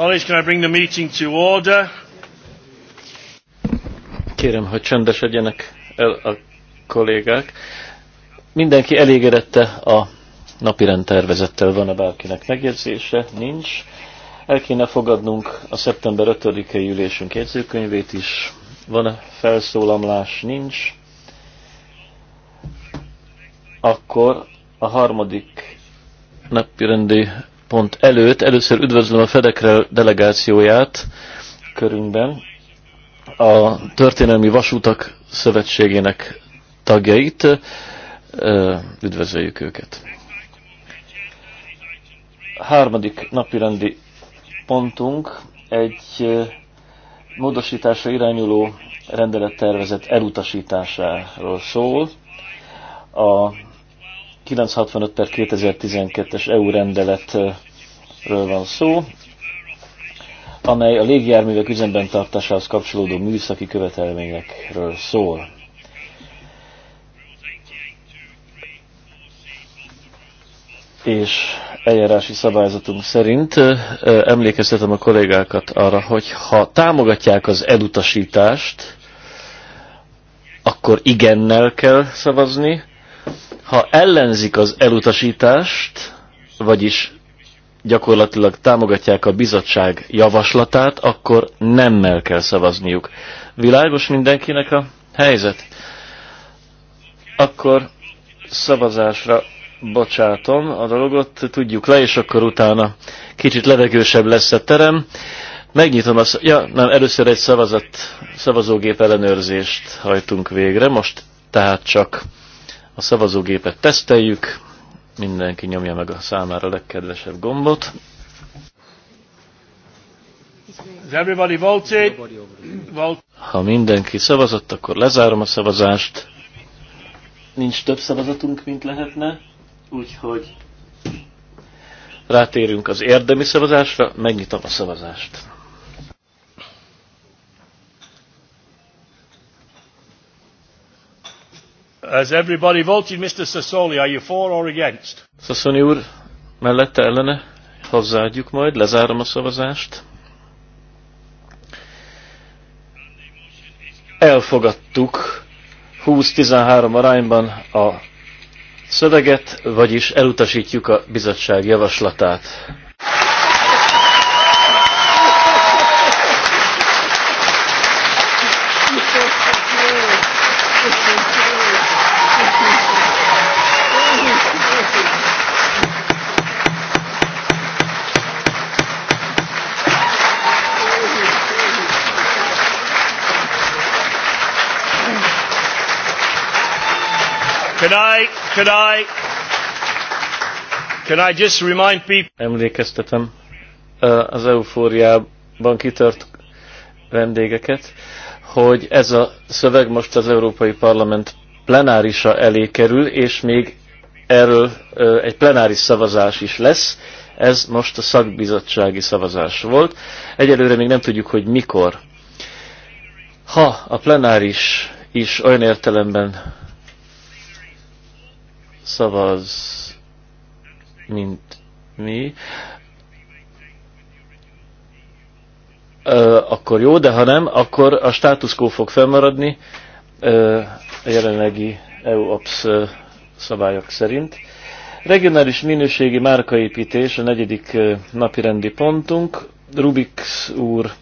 Colleagues, can I bring the meeting to order? Kérem, hogy csendesedjenek el a kollégák. Mindenki elégedette a napirend tervezettel, van-e bárkinek megjegyzése? Nincs. El kéne fogadnunk a szeptember 5-i ülésünk jegyzőkönyvét is. Van-e felszólamlás? Nincs. Akkor a harmadik napirendi pont előtt. Először üdvözlöm a Fedekrel delegációját körünkben, a Történelmi Vasútak Szövetségének tagjait. Üdvözöljük őket. Harmadik napirendi pontunk egy módosításra irányuló rendelettervezet elutasításáról szól. A 965 per 2012-es EU rendeletről van szó, amely a légjárművek üzemben tartásához kapcsolódó műszaki követelményekről szól. És eljárási szabályzatunk szerint emlékeztetem a kollégákat arra, hogy ha támogatják az elutasítást, akkor igennel kell szavazni, ha ellenzik az elutasítást, vagyis gyakorlatilag támogatják a bizottság javaslatát, akkor nemmel kell szavazniuk. Világos mindenkinek a helyzet? Akkor szavazásra bocsátom a dolgot, tudjuk le, és akkor utána kicsit levegősebb lesz a terem. Megnyitom a... Ja, nem, először egy szavazat, szavazógép ellenőrzést hajtunk végre, most tehát csak a szavazógépet teszteljük. Mindenki nyomja meg a számára legkedvesebb gombot. Ha mindenki szavazott, akkor lezárom a szavazást. Nincs több szavazatunk, mint lehetne, úgyhogy rátérünk az érdemi szavazásra, megnyitom a szavazást. Has everybody voted, Mr. Sassoli? Are you for or against? Sassoli úr, mellette ellene hozzáadjuk majd, lezárom a szavazást. Elfogadtuk 20-13 arányban a szöveget, vagyis elutasítjuk a bizottság javaslatát. Could I, can I just remind people... Emlékeztetem az eufóriában kitört vendégeket, hogy ez a szöveg most az Európai Parlament plenárisa elé kerül, és még erről egy plenáris szavazás is lesz. Ez most a szakbizottsági szavazás volt. Egyelőre még nem tudjuk, hogy mikor. Ha a plenáris is olyan értelemben szavaz, mint mi, ö, akkor jó, de ha nem, akkor a status quo fog fennmaradni ö, a jelenlegi EU-OPS szabályok szerint. Regionális minőségi márkaépítés a negyedik napirendi pontunk. Rubix úr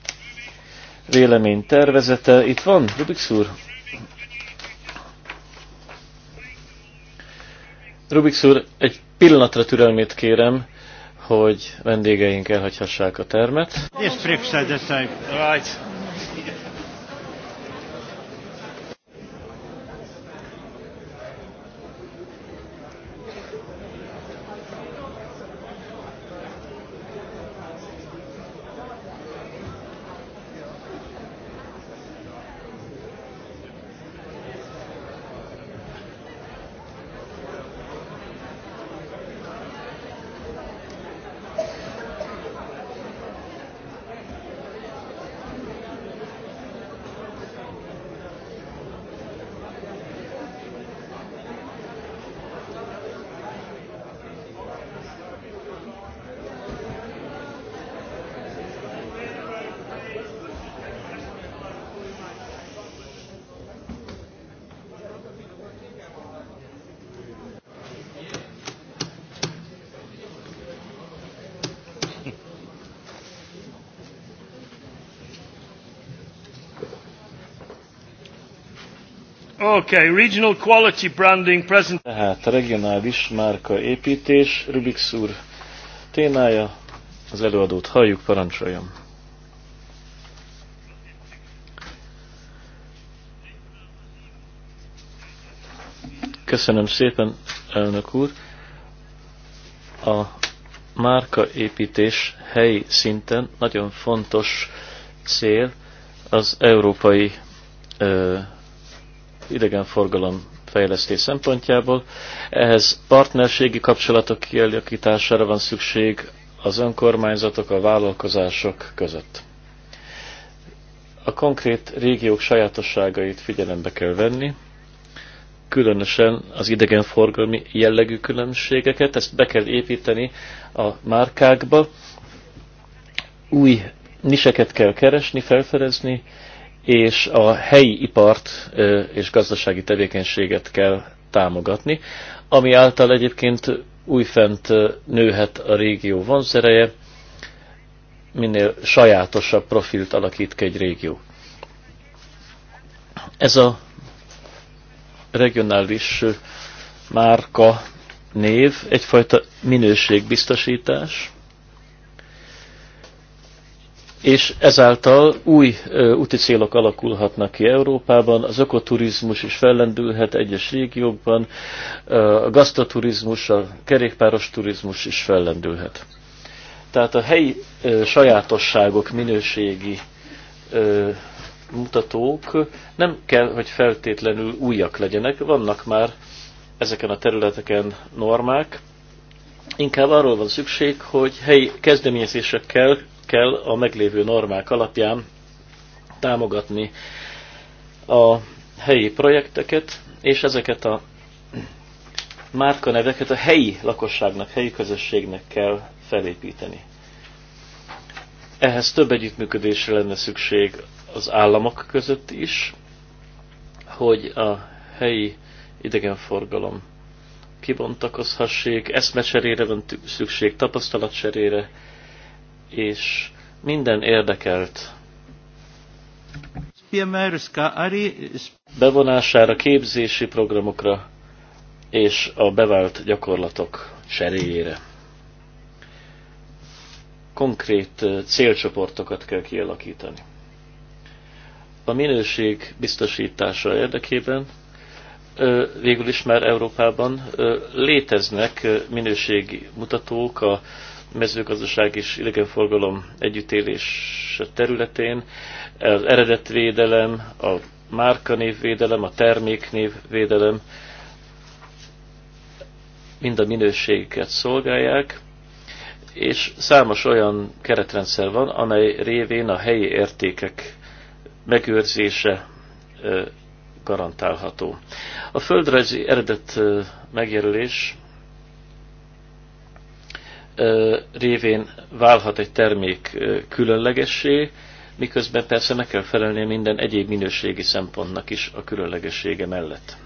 vélemény tervezete. Itt van, Rubix úr? Rubik úr, egy pillanatra türelmét kérem, hogy vendégeink elhagyhassák a termet. Yes, Okay, regional quality branding present. Tehát a regionális márka építés, Rubik úr témája, az előadót halljuk, parancsoljam. Köszönöm szépen, elnök úr. A építés helyi szinten nagyon fontos cél az európai idegenforgalom fejlesztés szempontjából. Ehhez partnerségi kapcsolatok kialakítására van szükség az önkormányzatok, a vállalkozások között. A konkrét régiók sajátosságait figyelembe kell venni, különösen az idegenforgalmi jellegű különbségeket, ezt be kell építeni a márkákba, új niseket kell keresni, felfedezni, és a helyi ipart és gazdasági tevékenységet kell támogatni, ami által egyébként újfent nőhet a régió vonzereje, minél sajátosabb profilt alakít ki egy régió. Ez a regionális márka név egyfajta minőségbiztosítás, és ezáltal új úti célok alakulhatnak ki Európában, az ökoturizmus is fellendülhet egyes régiókban, a gasztaturizmus, a kerékpáros turizmus is fellendülhet. Tehát a helyi sajátosságok minőségi mutatók nem kell, hogy feltétlenül újak legyenek, vannak már ezeken a területeken normák, inkább arról van szükség, hogy helyi kezdeményezésekkel kell a meglévő normák alapján támogatni a helyi projekteket, és ezeket a márkaneveket a helyi lakosságnak, helyi közösségnek kell felépíteni. Ehhez több együttműködésre lenne szükség az államok között is, hogy a helyi idegenforgalom kibontakozhassék, eszmecserére van szükség, tapasztalatcserére, és minden érdekelt bevonására, képzési programokra és a bevált gyakorlatok cseréjére. Konkrét eh, célcsoportokat kell kialakítani. A minőség biztosítása érdekében eh, végül is már Európában eh, léteznek minőségi mutatók a mezőgazdaság és idegenforgalom együttélés területén. Az eredetvédelem, a márkanévvédelem, a terméknévvédelem mind a minőségüket szolgálják, és számos olyan keretrendszer van, amely révén a helyi értékek megőrzése garantálható. A földrajzi eredet megjelölés révén válhat egy termék különlegessé, miközben persze meg kell felelnie minden egyéb minőségi szempontnak is a különlegessége mellett.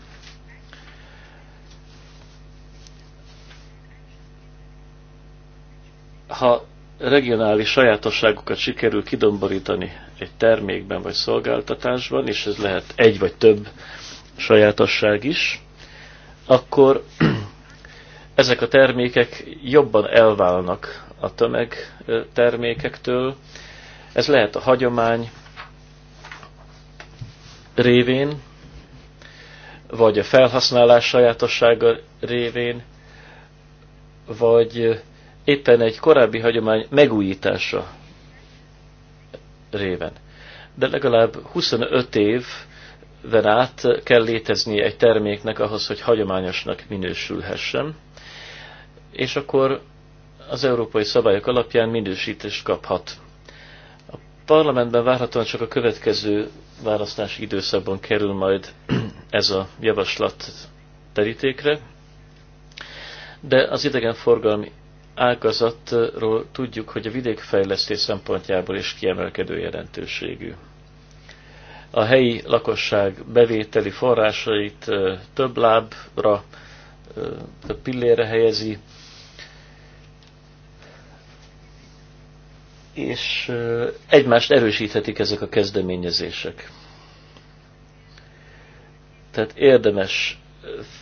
Ha regionális sajátosságokat sikerül kidomborítani egy termékben vagy szolgáltatásban, és ez lehet egy vagy több sajátosság is, akkor ezek a termékek jobban elválnak a tömegtermékektől. Ez lehet a hagyomány révén, vagy a felhasználás sajátossága révén, vagy éppen egy korábbi hagyomány megújítása réven. De legalább 25 év át kell léteznie egy terméknek ahhoz, hogy hagyományosnak minősülhessen és akkor az európai szabályok alapján minősítést kaphat. A parlamentben várhatóan csak a következő választási időszakban kerül majd ez a javaslat terítékre, de az idegenforgalmi ágazatról tudjuk, hogy a vidékfejlesztés szempontjából is kiemelkedő jelentőségű. A helyi lakosság bevételi forrásait több lábra, több pillére helyezi, és egymást erősíthetik ezek a kezdeményezések. Tehát érdemes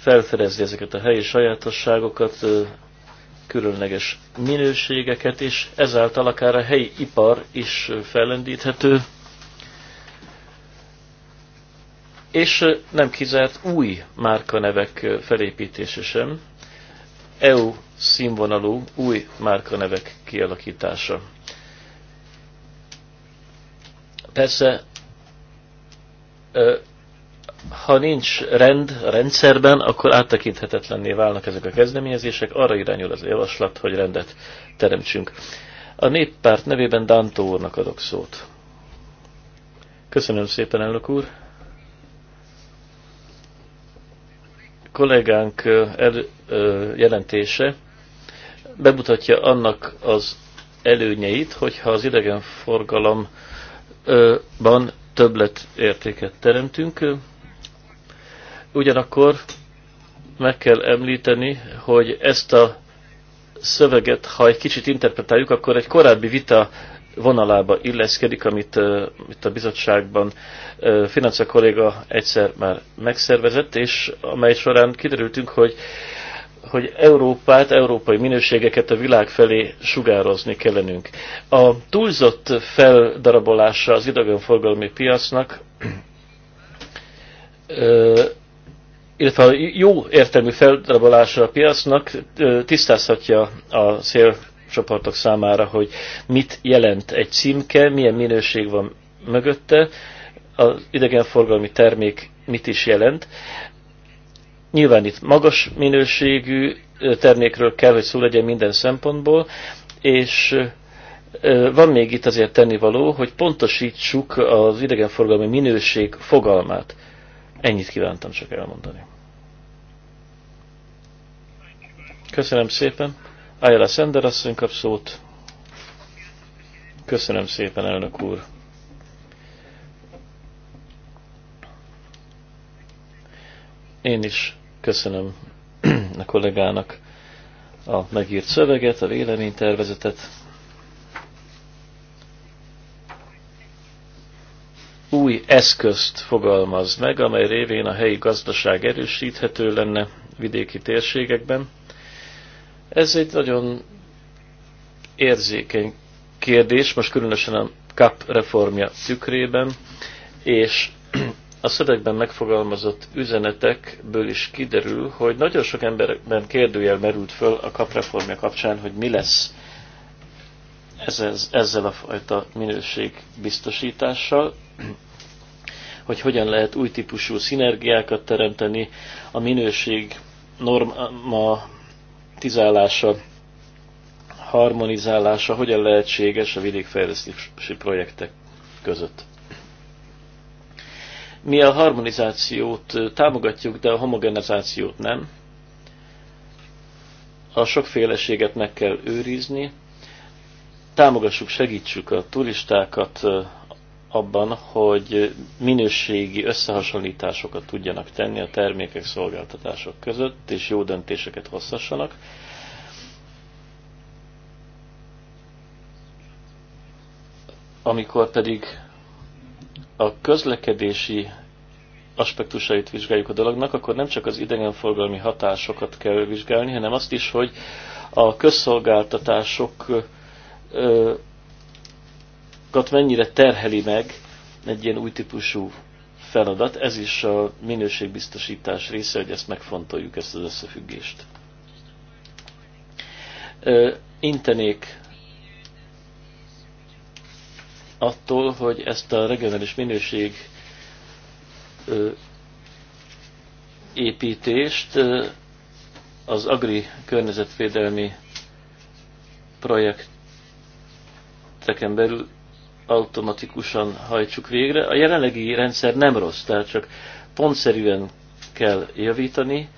felfedezni ezeket a helyi sajátosságokat, különleges minőségeket, és ezáltal akár a helyi ipar is fellendíthető, és nem kizárt új márkanevek felépítése sem, EU színvonalú új márkanevek kialakítása. Persze, ha nincs rend a rendszerben, akkor áttekinthetetlenné válnak ezek a kezdeményezések. Arra irányul az javaslat, hogy rendet teremtsünk. A néppárt nevében Dántó úrnak adok szót. Köszönöm szépen, elnök úr! kollégánk el, jelentése bemutatja annak az előnyeit, hogyha az idegenforgalom ban többlet értéket teremtünk. Ugyanakkor meg kell említeni, hogy ezt a szöveget, ha egy kicsit interpretáljuk, akkor egy korábbi vita vonalába illeszkedik, amit uh, itt a bizottságban uh, finance kolléga egyszer már megszervezett, és amely során kiderültünk, hogy hogy Európát, európai minőségeket a világ felé sugározni kellenünk. A túlzott feldarabolása az idegenforgalmi piacnak, illetve a jó értelmű feldarabolása a piacnak tisztázhatja a célcsoportok számára, hogy mit jelent egy címke, milyen minőség van mögötte, az idegenforgalmi termék mit is jelent. Nyilván itt magas minőségű termékről kell, hogy szó legyen minden szempontból, és van még itt azért tennivaló, hogy pontosítsuk az idegenforgalmi minőség fogalmát. Ennyit kívántam csak elmondani. Köszönöm szépen. Ayala Sender asszony kap szót. Köszönöm szépen, elnök úr. Én is Köszönöm a kollégának a megírt szöveget, a véleménytervezetet. Új eszközt fogalmaz meg, amely révén a helyi gazdaság erősíthető lenne vidéki térségekben. Ez egy nagyon érzékeny kérdés, most különösen a CAP reformja tükrében, és a szövegben megfogalmazott üzenetekből is kiderül, hogy nagyon sok emberben kérdőjel merült föl a kapreformja kapcsán, hogy mi lesz ez, ezzel a fajta minőségbiztosítással, hogy hogyan lehet új típusú szinergiákat teremteni, a minőség normatizálása, harmonizálása hogyan lehetséges a vidékfejlesztési projektek között. Mi a harmonizációt támogatjuk, de a homogenizációt nem. A sokféleséget meg kell őrizni. Támogassuk, segítsük a turistákat abban, hogy minőségi összehasonlításokat tudjanak tenni a termékek, szolgáltatások között, és jó döntéseket hozhassanak. Amikor pedig a közlekedési aspektusait vizsgáljuk a dolognak, akkor nem csak az idegenforgalmi hatásokat kell vizsgálni, hanem azt is, hogy a közszolgáltatásokat mennyire terheli meg egy ilyen új típusú feladat. Ez is a minőségbiztosítás része, hogy ezt megfontoljuk, ezt az összefüggést. Intenék attól, hogy ezt a regionális minőség építést az agri környezetvédelmi projekteken belül automatikusan hajtsuk végre. A jelenlegi rendszer nem rossz, tehát csak pontszerűen kell javítani.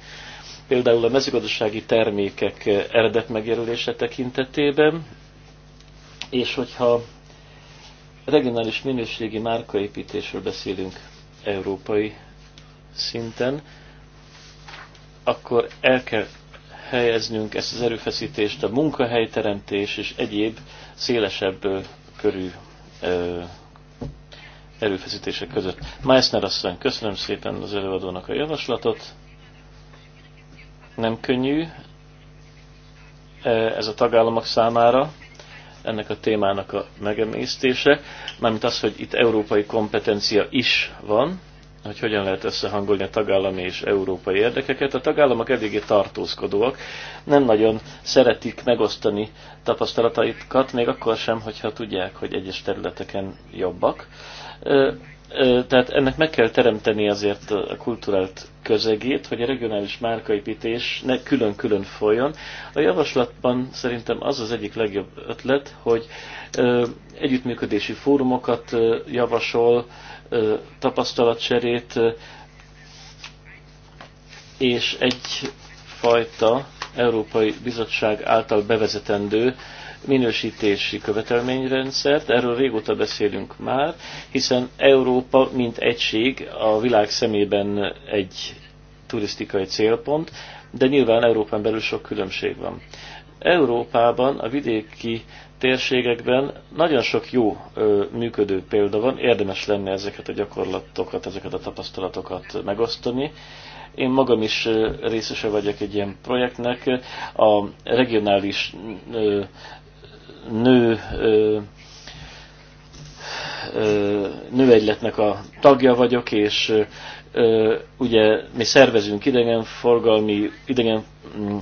Például a mezőgazdasági termékek eredetmegjelölése tekintetében, és hogyha regionális minőségi márkaépítésről beszélünk európai szinten, akkor el kell helyeznünk ezt az erőfeszítést a munkahelyteremtés és egyéb szélesebb körű erőfeszítések között. Meissner asszony, köszönöm szépen az előadónak a javaslatot. Nem könnyű ez a tagállamok számára ennek a témának a megemésztése, mármint az, hogy itt európai kompetencia is van, hogy hogyan lehet összehangolni a tagállami és európai érdekeket. A tagállamok eléggé tartózkodóak, nem nagyon szeretik megosztani tapasztalataikat, még akkor sem, hogyha tudják, hogy egyes területeken jobbak tehát ennek meg kell teremteni azért a kulturált közegét, hogy a regionális márkaépítés ne külön-külön folyjon. A javaslatban szerintem az az egyik legjobb ötlet, hogy együttműködési fórumokat javasol, tapasztalatcserét, és egyfajta Európai Bizottság által bevezetendő minősítési követelményrendszert, erről régóta beszélünk már, hiszen Európa, mint egység, a világ szemében egy turisztikai célpont, de nyilván Európán belül sok különbség van. Európában, a vidéki térségekben nagyon sok jó ö, működő példa van, érdemes lenne ezeket a gyakorlatokat, ezeket a tapasztalatokat megosztani. Én magam is részese vagyok egy ilyen projektnek, a regionális nő nőegyletnek a tagja vagyok, és ugye mi szervezünk idegenforgalmi, idegen mm,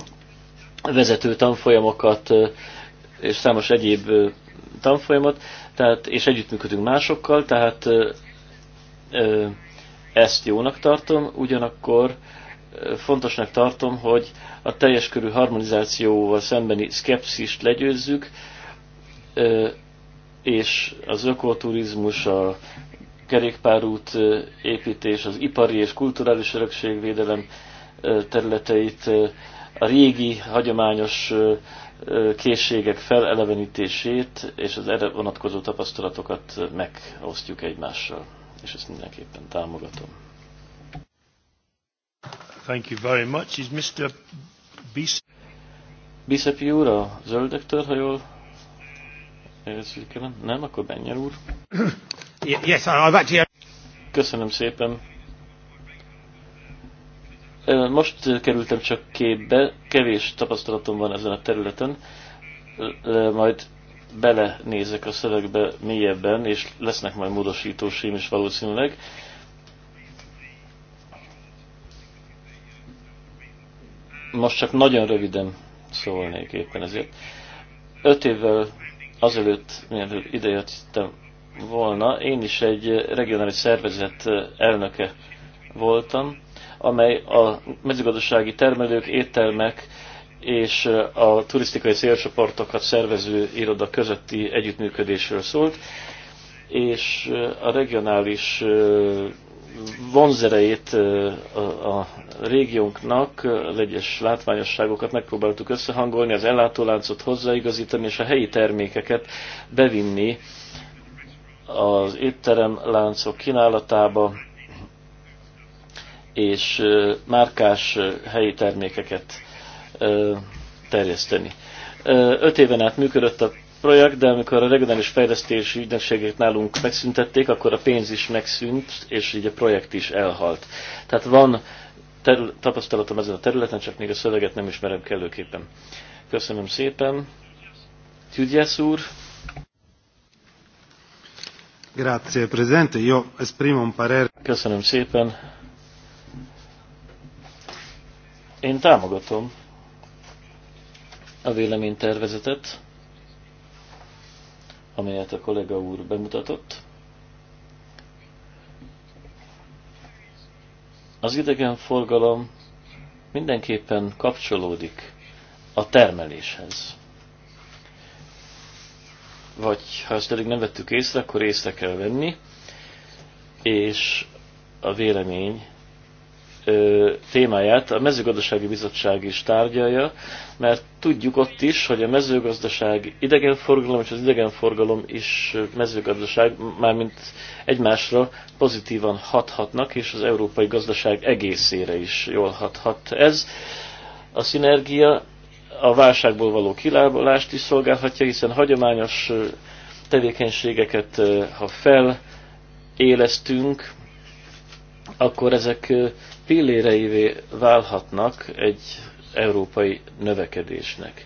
vezető tanfolyamokat, és számos egyéb tanfolyamot tehát, és együttműködünk másokkal, tehát ezt jónak tartom, ugyanakkor fontosnak tartom, hogy a teljes körű harmonizációval szembeni szkepszist legyőzzük, és az ökoturizmus, a kerékpárút építés, az ipari és kulturális örökségvédelem területeit, a régi hagyományos készségek felelevenítését és az erre vonatkozó tapasztalatokat megosztjuk egymással, és ezt mindenképpen támogatom. Thank you very much. Is Mr. Bishop... Bishop úr a zöldektől, ha jól nem? Akkor Benyer úr. Yes, I've Köszönöm szépen. Most kerültem csak képbe, kevés tapasztalatom van ezen a területen, majd belenézek a szövegbe mélyebben, és lesznek majd módosítósim is valószínűleg. Most csak nagyon röviden szólnék éppen ezért. Öt évvel azelőtt, mielőtt idejöttem volna, én is egy regionális szervezet elnöke voltam, amely a mezőgazdasági termelők, éttermek és a turisztikai célcsoportokat szervező iroda közötti együttműködésről szólt, és a regionális vonzerejét a régiónknak, egyes látványosságokat megpróbáltuk összehangolni, az ellátóláncot hozzáigazítani, és a helyi termékeket bevinni az étterem láncok kínálatába, és márkás helyi termékeket terjeszteni. Öt éven át működött a projekt, de amikor a regionális fejlesztési ügynökségét nálunk megszüntették, akkor a pénz is megszűnt, és így a projekt is elhalt. Tehát van terül- tapasztalatom ezen a területen, csak még a szöveget nem ismerem kellőképpen. Köszönöm szépen. Tudjász úr. Grazie, Presidente. Io esprimo un parere. Köszönöm szépen. Én támogatom a véleménytervezetet amelyet a kollega úr bemutatott. Az idegenforgalom mindenképpen kapcsolódik a termeléshez. Vagy ha ezt eddig nem vettük észre, akkor észre kell venni, és a vélemény témáját a mezőgazdasági bizottság is tárgyalja, mert tudjuk ott is, hogy a mezőgazdaság idegenforgalom és az idegenforgalom is mezőgazdaság, mármint egymásra pozitívan hathatnak, és az európai gazdaság egészére is jól hathat ez. A szinergia a válságból való kilábalást is szolgálhatja, hiszen hagyományos tevékenységeket, ha felélesztünk, akkor ezek pilléreivé válhatnak egy európai növekedésnek.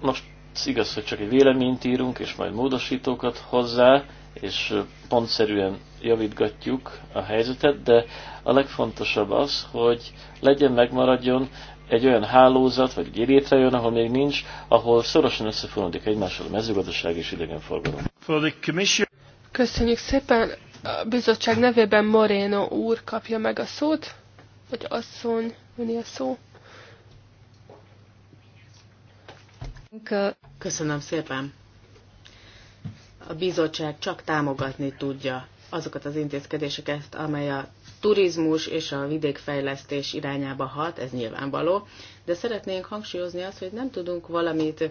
Most igaz, hogy csak egy véleményt írunk, és majd módosítókat hozzá, és pontszerűen javítgatjuk a helyzetet, de a legfontosabb az, hogy legyen, megmaradjon egy olyan hálózat, vagy egy jön, ahol még nincs, ahol szorosan összefonódik egymással a mezőgazdaság és idegenforgalom. Köszönjük szépen! A bizottság nevében Moreno úr kapja meg a szót, vagy asszony, mi a szó. Köszönöm szépen. A bizottság csak támogatni tudja azokat az intézkedéseket, amely a turizmus és a vidékfejlesztés irányába hat, ez nyilvánvaló, de szeretnénk hangsúlyozni azt, hogy nem tudunk valamit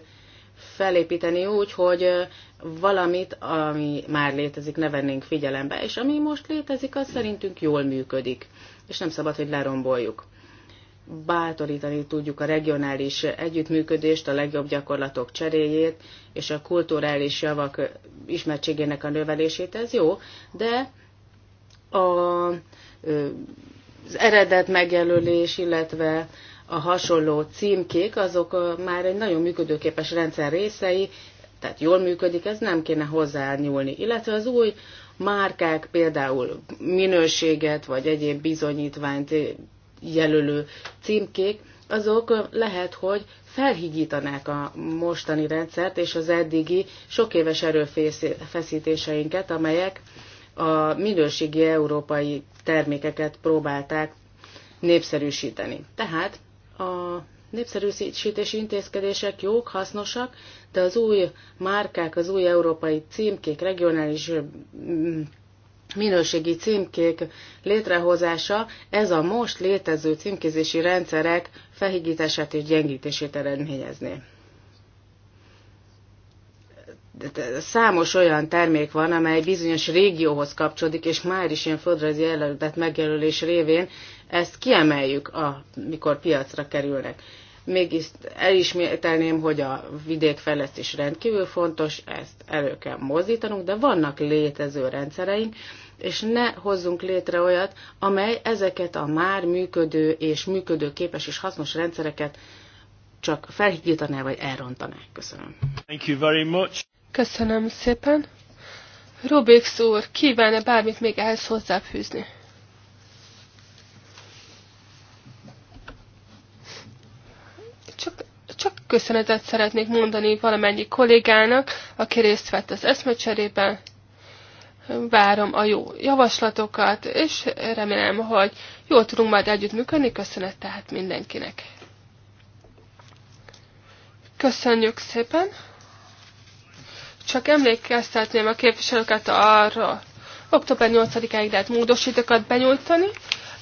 felépíteni úgy, hogy valamit, ami már létezik, ne vennénk figyelembe, és ami most létezik, az szerintünk jól működik, és nem szabad, hogy leromboljuk. Bátorítani tudjuk a regionális együttműködést, a legjobb gyakorlatok cseréjét, és a kulturális javak ismertségének a növelését, ez jó, de a, az eredet megjelölés, illetve a hasonló címkék, azok már egy nagyon működőképes rendszer részei, tehát jól működik, ez nem kéne hozzányúlni. Illetve az új márkák például minőséget vagy egyéb bizonyítványt jelölő címkék, azok lehet, hogy felhigítanák a mostani rendszert és az eddigi sok éves erőfeszítéseinket, amelyek a minőségi európai termékeket próbálták népszerűsíteni. Tehát a népszerűsítési intézkedések jók, hasznosak, de az új márkák, az új európai címkék, regionális mm, minőségi címkék létrehozása, ez a most létező címkézési rendszerek fehigítását és gyengítését eredményezné számos olyan termék van, amely bizonyos régióhoz kapcsolódik, és már is ilyen földrajzi eredet megjelölés révén ezt kiemeljük, amikor piacra kerülnek. Mégis elismételném, hogy a vidékfejlesztés rendkívül fontos, ezt elő kell mozdítanunk, de vannak létező rendszereink, és ne hozzunk létre olyat, amely ezeket a már működő és működőképes és hasznos rendszereket csak felhigítaná vagy elrontaná. Köszönöm. Thank you very much. Köszönöm szépen. Rubik úr, kívánna -e bármit még ehhez hozzáfűzni? Csak, csak köszönetet szeretnék mondani valamennyi kollégának, aki részt vett az eszmecserében. Várom a jó javaslatokat, és remélem, hogy jól tudunk majd együttműködni. Köszönet tehát mindenkinek. Köszönjük szépen! csak emlékeztetném a képviselőket arra, október 8-áig lehet módosítókat benyújtani,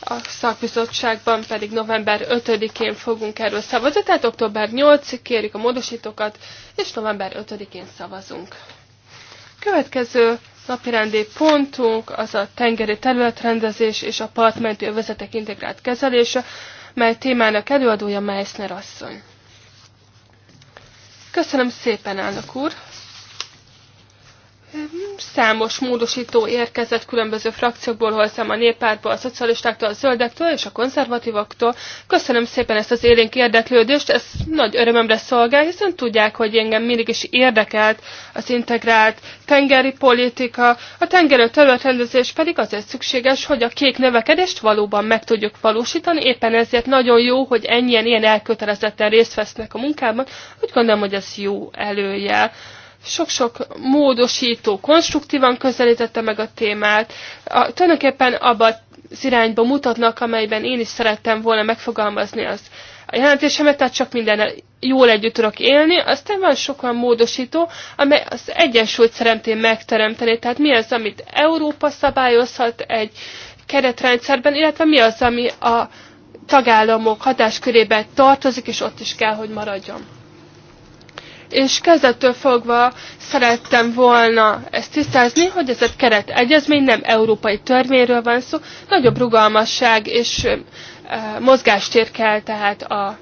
a szakbizottságban pedig november 5-én fogunk erről szavazni, tehát október 8-ig kérjük a módosítókat, és november 5-én szavazunk. Következő napirendi pontunk az a tengeri területrendezés és a partmenti övezetek integrált kezelése, mely témának előadója Meissner asszony. Köszönöm szépen, elnök úr! Számos módosító érkezett különböző frakciókból, hozzám a néppártból, a szocialistáktól, a zöldektől és a konzervatívoktól. Köszönöm szépen ezt az élénk érdeklődést, ez nagy örömömre szolgál, hiszen tudják, hogy engem mindig is érdekelt az integrált tengeri politika, a tengerő területrendezés pedig azért szükséges, hogy a kék növekedést valóban meg tudjuk valósítani, éppen ezért nagyon jó, hogy ennyien ilyen elkötelezetten részt vesznek a munkában, úgy gondolom, hogy ez jó előjel sok-sok módosító konstruktívan közelítette meg a témát. A, tulajdonképpen abba az irányba mutatnak, amelyben én is szerettem volna megfogalmazni az a jelentésemet, tehát csak minden jól együtt tudok élni, aztán van sok olyan módosító, amely az egyensúlyt szeretném megteremteni, tehát mi az, amit Európa szabályozhat egy keretrendszerben, illetve mi az, ami a tagállamok hatáskörébe tartozik, és ott is kell, hogy maradjon és kezdettől fogva szerettem volna ezt tisztázni, hogy ez egy keret egyezmény, nem európai törvényről van szó, nagyobb rugalmasság és mozgástér kell tehát a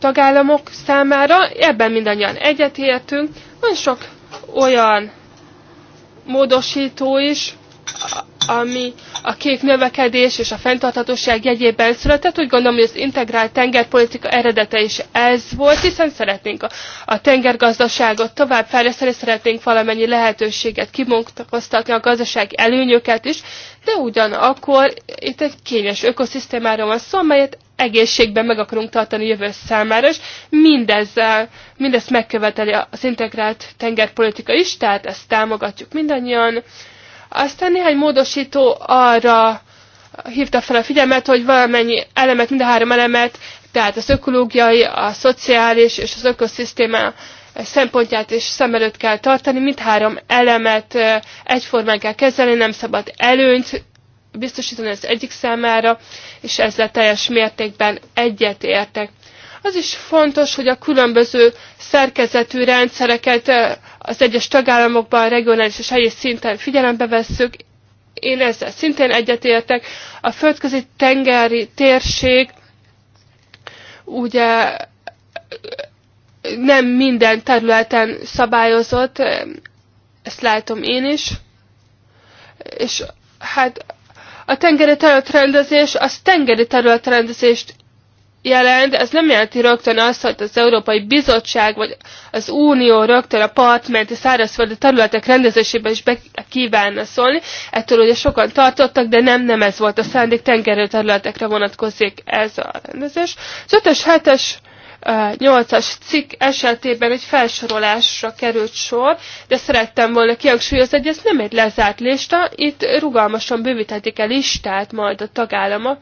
tagállamok számára, ebben mindannyian egyetértünk, van sok olyan módosító is, ami a kék növekedés és a fenntarthatóság jegyében született. Úgy gondolom, hogy az integrált tengerpolitika eredete is ez volt, hiszen szeretnénk a, a tengergazdaságot fejleszteni, szeretnénk valamennyi lehetőséget kimunkatkoztatni, a gazdasági előnyöket is, de ugyanakkor itt egy kényes ökoszisztémáról van szó, amelyet egészségben meg akarunk tartani jövő számára, és mindezzel, mindezt megköveteli az integrált tengerpolitika is, tehát ezt támogatjuk mindannyian. Aztán néhány módosító arra hívta fel a figyelmet, hogy valamennyi elemet, mind a három elemet, tehát az ökológiai, a szociális és az ökoszisztéma szempontját is szem előtt kell tartani, mindhárom elemet egyformán kell kezelni, nem szabad előnyt biztosítani az egyik számára, és ezzel teljes mértékben egyet Az is fontos, hogy a különböző szerkezetű rendszereket az egyes tagállamokban, regionális és helyi szinten figyelembe vesszük. Én ezzel szintén egyetértek. A földközi tengeri térség ugye nem minden területen szabályozott, ezt látom én is. És hát a tengeri területrendezés az tengeri területrendezést jelent, ez nem jelenti rögtön azt, hogy az Európai Bizottság vagy az Unió rögtön a partmenti szárazföldi területek rendezésében is be kívánna szólni. Ettől ugye sokan tartottak, de nem, nem ez volt a szándék, tengerő területekre vonatkozik ez a rendezés. Az 5-es, 7-es 8-as cikk esetében egy felsorolásra került sor, de szerettem volna kihangsúlyozni, hogy ez nem egy lezárt lista, itt rugalmasan bővíthetik el listát majd a tagállamok,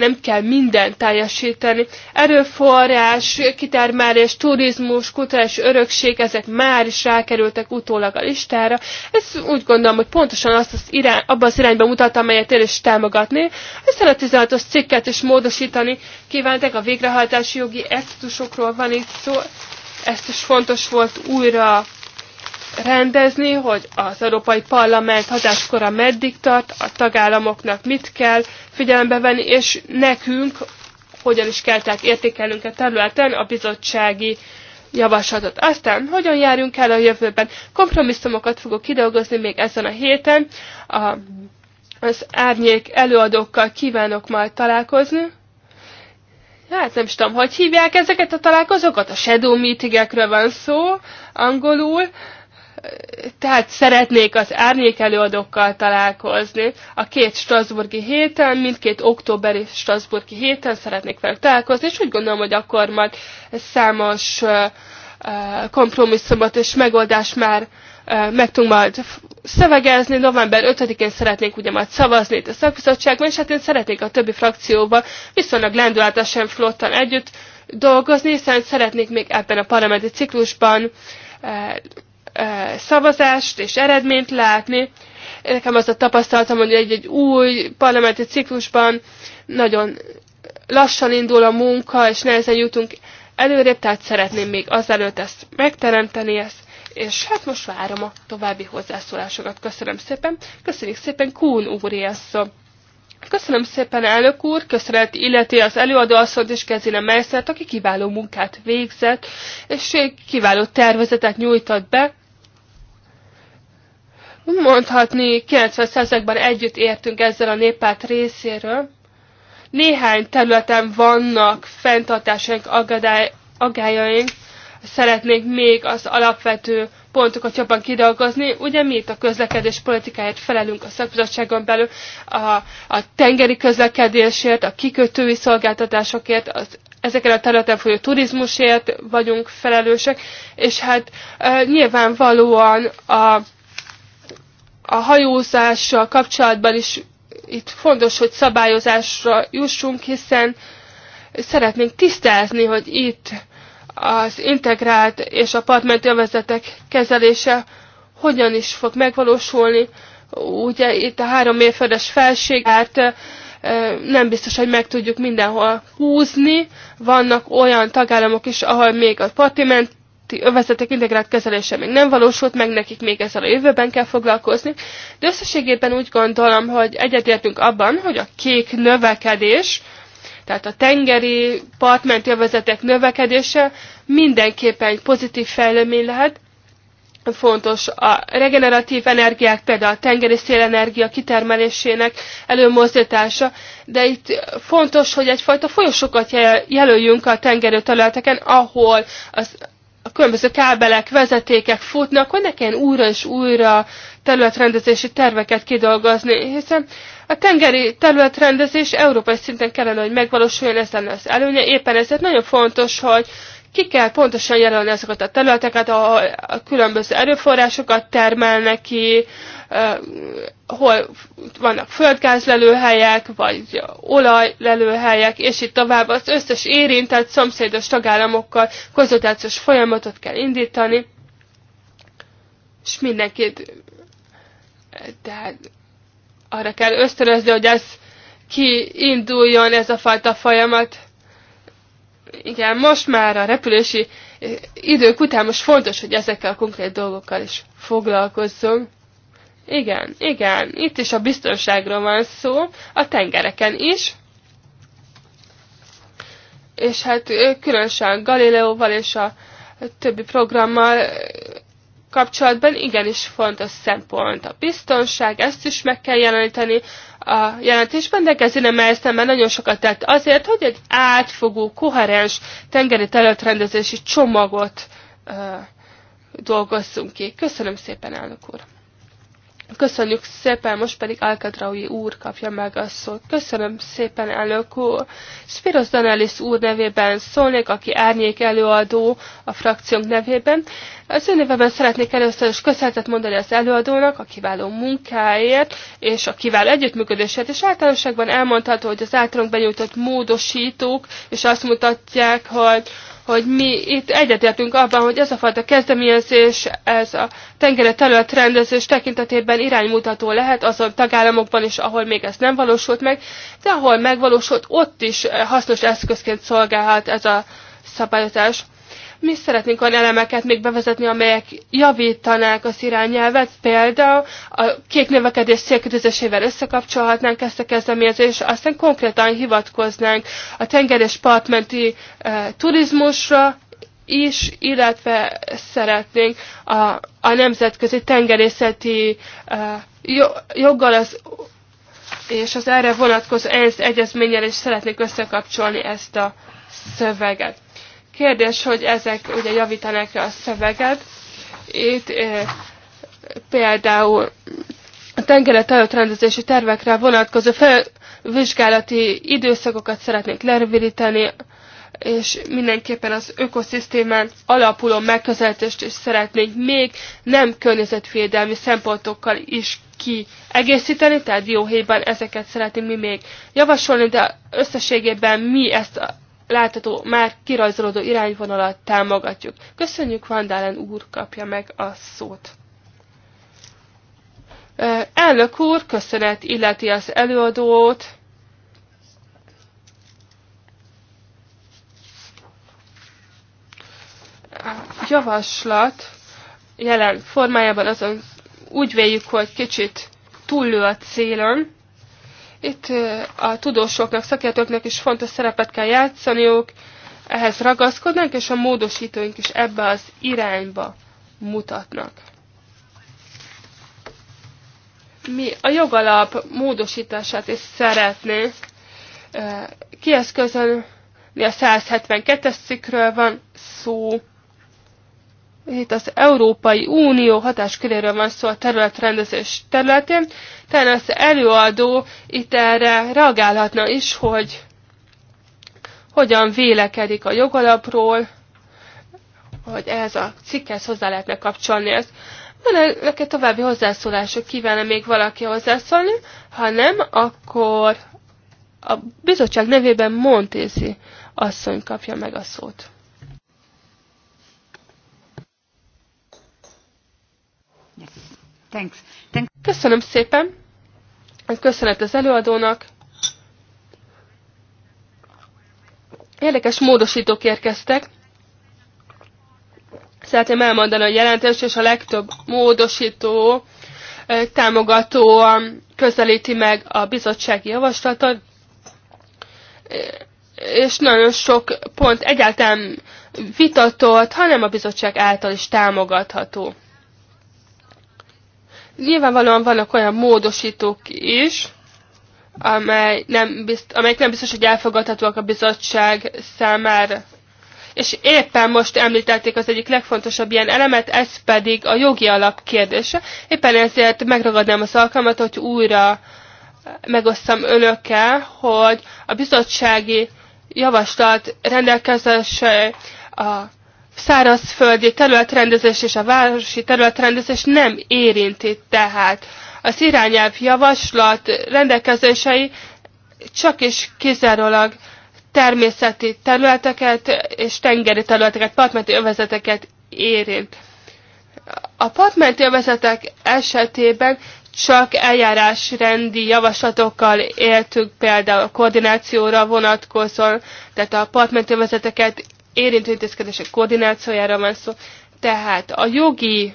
nem kell mindent teljesíteni. Erőforrás, kitermelés, turizmus, kutatás, örökség, ezek már is rákerültek utólag a listára. Ez úgy gondolom, hogy pontosan azt az irány, abban az irányban mutat, amelyet én is támogatni. Ezt a 16-os cikket is módosítani kívántak, a végrehajtási jogi esztusokról van itt szó. Ezt is fontos volt újra rendezni, hogy az Európai Parlament hatáskora meddig tart, a tagállamoknak mit kell figyelembe venni, és nekünk hogyan is kell tehát értékelnünk a területen a bizottsági javaslatot. Aztán hogyan járjunk el a jövőben? Kompromisszumokat fogok kidolgozni még ezen a héten. A, az árnyék előadókkal kívánok majd találkozni. Hát nem is tudom, hogy hívják ezeket a találkozókat? A shadow meetingekről van szó angolul tehát szeretnék az árnyék előadókkal találkozni. A két Strasburgi héten, mindkét októberi Strasburgi héten szeretnék velük találkozni, és úgy gondolom, hogy akkor majd számos kompromisszumot és megoldást már meg tudunk majd szövegezni. November 5-én szeretnénk ugye majd szavazni itt a szakbizottságban, és hát én szeretnék a többi frakcióban viszonylag lendületesen flottan együtt dolgozni, hiszen szeretnék még ebben a parlamenti ciklusban szavazást és eredményt látni. Nekem az a tapasztalatom, hogy egy-egy új parlamenti ciklusban nagyon lassan indul a munka, és nehezen jutunk előrébb, tehát szeretném még azelőtt ezt megteremteni, ezt és hát most várom a további hozzászólásokat. Köszönöm szépen. Köszönjük szépen, Kún úr szó. Köszönöm szépen, elnök úr, köszönet illeti az előadó asszonyt és Kezina Meissert, aki kiváló munkát végzett, és kiváló tervezetet nyújtott be mondhatni 90%-ban együtt értünk ezzel a néppárt részéről. Néhány területen vannak fenntartásaink, agadály, agályaink, szeretnék még az alapvető pontokat jobban kidolgozni. Ugye mi itt a közlekedés politikáért felelünk a szakbizottságon belül, a, a tengeri közlekedésért, a kikötői szolgáltatásokért, az ezeken a területen folyó turizmusért vagyunk felelősek, és hát e, nyilvánvalóan a a hajózással kapcsolatban is itt fontos, hogy szabályozásra jussunk, hiszen szeretnénk tisztázni, hogy itt az integrált és a partmenti övezetek kezelése hogyan is fog megvalósulni. Ugye itt a három mérföldes felségárt nem biztos, hogy meg tudjuk mindenhol húzni. Vannak olyan tagállamok is, ahol még a partiment övezetek integrált kezelése még nem valósult, meg nekik még ezzel a jövőben kell foglalkozni, de összességében úgy gondolom, hogy egyetértünk abban, hogy a kék növekedés, tehát a tengeri partmenti övezetek növekedése mindenképpen egy pozitív fejlemény lehet, fontos a regeneratív energiák, például a tengeri szélenergia kitermelésének előmozdítása, de itt fontos, hogy egyfajta folyosókat jelöljünk a tengerő területeken, ahol az a különböző kábelek, vezetékek futnak, hogy ne kelljen újra és újra területrendezési terveket kidolgozni, hiszen a tengeri területrendezés európai szinten kellene, hogy megvalósuljon, ez lenne az előnye. Éppen ezért nagyon fontos, hogy ki kell pontosan jelölni azokat a területeket, ahol a különböző erőforrásokat termelnek ki, hol vannak földgázlelőhelyek, vagy olajlelőhelyek, és itt tovább az összes érintett szomszédos tagállamokkal konzultációs folyamatot kell indítani, és mindenkit tehát arra kell ösztönözni, hogy ez kiinduljon ez a fajta folyamat, igen, most már a repülési idők után most fontos, hogy ezekkel a konkrét dolgokkal is foglalkozzom. Igen, igen, itt is a biztonságról van szó, a tengereken is. És hát különösen Galileóval és a többi programmal kapcsolatban igenis fontos szempont a biztonság, ezt is meg kell jeleníteni a jelentésben, de nem Meissner mert nagyon sokat tett azért, hogy egy átfogó, koherens tengeri területrendezési csomagot uh, dolgozzunk ki. Köszönöm szépen, elnök úr! Köszönjük szépen, most pedig Alkadraui úr kapja meg a szót. Köszönöm szépen, elnök úr. Spiros Danelis úr nevében szólnék, aki árnyék előadó a frakciónk nevében. Az ő nevében szeretnék először is köszönetet mondani az előadónak a kiváló munkáért és a kiváló együttműködésért, és általánosságban elmondható, hogy az általunk benyújtott módosítók, és azt mutatják, hogy hogy mi itt egyetértünk abban, hogy ez a fajta kezdeményezés, ez a tengeri terület rendezés tekintetében iránymutató lehet azon tagállamokban is, ahol még ez nem valósult meg, de ahol megvalósult, ott is hasznos eszközként szolgálhat ez a szabályozás. Mi szeretnénk olyan elemeket még bevezetni, amelyek javítanák az irányelvet, például a kék növekedés célkötözésével összekapcsolhatnánk ezt a kezdeményezést, aztán konkrétan hivatkoznánk a tenger és partmenti e, turizmusra, is, illetve szeretnénk a, a nemzetközi tengerészeti e, joggal az és az erre vonatkozó ENSZ egyezménnyel is szeretnék összekapcsolni ezt a szöveget. Kérdés, hogy ezek ugye javítanak e a szöveget. Itt e, például a tengeret előtt rendezési tervekre vonatkozó felvizsgálati időszakokat szeretnék lerövidíteni, és mindenképpen az ökoszisztémán alapuló megközelítést is szeretnénk még nem környezetvédelmi szempontokkal is kiegészíteni, tehát jó helyben ezeket szeretnénk mi még javasolni, de összességében mi ezt a látható, már kirajzolódó irányvonalat támogatjuk. Köszönjük, Vandálen úr kapja meg a szót. Elnök úr, köszönet illeti az előadót. javaslat jelen formájában azon úgy véljük, hogy kicsit túllő a célon, itt a tudósoknak, szakértőknek is fontos szerepet kell játszaniuk, ehhez ragaszkodnak, és a módosítóink is ebbe az irányba mutatnak. Mi a jogalap módosítását is szeretnénk. Kieszközölni a 172-es cikkről van szó, itt az Európai Unió hatásköréről van szó a területrendezés területén, talán az előadó itt erre reagálhatna is, hogy hogyan vélekedik a jogalapról, hogy ez a cikkhez hozzá lehetne kapcsolni ezt. van neked további hozzászólások? Kívánna még valaki hozzászólni? Ha nem, akkor a bizottság nevében Montézi asszony kapja meg a szót. Thanks. Thanks. Köszönöm szépen. Köszönet az előadónak. Érdekes módosítók érkeztek. Szeretném elmondani, a jelentős és a legtöbb módosító támogatóan közelíti meg a bizottsági javaslatot, és nagyon sok pont egyáltalán vitatott, hanem a bizottság által is támogatható. Nyilvánvalóan vannak olyan módosítók is, amely nem bizt, amelyek nem biztos, hogy elfogadhatóak a bizottság számára. És éppen most említették az egyik legfontosabb ilyen elemet, ez pedig a jogi alap kérdése. Éppen ezért megragadnám az alkalmat, hogy újra megosztam önökkel, hogy a bizottsági javaslat rendelkezése a szárazföldi területrendezés és a városi területrendezés nem érinti tehát. Az irányelv javaslat rendelkezései csak is kizárólag természeti területeket és tengeri területeket, partmenti övezeteket érint. A partmenti övezetek esetében csak eljárásrendi javaslatokkal éltünk például a koordinációra vonatkozóan, tehát a partmenti övezeteket érintő intézkedések koordinációjára van szó. Tehát a jogi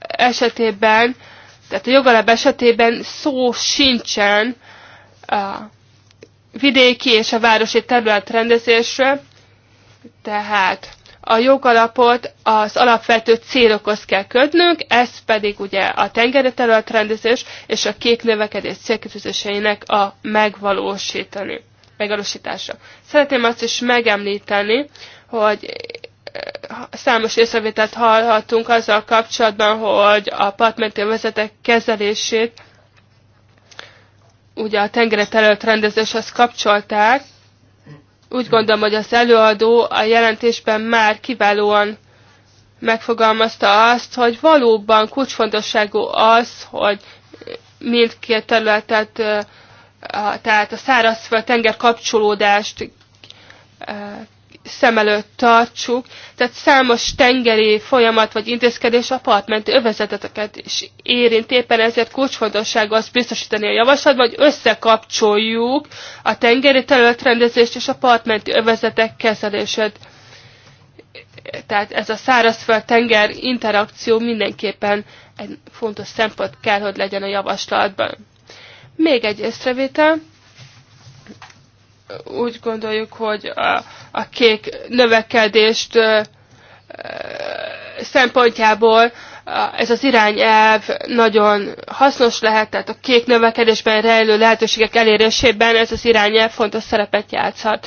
esetében, tehát a jogalap esetében szó sincsen a vidéki és a városi terület rendezésre, tehát a jogalapot az alapvető célokhoz kell kötnünk, ez pedig ugye a tengeri területrendezés és a kék növekedés célkitűzéseinek a megvalósítani, megvalósítása. Szeretném azt is megemlíteni, hogy eh, számos észrevételt hallhatunk azzal kapcsolatban, hogy a partmenti vezetek kezelését ugye a tengeri területrendezéshez kapcsolták, úgy gondolom, hogy az előadó a jelentésben már kiválóan megfogalmazta azt, hogy valóban kulcsfontosságú az, hogy mindkét területet, tehát a szárazföld tenger kapcsolódást szem előtt tartsuk. Tehát számos tengeri folyamat vagy intézkedés apartmenti övezeteteket is érint. Éppen ezért kulcsfontosság az biztosítani a javaslatban, hogy összekapcsoljuk a tengeri területrendezést és apartmenti övezetek kezelését. Tehát ez a szárazföld-tenger interakció mindenképpen egy fontos szempont kell, hogy legyen a javaslatban. Még egy észrevétel úgy gondoljuk, hogy a, a kék növekedést ö, ö, szempontjából ez az irányelv nagyon hasznos lehet, tehát a kék növekedésben rejlő lehetőségek elérésében ez az irányelv fontos szerepet játszhat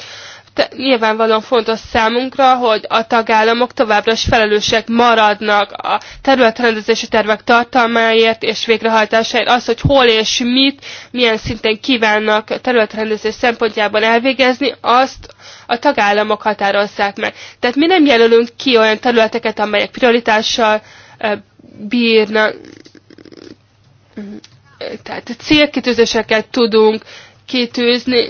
nyilvánvalóan fontos számunkra, hogy a tagállamok továbbra is felelősek maradnak a területrendezési tervek tartalmáért és végrehajtásáért, az, hogy hol és mit, milyen szinten kívánnak területrendezés szempontjában elvégezni, azt a tagállamok határozzák meg. Tehát mi nem jelölünk ki olyan területeket, amelyek prioritással bírnak, tehát célkitűzéseket tudunk kitűzni,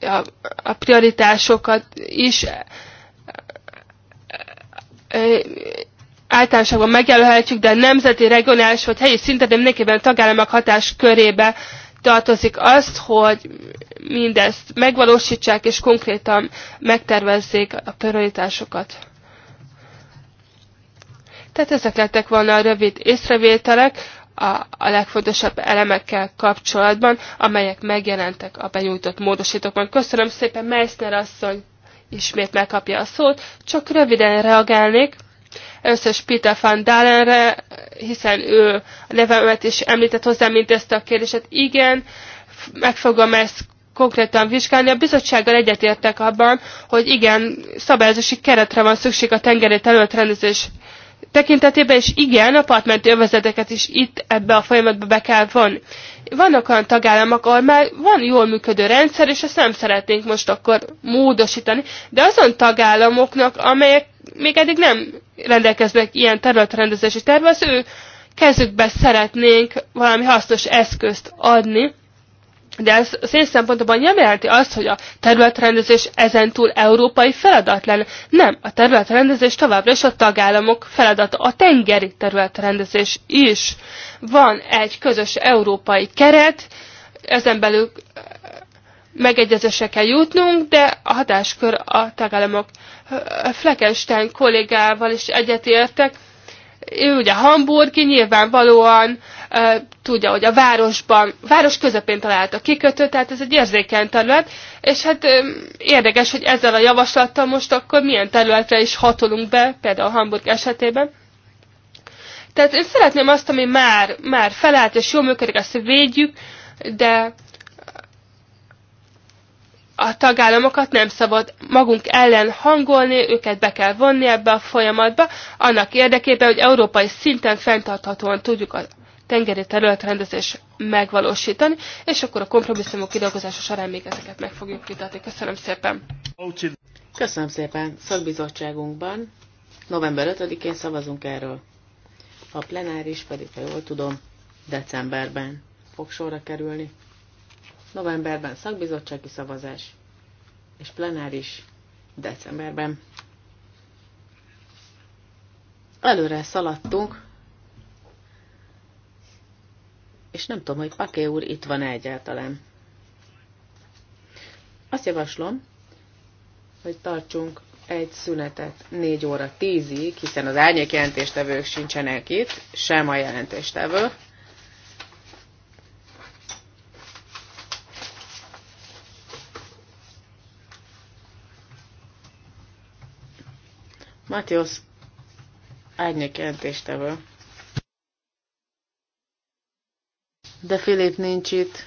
a a prioritásokat is általánosságban megjelölhetjük, de nemzeti, regionális vagy helyi szinten, de mindenképpen a tagállamok hatás körébe tartozik azt, hogy mindezt megvalósítsák és konkrétan megtervezzék a prioritásokat. Tehát ezek lettek volna a rövid észrevételek a, a legfontosabb elemekkel kapcsolatban, amelyek megjelentek a benyújtott módosítókban. Köszönöm szépen, Meissner asszony ismét megkapja a szót, csak röviden reagálnék. Először is Peter van Dalenre, hiszen ő a nevemet is említett hozzá, mint ezt a kérdéset. Igen, meg fogom ezt konkrétan vizsgálni. A bizottsággal egyetértek abban, hogy igen, szabályozási keretre van szükség a tengeri területrendezés tekintetében, és igen, apartment övezeteket is itt ebbe a folyamatba be kell vonni. Vannak olyan tagállamok, ahol már van jól működő rendszer, és ezt nem szeretnénk most akkor módosítani, de azon tagállamoknak, amelyek még eddig nem rendelkeznek ilyen területrendezési tervezők, kezükbe szeretnénk valami hasznos eszközt adni, de ez szél szempontból nem jelenti azt, hogy a területrendezés ezentúl európai feladat lenne. Nem, a területrendezés továbbra is a tagállamok feladata, a tengeri területrendezés is. Van egy közös európai keret, ezen belül megegyezésre kell jutnunk, de a hatáskör a tagállamok. Fleckenstein kollégával is egyetértek, ő ugye hamburgi, nyilvánvalóan e, tudja, hogy a városban, város közepén talált a kikötő, tehát ez egy érzékeny terület, és hát e, érdekes, hogy ezzel a javaslattal most akkor milyen területre is hatolunk be, például Hamburg esetében. Tehát én szeretném azt, ami már, már felállt és jól működik, azt védjük, de a tagállamokat nem szabad magunk ellen hangolni, őket be kell vonni ebbe a folyamatba, annak érdekében, hogy európai szinten fenntarthatóan tudjuk a tengeri területrendezés megvalósítani, és akkor a kompromisszumok kidolgozása során még ezeket meg fogjuk vitatni. Köszönöm szépen! Köszönöm szépen! Szakbizottságunkban november 5-én szavazunk erről. A plenáris pedig, ha jól tudom, decemberben fog sorra kerülni novemberben szakbizottsági szavazás, és plenáris decemberben. Előre szaladtunk, és nem tudom, hogy Paké úr itt van -e egyáltalán. Azt javaslom, hogy tartsunk egy szünetet 4 óra 10-ig, hiszen az árnyék jelentéstevők sincsenek itt, sem a jelentéstevők. Matthias árnyék jelentéstevő. De Filip nincs itt.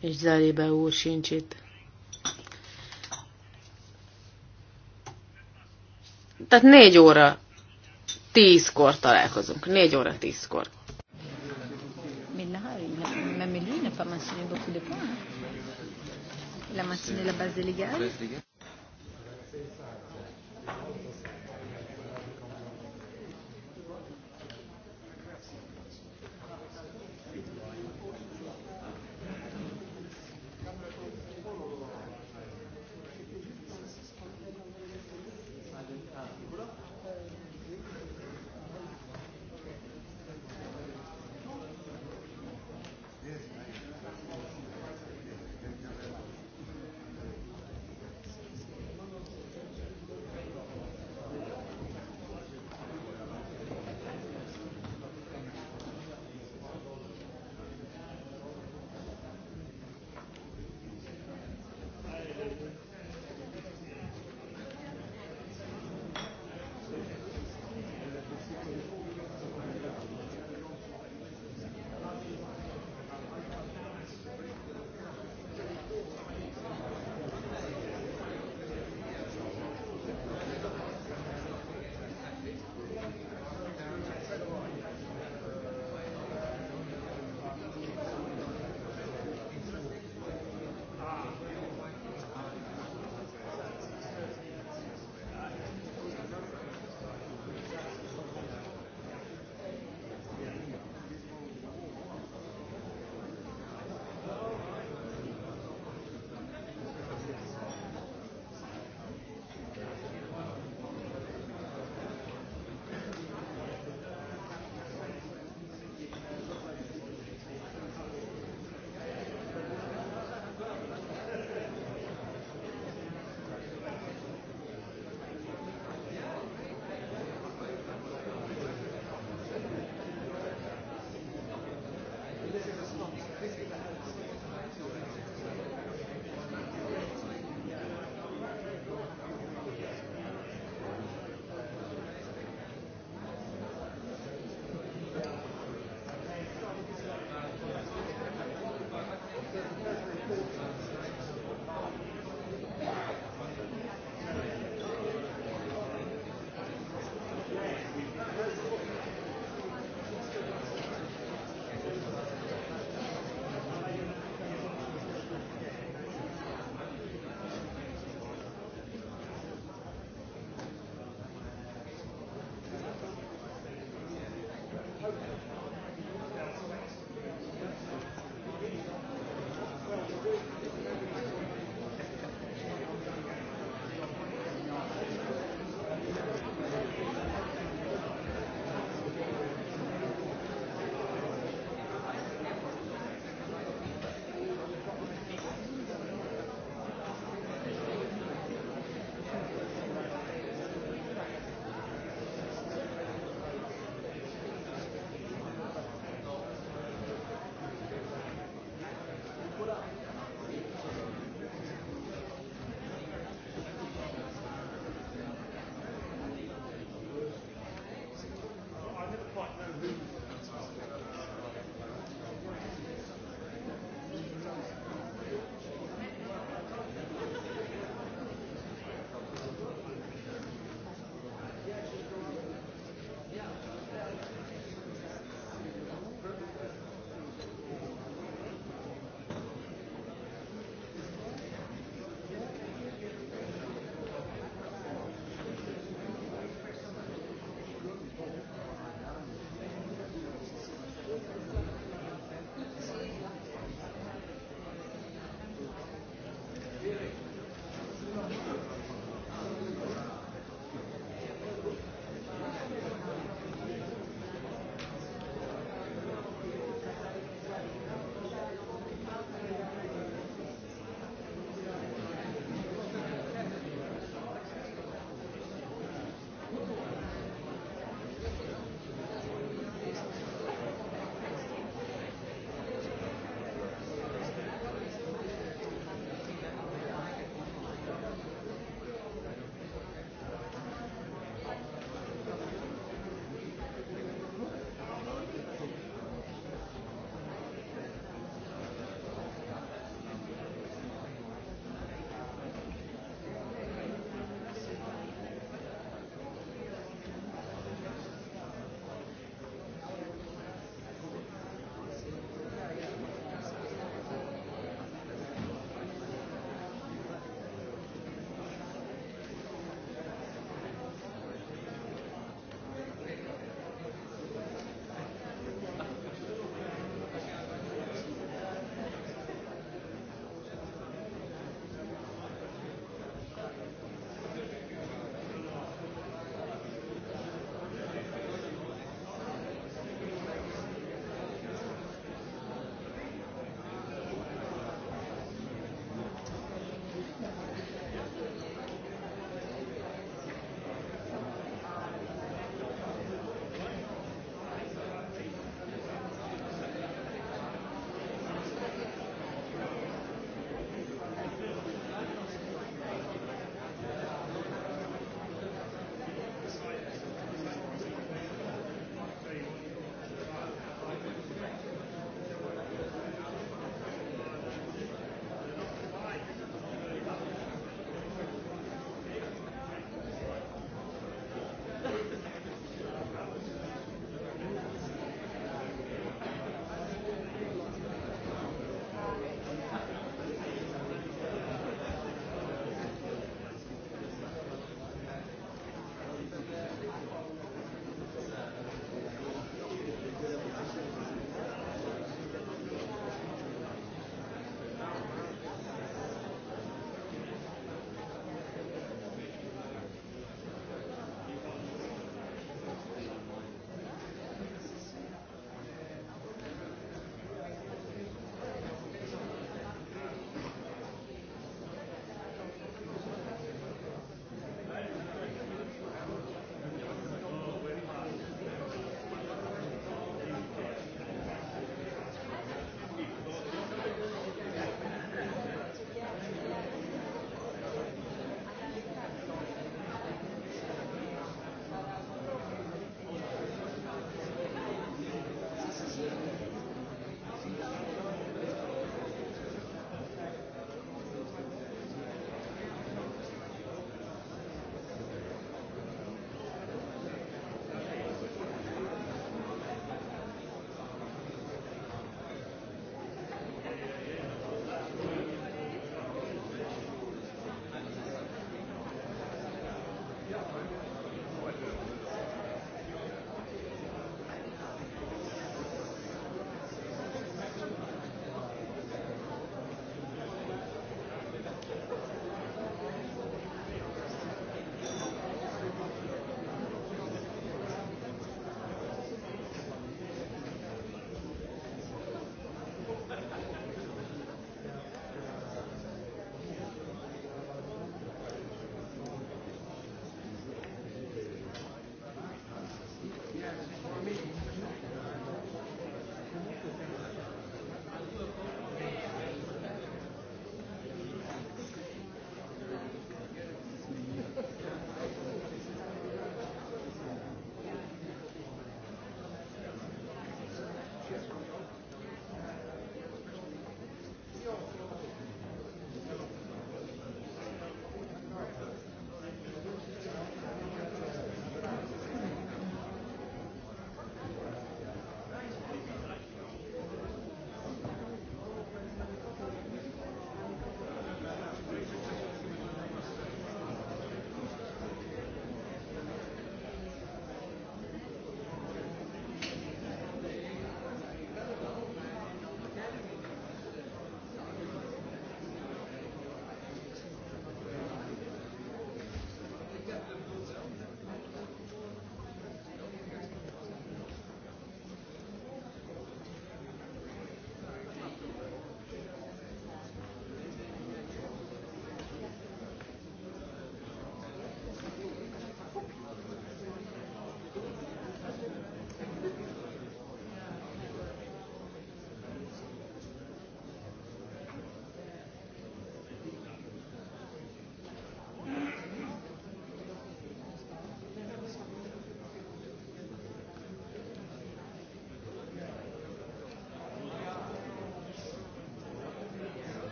És Zeribe úr sincs itt. Tehát négy óra tízkor találkozunk. Négy óra tízkor. Mais là, même lui n'a pas mentionné beaucoup de points la matinée la base légale.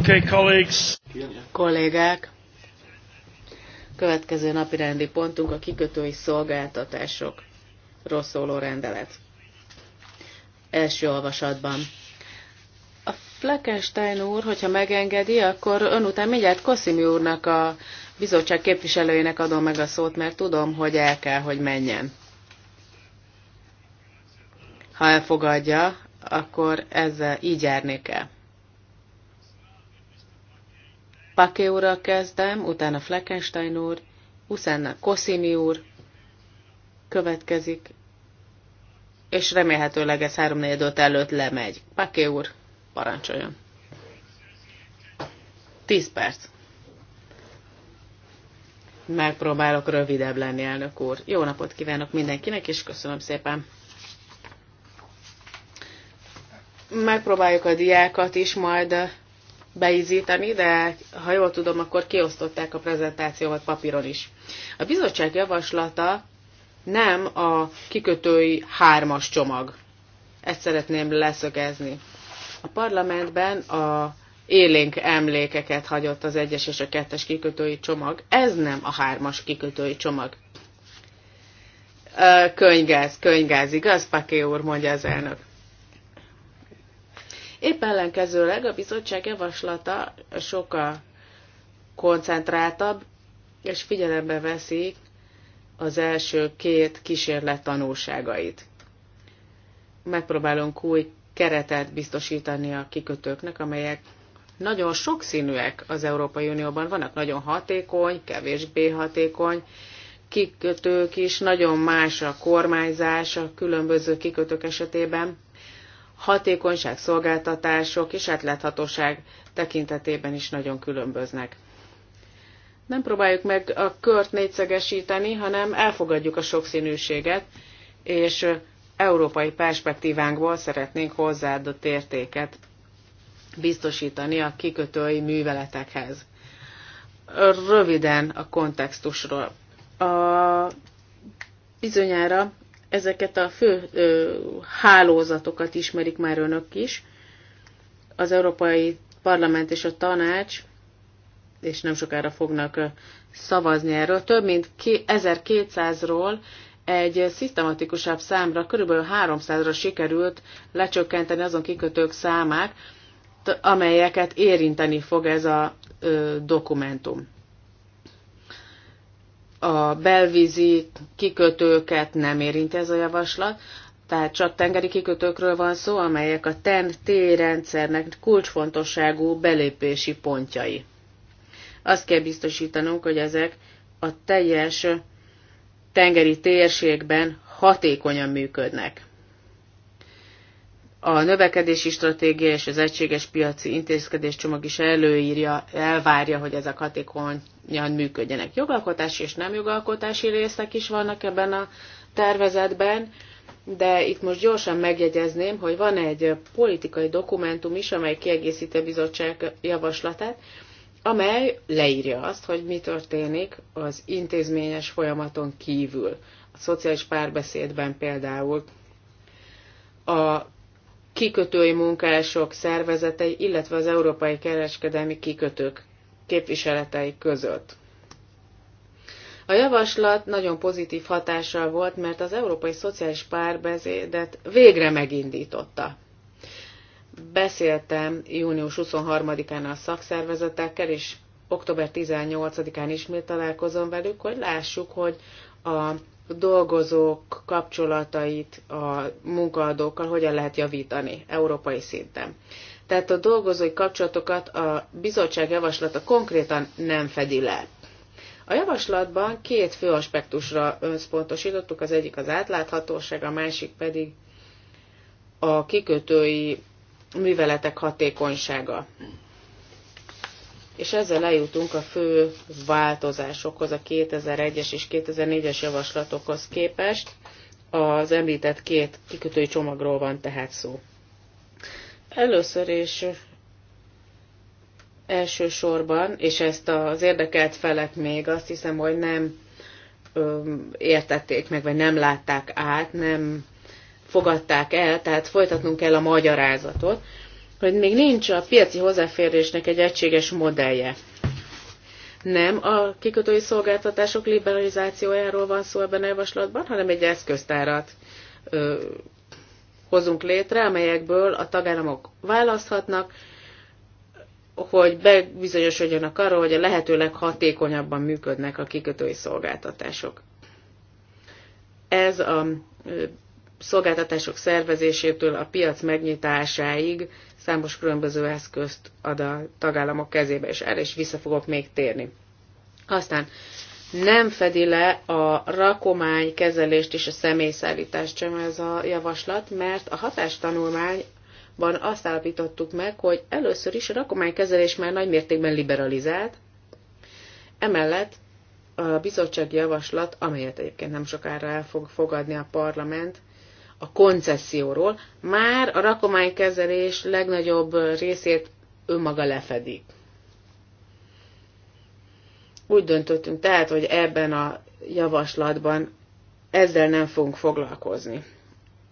Okay, colleagues. Kollégák, következő napi rendi pontunk a kikötői szolgáltatásokról szóló rendelet. Első olvasatban. A Fleckenstein úr, hogyha megengedi, akkor ön után mindjárt Koszimi úrnak a bizottság képviselőjének adom meg a szót, mert tudom, hogy el kell, hogy menjen. Ha elfogadja, akkor ezzel így járnék el. Paké úrral kezdem, utána Fleckenstein úr, utána Koszini úr következik, és remélhetőleg ez 3 4 előtt lemegy. Paké úr, parancsoljon. 10 perc. Megpróbálok rövidebb lenni, elnök úr. Jó napot kívánok mindenkinek, és köszönöm szépen. Megpróbáljuk a diákat is majd beizíteni, de ha jól tudom, akkor kiosztották a prezentációt papíron is. A bizottság javaslata nem a kikötői hármas csomag. Ezt szeretném leszögezni. A parlamentben a élénk emlékeket hagyott az egyes és a kettes kikötői csomag. Ez nem a hármas kikötői csomag. Könygáz, könygáz, igaz, Paké úr, mondja az elnök. Épp ellenkezőleg a bizottság javaslata sokkal koncentráltabb, és figyelembe veszi az első két kísérlet tanulságait. Megpróbálunk új keretet biztosítani a kikötőknek, amelyek nagyon sokszínűek az Európai Unióban. Vannak nagyon hatékony, kevésbé hatékony kikötők is, nagyon más a kormányzás a különböző kikötők esetében hatékonyság, szolgáltatások és átláthatóság tekintetében is nagyon különböznek. Nem próbáljuk meg a kört négyszegesíteni, hanem elfogadjuk a sokszínűséget, és európai perspektívánkból szeretnénk hozzáadott értéket biztosítani a kikötői műveletekhez. Röviden a kontextusról. A bizonyára ezeket a fő ö, hálózatokat ismerik már önök is. Az Európai Parlament és a Tanács, és nem sokára fognak szavazni erről, több mint 1200-ról egy szisztematikusabb számra, kb. 300-ra sikerült lecsökkenteni azon kikötők számát, amelyeket érinteni fog ez a ö, dokumentum a belvízi kikötőket nem érinti ez a javaslat, tehát csak tengeri kikötőkről van szó, amelyek a TEN-T rendszernek kulcsfontosságú belépési pontjai. Azt kell biztosítanunk, hogy ezek a teljes tengeri térségben hatékonyan működnek. A növekedési stratégia és az egységes piaci intézkedés csomag is előírja, elvárja, hogy ezek hatékony hogyan működjenek. Jogalkotási és nem jogalkotási részek is vannak ebben a tervezetben, de itt most gyorsan megjegyezném, hogy van egy politikai dokumentum is, amely kiegészíti a bizottság javaslatát, amely leírja azt, hogy mi történik az intézményes folyamaton kívül. A szociális párbeszédben például a kikötői munkások szervezetei, illetve az európai kereskedelmi kikötők képviseletei között. A javaslat nagyon pozitív hatással volt, mert az Európai Szociális Párbeszédet végre megindította. Beszéltem június 23-án a szakszervezetekkel, és október 18-án ismét találkozom velük, hogy lássuk, hogy a dolgozók kapcsolatait a munkaadókkal hogyan lehet javítani európai szinten. Tehát a dolgozói kapcsolatokat a bizottság javaslata konkrétan nem fedi le. A javaslatban két fő aspektusra összpontosítottuk, az egyik az átláthatóság, a másik pedig a kikötői műveletek hatékonysága. És ezzel eljutunk a fő változásokhoz, a 2001-es és 2004-es javaslatokhoz képest. Az említett két kikötői csomagról van tehát szó. Először is elsősorban, és ezt az érdekelt felek még azt hiszem, hogy nem értették meg, vagy nem látták át, nem fogadták el, tehát folytatnunk kell a magyarázatot, hogy még nincs a piaci hozzáférésnek egy egységes modellje. Nem a kikötői szolgáltatások liberalizációjáról van szó ebben a javaslatban, hanem egy eszköztárat hozunk létre, amelyekből a tagállamok választhatnak, hogy bebizonyosodjanak arról, hogy a lehető leghatékonyabban működnek a kikötői szolgáltatások. Ez a szolgáltatások szervezésétől a piac megnyitásáig számos különböző eszközt ad a tagállamok kezébe, és erre is vissza fogok még térni. Aztán nem fedi le a rakomány kezelést és a személyszállítást sem ez a javaslat, mert a hatástanulmányban azt állapítottuk meg, hogy először is a rakománykezelés már nagy mértékben liberalizált, emellett a bizottsági javaslat, amelyet egyébként nem sokára el fog fogadni a parlament, a koncesszióról, már a rakománykezelés legnagyobb részét önmaga lefedik. Úgy döntöttünk tehát, hogy ebben a javaslatban ezzel nem fogunk foglalkozni.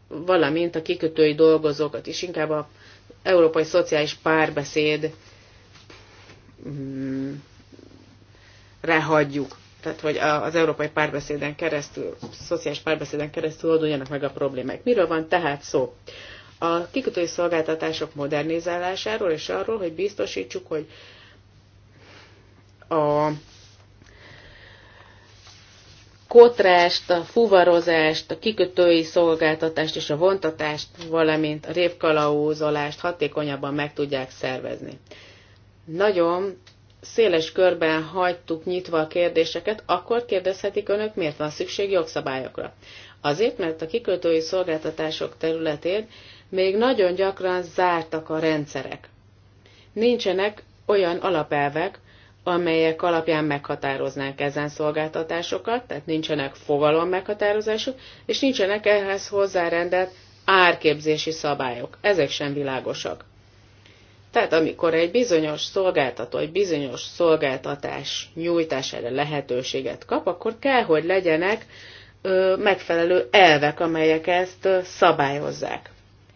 Valamint a kikötői dolgozókat is inkább a európai szociális párbeszéd mm, rehagyjuk. Tehát, hogy az európai párbeszéden keresztül, szociális párbeszéden keresztül olduljanak meg a problémák. Miről van tehát szó? A kikötői szolgáltatások modernizálásáról és arról, hogy biztosítsuk, hogy a kotrást, a fuvarozást, a kikötői szolgáltatást és a vontatást, valamint a révkalauzolást hatékonyabban meg tudják szervezni. Nagyon széles körben hagytuk nyitva a kérdéseket, akkor kérdezhetik önök, miért van szükség jogszabályokra. Azért, mert a kikötői szolgáltatások területén még nagyon gyakran zártak a rendszerek. Nincsenek olyan alapelvek, amelyek alapján meghatároznánk ezen szolgáltatásokat, tehát nincsenek fogalom meghatározások, és nincsenek ehhez hozzárendelt árképzési szabályok. Ezek sem világosak. Tehát amikor egy bizonyos szolgáltató, egy bizonyos szolgáltatás nyújtására lehetőséget kap, akkor kell, hogy legyenek ö, megfelelő elvek, amelyek ezt ö, szabályozzák.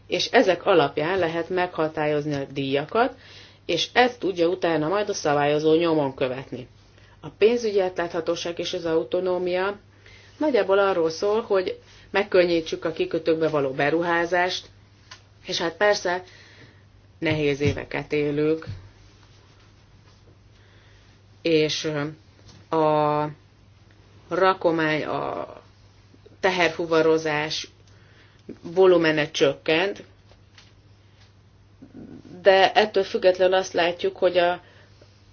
És ezek alapján lehet meghatározni a díjakat, és ezt tudja utána majd a szabályozó nyomon követni. A pénzügyi átláthatóság és az autonómia nagyjából arról szól, hogy megkönnyítsük a kikötőkbe való beruházást, és hát persze nehéz éveket élünk, és a rakomány, a teherfuvarozás volumene csökkent, de ettől függetlenül azt látjuk, hogy a,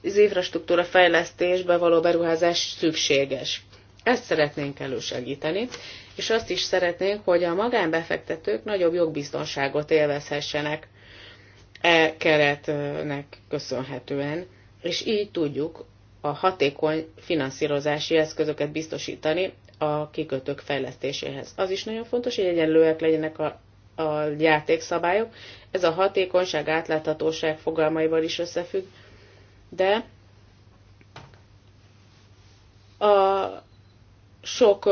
az infrastruktúra fejlesztésbe való beruházás szükséges. Ezt szeretnénk elősegíteni, és azt is szeretnénk, hogy a magánbefektetők nagyobb jogbiztonságot élvezhessenek e keretnek köszönhetően, és így tudjuk a hatékony finanszírozási eszközöket biztosítani a kikötők fejlesztéséhez. Az is nagyon fontos, hogy egyenlőek legyenek a, a játékszabályok, ez a hatékonyság, átláthatóság fogalmaival is összefügg, de a sok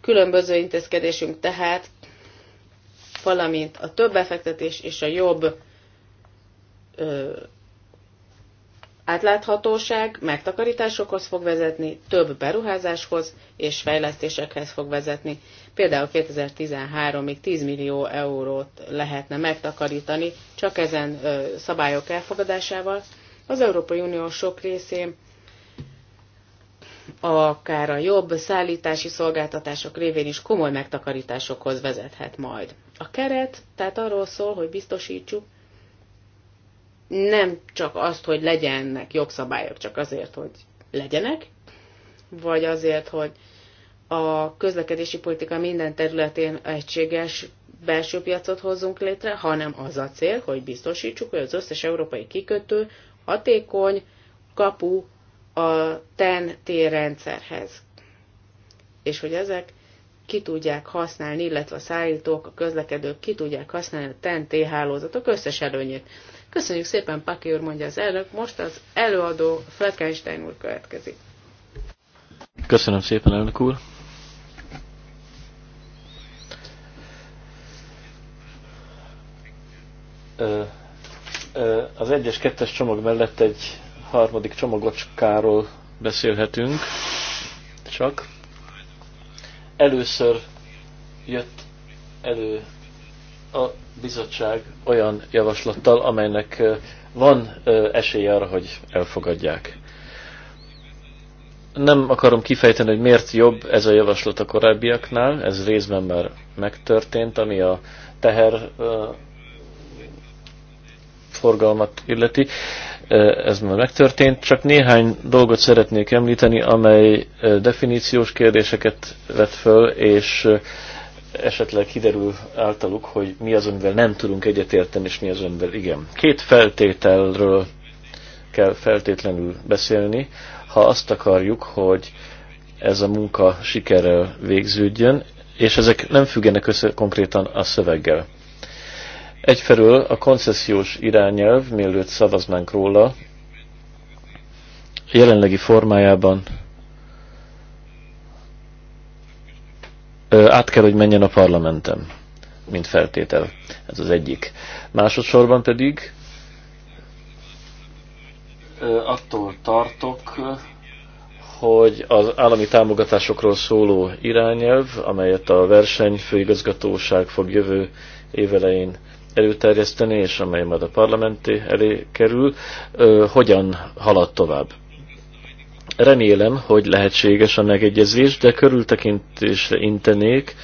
különböző intézkedésünk tehát, valamint a több befektetés és a jobb Átláthatóság megtakarításokhoz fog vezetni, több beruházáshoz és fejlesztésekhez fog vezetni. Például 2013-ig 10 millió eurót lehetne megtakarítani csak ezen szabályok elfogadásával. Az Európai Unió sok részén akár a jobb szállítási szolgáltatások révén is komoly megtakarításokhoz vezethet majd. A keret tehát arról szól, hogy biztosítsuk, nem csak azt, hogy legyenek jogszabályok, csak azért, hogy legyenek, vagy azért, hogy a közlekedési politika minden területén egységes belső piacot hozzunk létre, hanem az a cél, hogy biztosítsuk, hogy az összes európai kikötő hatékony kapu a TEN-T rendszerhez. És hogy ezek ki tudják használni, illetve a szállítók, a közlekedők ki tudják használni a TEN-T hálózatok összes előnyét. Köszönjük szépen, Paki úr, mondja az elnök. Most az előadó Fletkenstein úr következik. Köszönöm szépen, elnök úr. Az egyes kettes csomag mellett egy harmadik csomagocskáról beszélhetünk, csak először jött elő a bizottság olyan javaslattal, amelynek van esélye arra, hogy elfogadják. Nem akarom kifejteni, hogy miért jobb ez a javaslat a korábbiaknál, ez részben már megtörtént, ami a teher forgalmat illeti. Ez már megtörtént, csak néhány dolgot szeretnék említeni, amely definíciós kérdéseket vet föl, és esetleg kiderül általuk, hogy mi az, amivel nem tudunk egyetérteni, és mi az, amivel igen. Két feltételről kell feltétlenül beszélni, ha azt akarjuk, hogy ez a munka sikerrel végződjön, és ezek nem függenek össze konkrétan a szöveggel. Egyfelől a koncesziós irányelv, mielőtt szavaznánk róla, jelenlegi formájában át kell, hogy menjen a parlamentem, mint feltétel. Ez az egyik. Másodszorban pedig attól tartok, hogy az állami támogatásokról szóló irányelv, amelyet a versenyfőigazgatóság fog jövő évelején előterjeszteni, és amely majd a parlamenti elé kerül, hogyan halad tovább. Remélem, hogy lehetséges a megegyezés, de körültekintésre intenék,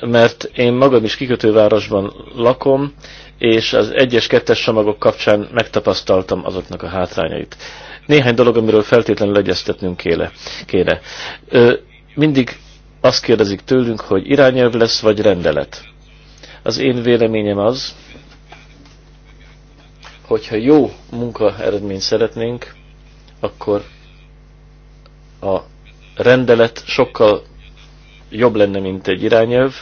mert én magam is kikötővárosban lakom, és az egyes kettes csomagok kapcsán megtapasztaltam azoknak a hátrányait. Néhány dolog, amiről feltétlenül egyeztetnünk kéne. kéne. Ö, mindig azt kérdezik tőlünk, hogy irányelv lesz, vagy rendelet. Az én véleményem az, hogyha jó munka eredményt szeretnénk, akkor a rendelet sokkal jobb lenne, mint egy irányelv.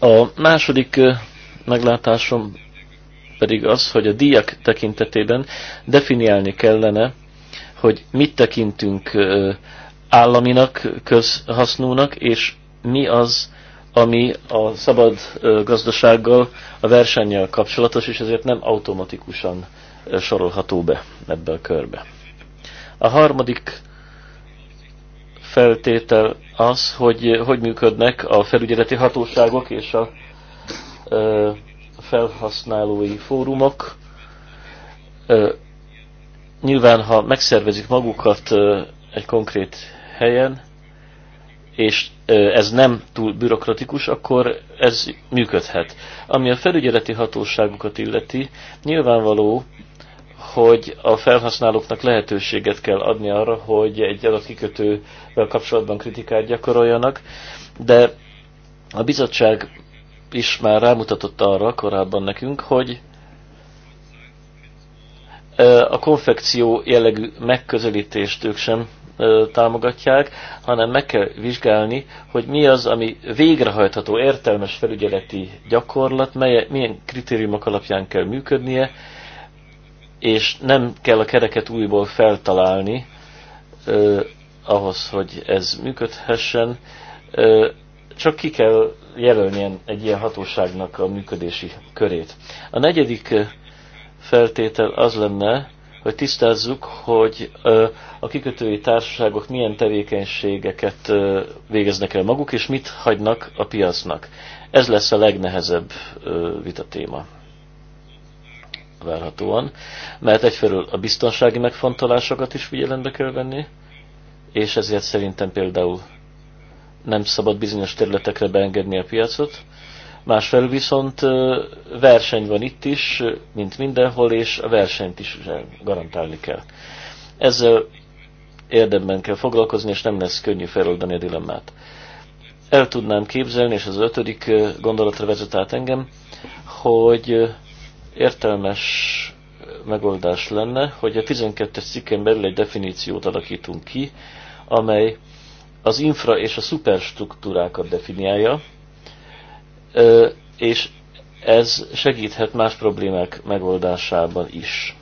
A második meglátásom pedig az, hogy a díjak tekintetében definiálni kellene, hogy mit tekintünk államinak, közhasznúnak, és mi az, ami a szabad gazdasággal, a versennyel kapcsolatos, és ezért nem automatikusan sorolható be ebbe a körbe. A harmadik feltétel az, hogy hogy működnek a felügyeleti hatóságok és a felhasználói fórumok. nyilván, ha megszervezik magukat egy konkrét helyen, és ez nem túl bürokratikus, akkor ez működhet. Ami a felügyeleti hatóságokat illeti, nyilvánvaló, hogy a felhasználóknak lehetőséget kell adni arra, hogy egy adott kikötővel kapcsolatban kritikát gyakoroljanak, de a bizottság is már rámutatott arra korábban nekünk, hogy a konfekció jellegű megközelítést ők sem támogatják, hanem meg kell vizsgálni, hogy mi az, ami végrehajtható, értelmes felügyeleti gyakorlat, mely, milyen kritériumok alapján kell működnie, és nem kell a kereket újból feltalálni eh, ahhoz, hogy ez működhessen. Eh, csak ki kell jelölni egy ilyen hatóságnak a működési körét. A negyedik feltétel az lenne, hogy tisztázzuk, hogy a kikötői társaságok milyen tevékenységeket végeznek el maguk, és mit hagynak a piacnak. Ez lesz a legnehezebb vita téma várhatóan, mert egyfelől a biztonsági megfontolásokat is figyelembe kell venni, és ezért szerintem például nem szabad bizonyos területekre beengedni a piacot, Másfelől viszont verseny van itt is, mint mindenhol, és a versenyt is garantálni kell. Ezzel érdemben kell foglalkozni, és nem lesz könnyű feloldani a dilemmát. El tudnám képzelni, és az ötödik gondolatra vezet át engem, hogy értelmes megoldás lenne, hogy a 12-es cikken belül egy definíciót alakítunk ki, amely az infra és a szuperstruktúrákat definiálja, és ez segíthet más problémák megoldásában is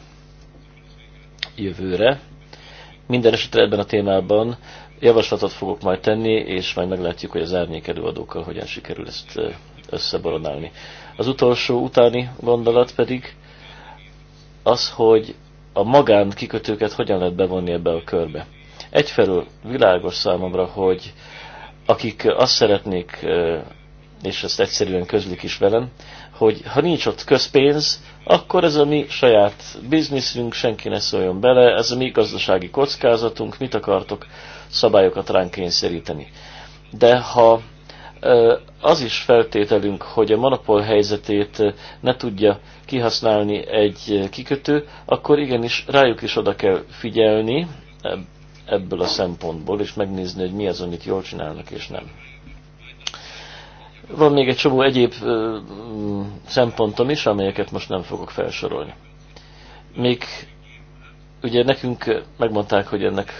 jövőre. Minden esetre ebben a témában javaslatot fogok majd tenni, és majd meglátjuk, hogy az árnyék előadókkal hogyan sikerül ezt összeboronálni. Az utolsó utáni gondolat pedig az, hogy a magán kikötőket hogyan lehet bevonni ebbe a körbe. Egyfelől világos számomra, hogy akik azt szeretnék és ezt egyszerűen közlik is velem, hogy ha nincs ott közpénz, akkor ez a mi saját bizniszünk, senki ne szóljon bele, ez a mi gazdasági kockázatunk, mit akartok szabályokat ránk kényszeríteni. De ha az is feltételünk, hogy a monopól helyzetét ne tudja kihasználni egy kikötő, akkor igenis rájuk is oda kell figyelni ebből a szempontból, és megnézni, hogy mi az, amit jól csinálnak és nem. Van még egy csomó egyéb szempontom is, amelyeket most nem fogok felsorolni. Még ugye nekünk megmondták, hogy ennek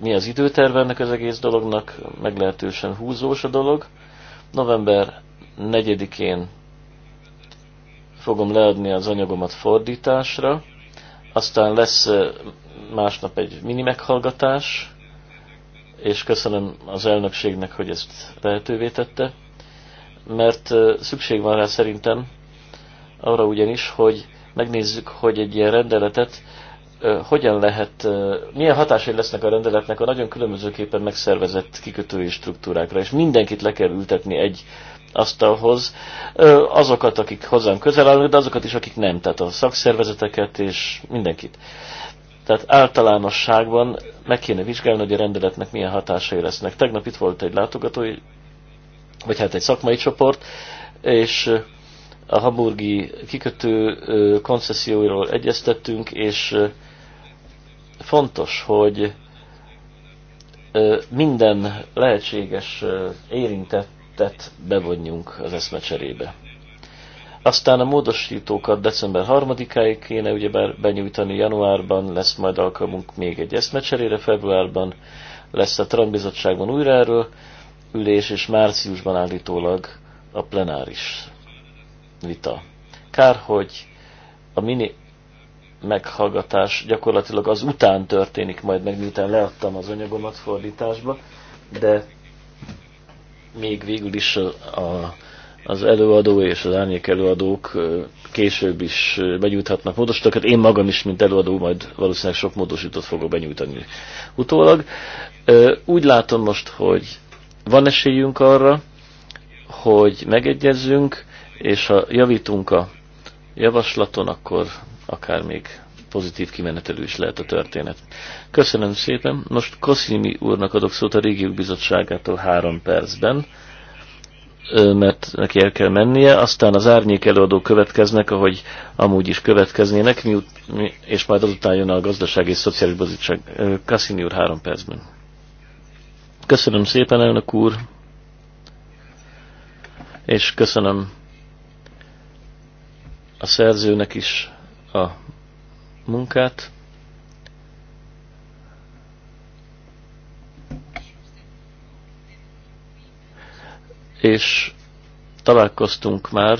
mi az időterve ennek az egész dolognak, meglehetősen húzós a dolog. November 4-én fogom leadni az anyagomat fordításra, aztán lesz másnap egy mini meghallgatás, és köszönöm az elnökségnek, hogy ezt lehetővé tette, mert szükség van rá szerintem arra ugyanis, hogy megnézzük, hogy egy ilyen rendeletet hogyan lehet, milyen hatásai lesznek a rendeletnek a nagyon különbözőképpen megszervezett kikötői struktúrákra, és mindenkit le kell ültetni egy asztalhoz, azokat, akik hozzám közel állnak, de azokat is, akik nem, tehát a szakszervezeteket és mindenkit. Tehát általánosságban meg kéne vizsgálni, hogy a rendeletnek milyen hatásai lesznek. Tegnap itt volt egy látogatói, vagy hát egy szakmai csoport, és a hamburgi kikötő koncesszióiról egyeztettünk, és fontos, hogy minden lehetséges érintettet bevonjunk az eszmecserébe. Aztán a módosítókat december 3-áig kéne ugye benyújtani januárban, lesz majd alkalmunk még egy eszmecserére februárban, lesz a Trump újra erről ülés, és márciusban állítólag a plenáris vita. Kár, hogy a mini meghallgatás gyakorlatilag az után történik majd meg, miután leadtam az anyagomat fordításba, de még végül is a, a az előadó és az árnyék előadók később is benyújthatnak módosítókat. Én magam is, mint előadó, majd valószínűleg sok módosítót fogok benyújtani utólag. Úgy látom most, hogy van esélyünk arra, hogy megegyezzünk, és ha javítunk a javaslaton, akkor akár még pozitív kimenetelő is lehet a történet. Köszönöm szépen. Most Koszimi úrnak adok szót a Régiók Bizottságától három percben mert neki el kell mennie, aztán az árnyék előadók következnek, ahogy amúgy is következnének, és majd azután jön a gazdasági és szociális bizottság. Cassini úr három percben. Köszönöm szépen, elnök úr, és köszönöm a szerzőnek is a munkát. és találkoztunk már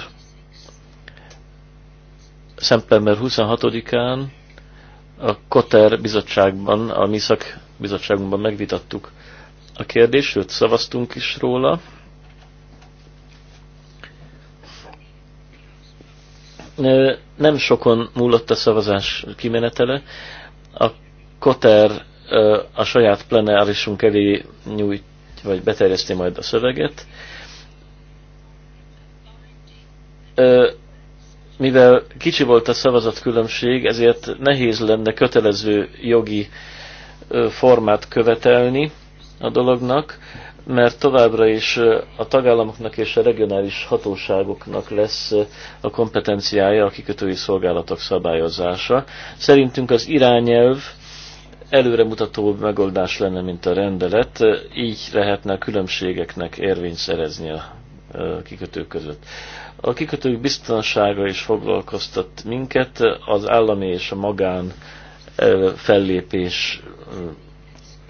szeptember 26-án a Koter bizottságban, a Miszak bizottságunkban megvitattuk a kérdést, sőt szavaztunk is róla. Nem sokon múlott a szavazás kimenetele. A Koter a saját plenárisunk elé nyújt, vagy beterjeszti majd a szöveget mivel kicsi volt a szavazatkülönbség, ezért nehéz lenne kötelező jogi formát követelni a dolognak, mert továbbra is a tagállamoknak és a regionális hatóságoknak lesz a kompetenciája a kikötői szolgálatok szabályozása. Szerintünk az irányelv előremutató megoldás lenne, mint a rendelet, így lehetne a különbségeknek érvényt szerezni a kikötők között. A kikötők biztonsága is foglalkoztat minket, az állami és a magán fellépés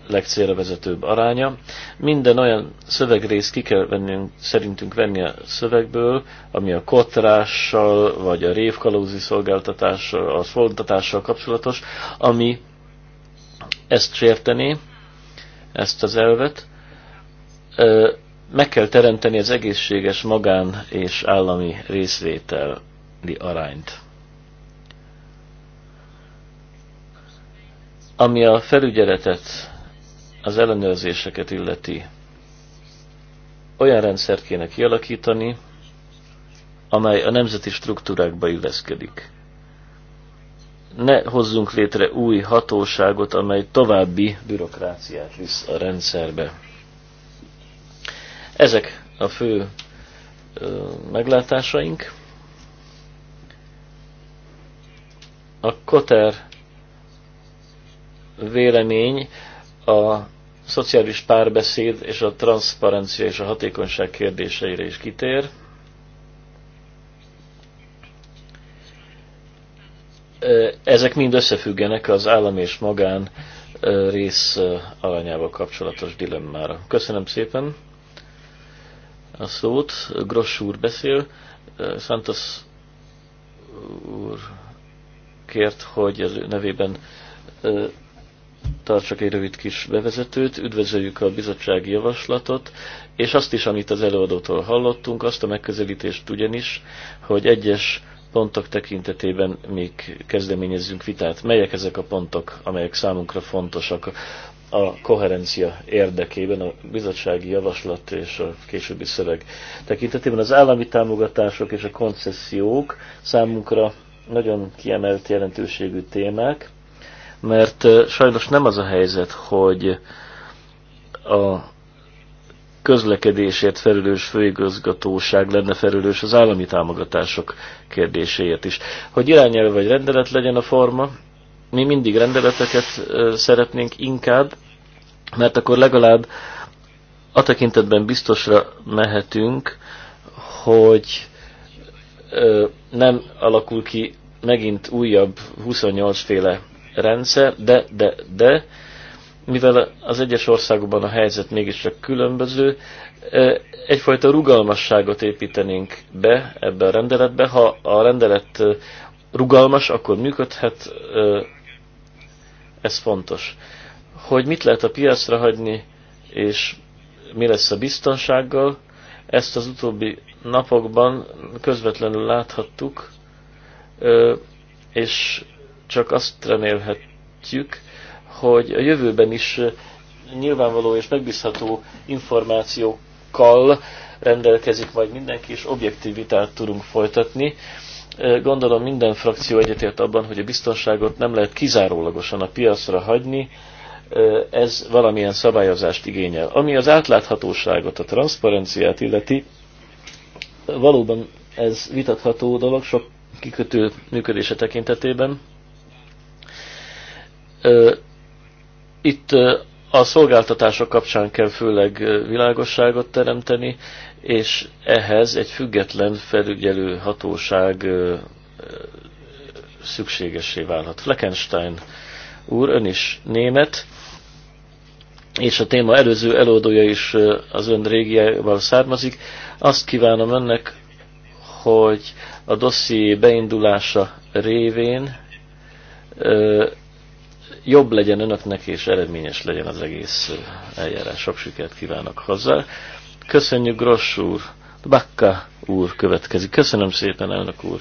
legcélra vezetőbb aránya. Minden olyan szövegrész ki kell vennünk, szerintünk venni a szövegből, ami a kotrással, vagy a révkalózi szolgáltatással, a szolgáltatással kapcsolatos, ami ezt sértené, ezt az elvet meg kell teremteni az egészséges magán és állami részvételi arányt. Ami a felügyeletet, az ellenőrzéseket illeti, olyan rendszert kéne kialakítani, amely a nemzeti struktúrákba illeszkedik. Ne hozzunk létre új hatóságot, amely további bürokráciát visz a rendszerbe. Ezek a fő meglátásaink. A Koter vélemény a szociális párbeszéd és a transzparencia és a hatékonyság kérdéseire is kitér. Ezek mind összefüggenek az állam és magán rész alanyával kapcsolatos dilemmára. Köszönöm szépen! a szót, Gross úr beszél, Santos úr kért, hogy az ő nevében tartsak egy rövid kis bevezetőt, üdvözöljük a bizottsági javaslatot, és azt is, amit az előadótól hallottunk, azt a megközelítést ugyanis, hogy egyes pontok tekintetében még kezdeményezzünk vitát. Melyek ezek a pontok, amelyek számunkra fontosak? a koherencia érdekében a bizottsági javaslat és a későbbi szöveg tekintetében. Az állami támogatások és a koncesziók számunkra nagyon kiemelt jelentőségű témák, mert sajnos nem az a helyzet, hogy a közlekedésért felelős főigazgatóság lenne felelős az állami támogatások kérdéséért is. Hogy irányelv vagy rendelet legyen a forma, mi mindig rendeleteket szeretnénk inkább, mert akkor legalább a tekintetben biztosra mehetünk, hogy nem alakul ki megint újabb 28 féle rendszer, de, de, de, mivel az egyes országokban a helyzet mégiscsak különböző, egyfajta rugalmasságot építenénk be ebbe a rendeletbe. Ha a rendelet rugalmas, akkor működhet, ez fontos. Hogy mit lehet a piacra hagyni, és mi lesz a biztonsággal, ezt az utóbbi napokban közvetlenül láthattuk, és csak azt remélhetjük, hogy a jövőben is nyilvánvaló és megbízható információkkal rendelkezik majd mindenki, és objektivitát tudunk folytatni. Gondolom minden frakció egyetért abban, hogy a biztonságot nem lehet kizárólagosan a piacra hagyni, ez valamilyen szabályozást igényel. Ami az átláthatóságot, a transzparenciát illeti, valóban ez vitatható dolog sok kikötő működése tekintetében. Itt a szolgáltatások kapcsán kell főleg világosságot teremteni, és ehhez egy független felügyelő hatóság szükségesé válhat. Fleckenstein úr, ön is német, és a téma előző előadója is az ön régiával származik. Azt kívánom önnek, hogy a dosszié beindulása révén ö, jobb legyen önöknek, és eredményes legyen az egész eljárás. Sok sikert kívánok hozzá. Köszönjük, Gross úr. Bakka úr következik. Köszönöm szépen, elnök úr.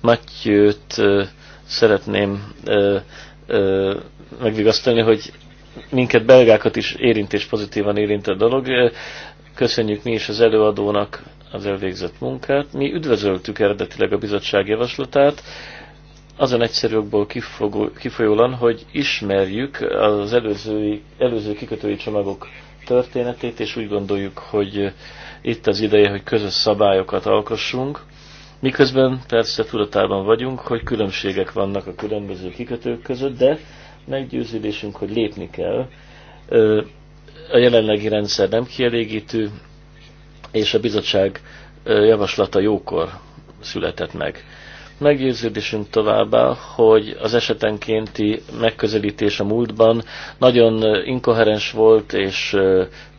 Mattyőt szeretném ö, ö, megvigasztani, hogy minket belgákat is érintés pozitívan érint a dolog. Köszönjük mi is az előadónak az elvégzett munkát. Mi üdvözöltük eredetileg a bizottság javaslatát, azon egyszerű okból kifolyólan, hogy ismerjük az előző, előző kikötői csomagok történetét, és úgy gondoljuk, hogy itt az ideje, hogy közös szabályokat alkossunk, miközben persze tudatában vagyunk, hogy különbségek vannak a különböző kikötők között, de meggyőződésünk, hogy lépni kell. A jelenlegi rendszer nem kielégítő, és a bizottság javaslata jókor született meg. Meggyőződésünk továbbá, hogy az esetenkénti megközelítés a múltban nagyon inkoherens volt, és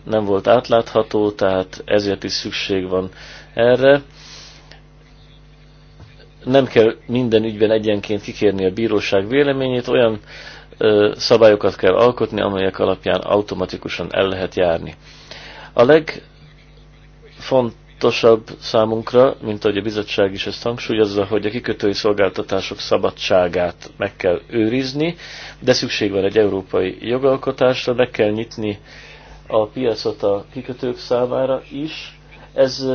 nem volt átlátható, tehát ezért is szükség van erre. Nem kell minden ügyben egyenként kikérni a bíróság véleményét, olyan ö, szabályokat kell alkotni, amelyek alapján automatikusan el lehet járni. A legfontosabb fontosabb számunkra, mint ahogy a bizottság is ezt hangsúlyozza, hogy a kikötői szolgáltatások szabadságát meg kell őrizni, de szükség van egy európai jogalkotásra, meg kell nyitni a piacot a kikötők számára is. Ez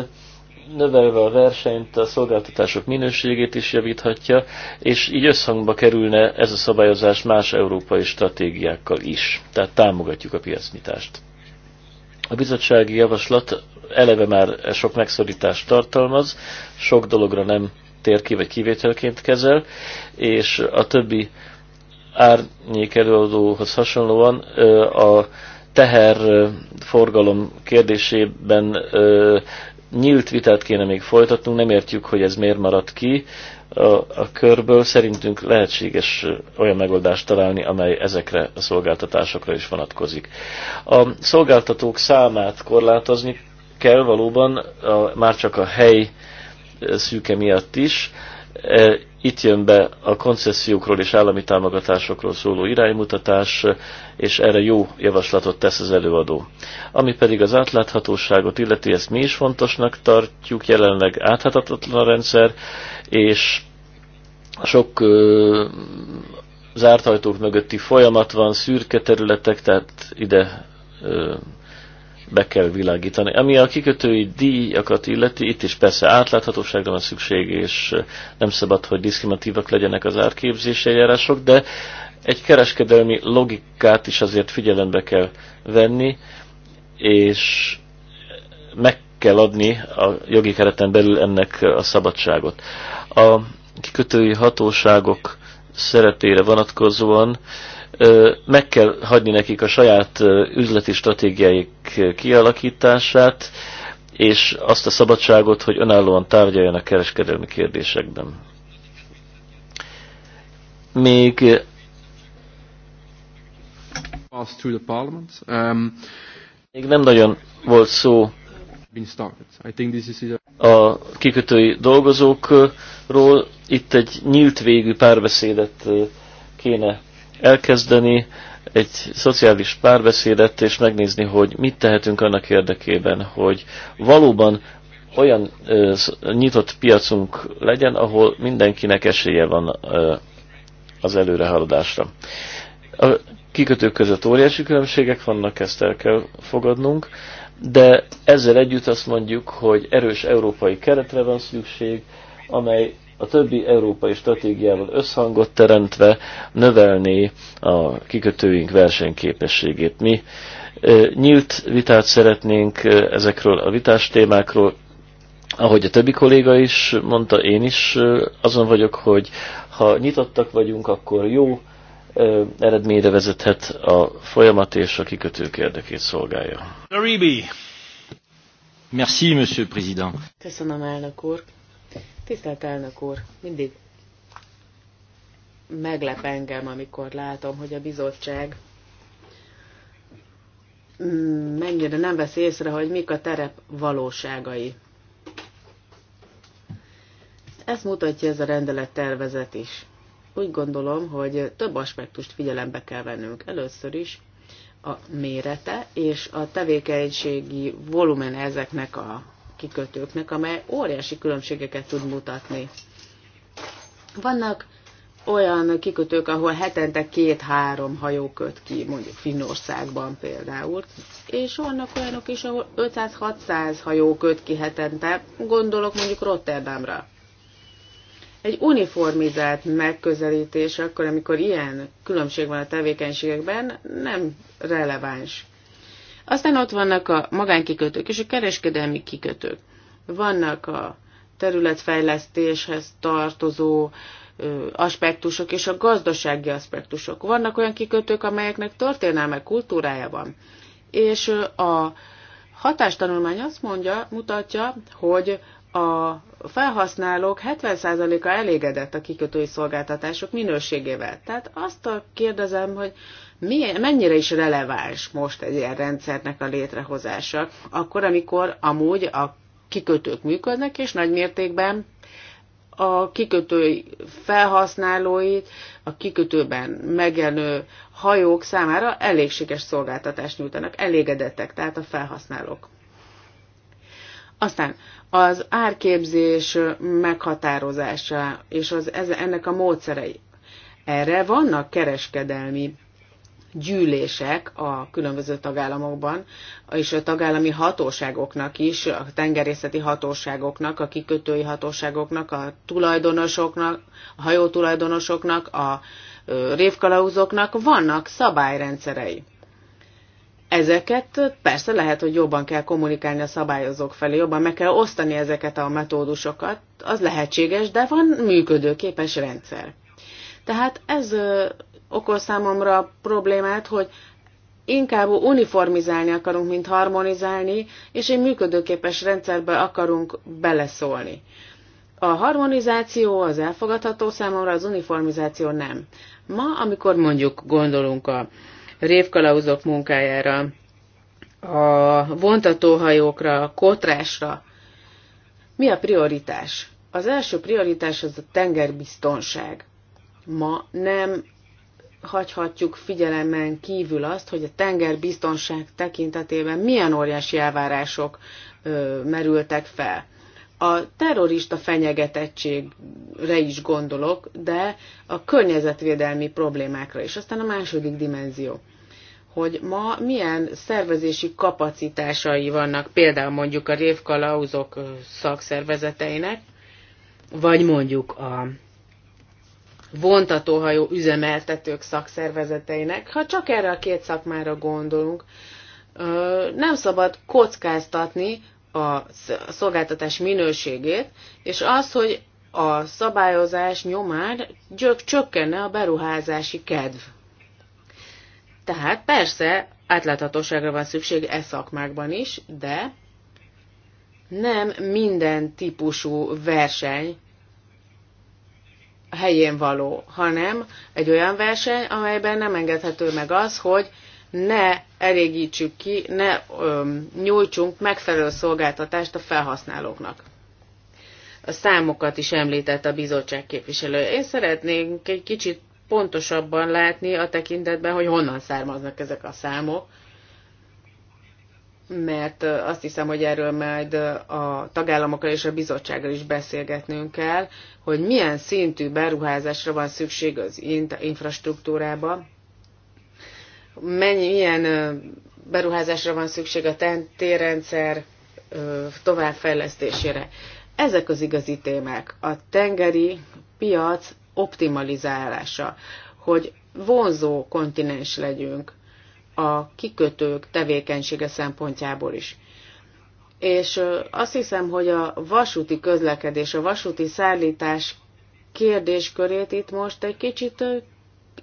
növelve a versenyt, a szolgáltatások minőségét is javíthatja, és így összhangba kerülne ez a szabályozás más európai stratégiákkal is. Tehát támogatjuk a piacnyitást. A bizottsági javaslat eleve már sok megszorítást tartalmaz, sok dologra nem tér ki, vagy kivételként kezel, és a többi árnyék előadóhoz hasonlóan a teher forgalom kérdésében nyílt vitát kéne még folytatnunk, nem értjük, hogy ez miért maradt ki a, a körből. Szerintünk lehetséges olyan megoldást találni, amely ezekre a szolgáltatásokra is vonatkozik. A szolgáltatók számát korlátozni kell valóban, a, már csak a hely e, szűke miatt is. E, itt jön be a koncesziókról és állami támogatásokról szóló iránymutatás, e, és erre jó javaslatot tesz az előadó. Ami pedig az átláthatóságot illeti, ezt mi is fontosnak tartjuk, jelenleg áthatatlan a rendszer, és sok ö, zárt ajtók mögötti folyamat van, szürke területek, tehát ide ö, be kell világítani. Ami a kikötői díjakat illeti, itt is persze átláthatóságra van szükség, és nem szabad, hogy diszkriminatívak legyenek az árképzési eljárások, de egy kereskedelmi logikát is azért figyelembe kell venni, és meg kell adni a jogi kereten belül ennek a szabadságot. A kikötői hatóságok szerepére vonatkozóan meg kell hagyni nekik a saját üzleti stratégiáik kialakítását, és azt a szabadságot, hogy önállóan tárgyaljanak kereskedelmi kérdésekben. Még um, még nem nagyon volt szó a kikötői dolgozókról. Itt egy nyílt végű párbeszédet kéne elkezdeni egy szociális párbeszédet, és megnézni, hogy mit tehetünk annak érdekében, hogy valóban olyan ö, nyitott piacunk legyen, ahol mindenkinek esélye van ö, az előrehaladásra. A kikötők között óriási különbségek vannak, ezt el kell fogadnunk, de ezzel együtt azt mondjuk, hogy erős európai keretre van szükség, amely a többi európai stratégiával összhangot teremtve növelni a kikötőink versenyképességét. Mi nyílt vitát szeretnénk ezekről a vitás témákról, ahogy a többi kolléga is mondta, én is azon vagyok, hogy ha nyitottak vagyunk, akkor jó eredményre vezethet a folyamat és a kikötők érdekét szolgálja. Merci, monsieur Köszönöm, elnök úr. Tisztelt elnök úr, mindig meglep engem, amikor látom, hogy a bizottság mennyire nem vesz észre, hogy mik a terep valóságai. Ezt mutatja ez a rendelet tervezet is. Úgy gondolom, hogy több aspektust figyelembe kell vennünk. Először is a mérete és a tevékenységi volumen ezeknek a kikötőknek, amely óriási különbségeket tud mutatni. Vannak olyan kikötők, ahol hetente két-három hajó köt ki, mondjuk Finnországban például, és vannak olyanok is, ahol 500-600 hajó köt ki hetente, gondolok mondjuk Rotterdamra. Egy uniformizált megközelítés akkor, amikor ilyen különbség van a tevékenységekben, nem releváns. Aztán ott vannak a magánkikötők és a kereskedelmi kikötők. Vannak a területfejlesztéshez tartozó aspektusok és a gazdasági aspektusok. Vannak olyan kikötők, amelyeknek történelme, kultúrája van. És a hatástanulmány azt mondja, mutatja, hogy a felhasználók 70%-a elégedett a kikötői szolgáltatások minőségével. Tehát azt a kérdezem, hogy milyen, mennyire is releváns most egy ilyen rendszernek a létrehozása, akkor, amikor amúgy a kikötők működnek, és nagy mértékben a kikötői felhasználóit, a kikötőben megjelenő hajók számára elégséges szolgáltatást nyújtanak, elégedettek, tehát a felhasználók. Aztán az árképzés meghatározása és az, ez, ennek a módszerei. Erre vannak kereskedelmi gyűlések a különböző tagállamokban, és a tagállami hatóságoknak is, a tengerészeti hatóságoknak, a kikötői hatóságoknak, a tulajdonosoknak, a hajótulajdonosoknak, a révkalauzoknak vannak szabályrendszerei. Ezeket persze lehet, hogy jobban kell kommunikálni a szabályozók felé, jobban meg kell osztani ezeket a metódusokat, az lehetséges, de van működőképes rendszer. Tehát ez okoz számomra a problémát, hogy inkább uniformizálni akarunk, mint harmonizálni, és egy működőképes rendszerbe akarunk beleszólni. A harmonizáció az elfogadható számomra, az uniformizáció nem. Ma, amikor mondjuk gondolunk a révkalauzok munkájára, a vontatóhajókra, a kotrásra, mi a prioritás? Az első prioritás az a tengerbiztonság. Ma nem hagyhatjuk figyelemen kívül azt, hogy a tengerbiztonság tekintetében milyen óriási elvárások ö, merültek fel. A terrorista fenyegetettségre is gondolok, de a környezetvédelmi problémákra is. Aztán a második dimenzió, hogy ma milyen szervezési kapacitásai vannak például mondjuk a révkalauzok szakszervezeteinek, vagy mondjuk a vontatóhajó üzemeltetők szakszervezeteinek, ha csak erre a két szakmára gondolunk, nem szabad kockáztatni a szolgáltatás minőségét, és az, hogy a szabályozás nyomán csökkenne a beruházási kedv. Tehát persze átláthatóságra van szükség e szakmákban is, de nem minden típusú verseny helyén való, hanem egy olyan verseny, amelyben nem engedhető meg az, hogy ne elégítsük ki, ne öm, nyújtsunk megfelelő szolgáltatást a felhasználóknak. A számokat is említett a bizottság képviselője. Én szeretnénk egy kicsit pontosabban látni a tekintetben, hogy honnan származnak ezek a számok, mert azt hiszem, hogy erről majd a tagállamokkal és a bizottsággal is beszélgetnünk kell, hogy milyen szintű beruházásra van szükség az infrastruktúrába, mennyi, milyen beruházásra van szükség a térrendszer továbbfejlesztésére. Ezek az igazi témák. A tengeri piac optimalizálása, hogy vonzó kontinens legyünk, a kikötők tevékenysége szempontjából is. És azt hiszem, hogy a vasúti közlekedés, a vasúti szállítás kérdéskörét itt most egy kicsit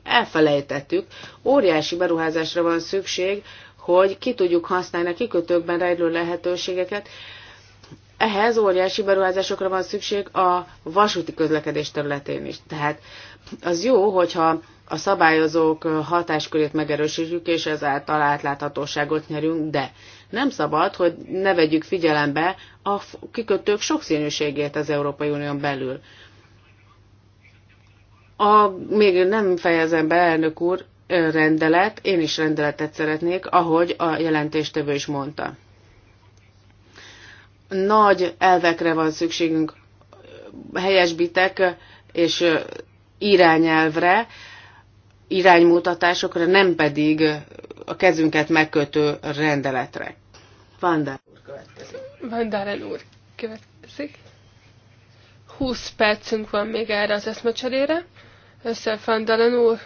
elfelejtettük. Óriási beruházásra van szükség, hogy ki tudjuk használni a kikötőkben rejlő lehetőségeket. Ehhez óriási beruházásokra van szükség a vasúti közlekedés területén is. Tehát az jó, hogyha a szabályozók hatáskörét megerősítjük, és ezáltal átláthatóságot nyerünk, de nem szabad, hogy ne vegyük figyelembe a kikötők sokszínűségét az Európai Unión belül. A, még nem fejezem be, elnök úr, rendelet, én is rendeletet szeretnék, ahogy a jelentéstevő is mondta. Nagy elvekre van szükségünk, helyesbitek és irányelvre, iránymutatásokra, nem pedig a kezünket megkötő rendeletre. Vandár úr következik. Vandáren úr következik. 20 percünk van még erre az eszmecserére. Össze Vandalen úr.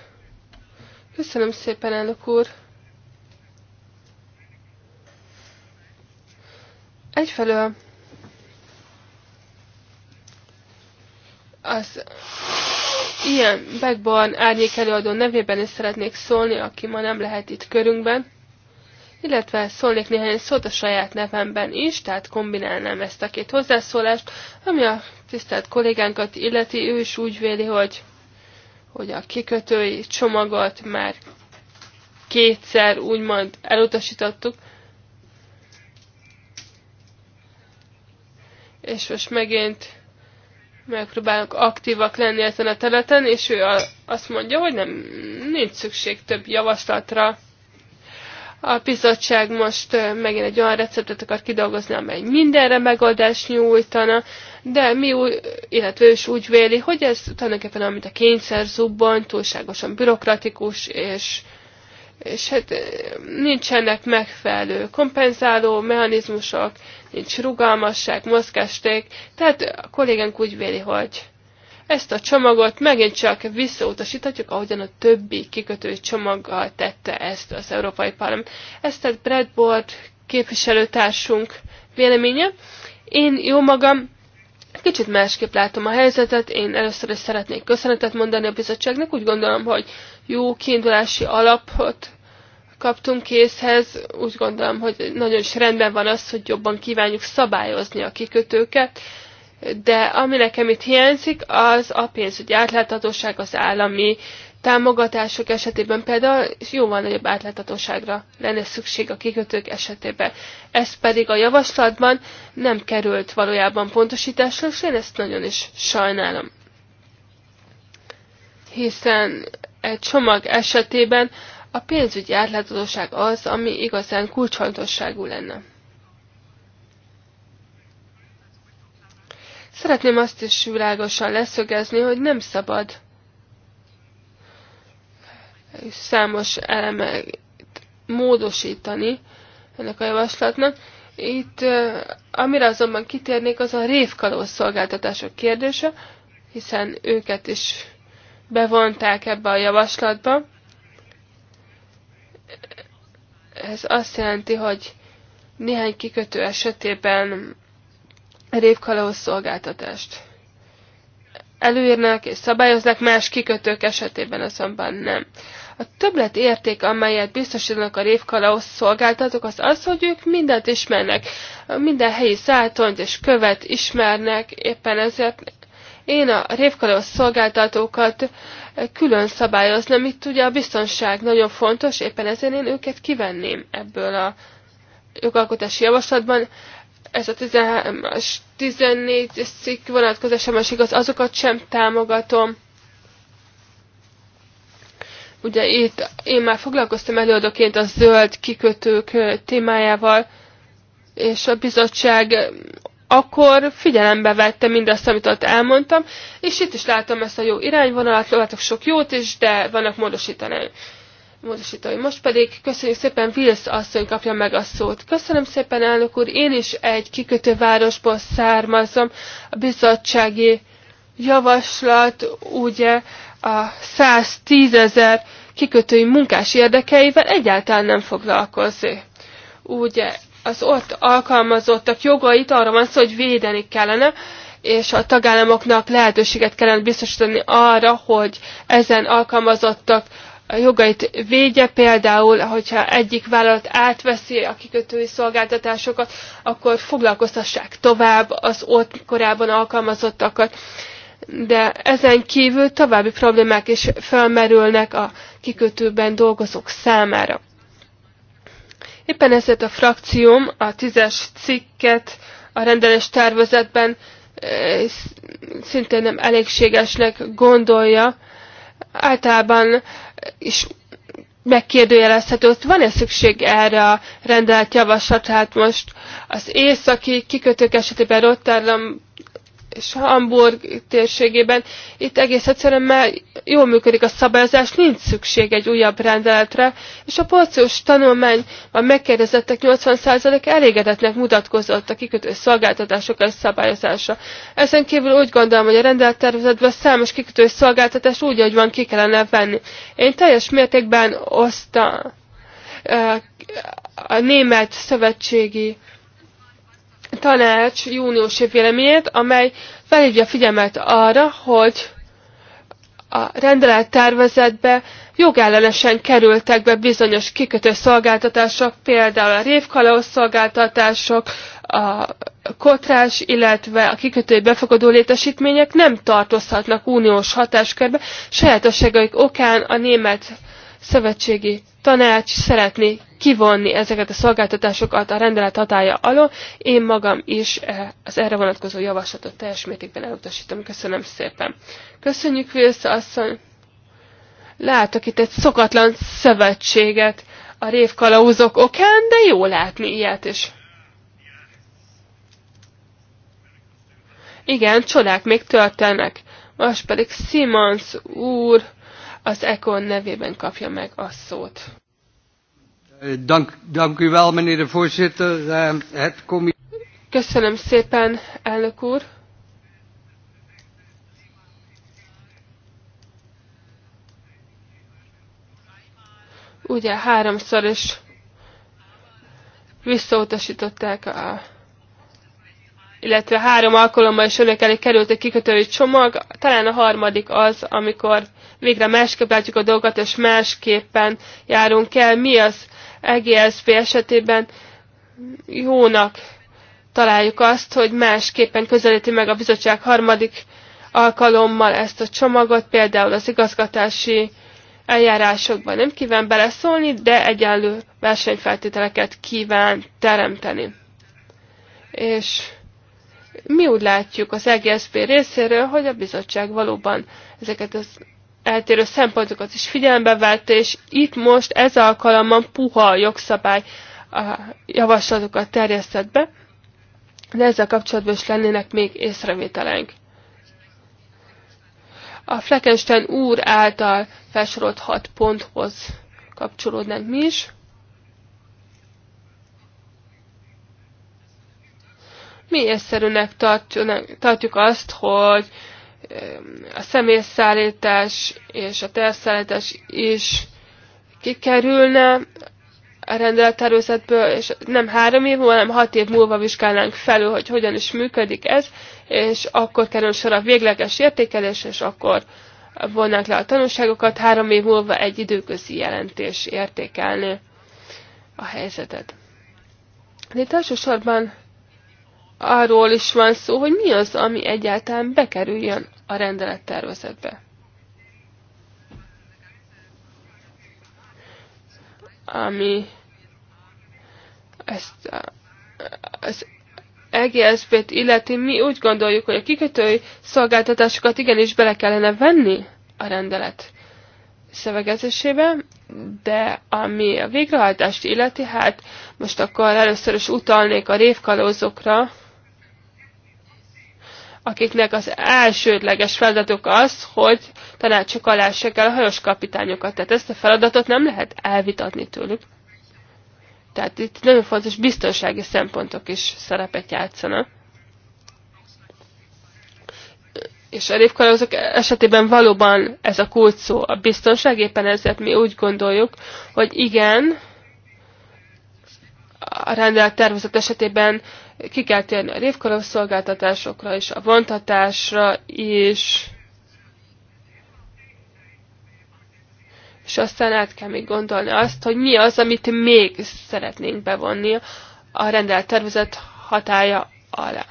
Köszönöm szépen, elnök úr. Egyfelől az Ilyen Beckborn árnyék előadó nevében is szeretnék szólni, aki ma nem lehet itt körünkben, illetve szólnék néhány szót a saját nevemben is, tehát kombinálnám ezt a két hozzászólást, ami a tisztelt kollégánkat illeti, ő is úgy véli, hogy, hogy a kikötői csomagot már kétszer úgymond elutasítottuk, és most megint megpróbálnak aktívak lenni ezen a területen, és ő azt mondja, hogy nem, nincs szükség több javaslatra. A bizottság most megint egy olyan receptet akar kidolgozni, amely mindenre megoldást nyújtana, de mi úgy, illetve ő is úgy véli, hogy ez tulajdonképpen amit a kényszer zubban, túlságosan bürokratikus, és és hát nincsenek megfelelő kompenzáló mechanizmusok, nincs rugalmasság, mozgásték, tehát a kollégánk úgy véli, hogy ezt a csomagot megint csak visszautasíthatjuk, ahogyan a többi kikötői csomaggal tette ezt az Európai Parlament. Ez tehát Bradboard képviselőtársunk véleménye. Én jó magam Kicsit másképp látom a helyzetet, én először is szeretnék köszönetet mondani a bizottságnak, úgy gondolom, hogy jó kiindulási alapot kaptunk készhez, úgy gondolom, hogy nagyon is rendben van az, hogy jobban kívánjuk szabályozni a kikötőket, de ami nekem itt hiányzik, az a pénzügyi átláthatóság, az állami támogatások esetében például jóval nagyobb átláthatóságra lenne szükség a kikötők esetében. Ez pedig a javaslatban nem került valójában pontosításra, és én ezt nagyon is sajnálom. Hiszen egy csomag esetében a pénzügyi átláthatóság az, ami igazán kulcsfontosságú lenne. Szeretném azt is világosan leszögezni, hogy nem szabad számos elemet módosítani ennek a javaslatnak. Itt amire azonban kitérnék, az a révkaló szolgáltatások kérdése, hiszen őket is bevonták ebbe a javaslatba. Ez azt jelenti, hogy néhány kikötő esetében révkaló szolgáltatást előírnak és szabályoznak, más kikötők esetében azonban nem. A többlet érték, amelyet biztosítanak a révkalauz szolgáltatók, az az, hogy ők mindent ismernek, minden helyi szálltont és követ ismernek, éppen ezért én a révkalauz szolgáltatókat külön szabályoznám. Itt ugye a biztonság nagyon fontos, éppen ezért én őket kivenném ebből a jogalkotási javaslatban. Ez a 13 14-es cikk vonatkozásában az azokat sem támogatom Ugye itt én már foglalkoztam előadóként a zöld kikötők témájával, és a bizottság akkor figyelembe vette mindazt, amit ott elmondtam, és itt is látom ezt a jó irányvonalat, látok sok jót is, de vannak módosítani. Módosítói. Most pedig köszönjük szépen, Wills asszony kapja meg a szót. Köszönöm szépen, elnök úr, én is egy kikötővárosból származom, a bizottsági javaslat ugye a 110 ezer kikötői munkás érdekeivel egyáltalán nem foglalkozni. Ugye az ott alkalmazottak jogait arra van szó, hogy védeni kellene, és a tagállamoknak lehetőséget kellene biztosítani arra, hogy ezen alkalmazottak a jogait védje, például, hogyha egyik vállalat átveszi a kikötői szolgáltatásokat, akkor foglalkoztassák tovább az ott korábban alkalmazottakat de ezen kívül további problémák is felmerülnek a kikötőben dolgozók számára. Éppen ezért a frakcióm a tízes cikket a rendelés tervezetben eh, szintén nem elégségesnek gondolja. Általában is megkérdőjelezhető, hogy van-e szükség erre a rendelt javaslat, hát most az északi kikötők esetében Rotterdam és Hamburg térségében. Itt egész egyszerűen már jól működik a szabályozás, nincs szükség egy újabb rendeletre, és a porciós tanulmány a megkérdezettek 80% elégedetnek mutatkozott a kikötő szolgáltatások és szabályozása. Ezen kívül úgy gondolom, hogy a rendelettervezetben számos kikötő szolgáltatás úgy, ahogy van, ki kellene venni. Én teljes mértékben osztam a német szövetségi tanács júniusi véleményét, amely felhívja figyelmet arra, hogy a rendelet tervezetbe jogellenesen kerültek be bizonyos kikötő szolgáltatások, például a révkalauz szolgáltatások, a kotrás, illetve a kikötői befogadó létesítmények nem tartozhatnak uniós hatáskörbe. Sajátosságaik okán a német szövetségi tanács szeretné kivonni ezeket a szolgáltatásokat a rendelet hatája alól. Én magam is eh, az erre vonatkozó javaslatot teljes mértékben elutasítom. Köszönöm szépen. Köszönjük, Vilsza asszony! Látok itt egy szokatlan szövetséget a révkalauzok okán, de jó látni ilyet is. Igen, csodák még történnek. Most pedig Simons úr az Ekon nevében kapja meg a szót. Eh, dank, dank u wel, meneer de voorzitter. Eh, het Köszönöm szépen, elnök úr. Ugye háromszor is visszautasították a illetve három alkalommal is önök elé került egy kikötői csomag, talán a harmadik az, amikor végre másképp látjuk a dolgot, és másképpen járunk el. Mi az EGSB esetében jónak találjuk azt, hogy másképpen közelíti meg a bizottság harmadik alkalommal ezt a csomagot, például az igazgatási eljárásokban nem kíván beleszólni, de egyenlő versenyfeltételeket kíván teremteni. És mi úgy látjuk az EGSZP részéről, hogy a bizottság valóban ezeket az eltérő szempontokat is figyelembe vette, és itt most ez alkalommal puha jogszabály javaslatokat terjesztett be, de ezzel kapcsolatban is lennének még észrevételeink. A Fleckenstein úr által felsorolt hat ponthoz kapcsolódnánk mi is. Mi észszerűnek tartjuk azt, hogy a személyszállítás és a terszállítás is kikerülne a rendelettervezetből, és nem három év múlva, hanem hat év múlva vizsgálnánk felül, hogy hogyan is működik ez, és akkor kerül sor a végleges értékelés, és akkor vonnák le a tanulságokat, három év múlva egy időközi jelentés értékelni a helyzetet. De itt elsősorban arról is van szó, hogy mi az, ami egyáltalán bekerüljön a rendelettervezetbe. Ami ezt az EGSZP-t illeti, mi úgy gondoljuk, hogy a kikötői szolgáltatásokat igenis bele kellene venni a rendelet szövegezésébe, de ami a végrehajtást illeti, hát most akkor először is utalnék a révkalózokra, akiknek az elsődleges feladatuk az, hogy tanácsok se kell a hajos kapitányokat. Tehát ezt a feladatot nem lehet elvitatni tőlük. Tehát itt nagyon fontos biztonsági szempontok is szerepet játszanak. És a révkalózok esetében valóban ez a kult szó, a biztonság, éppen ezért mi úgy gondoljuk, hogy igen, a rendelt tervezet esetében ki kell térni a révkoros szolgáltatásokra és a vontatásra is. És aztán át kell még gondolni azt, hogy mi az, amit még szeretnénk bevonni a rendelt tervezet hatája alá.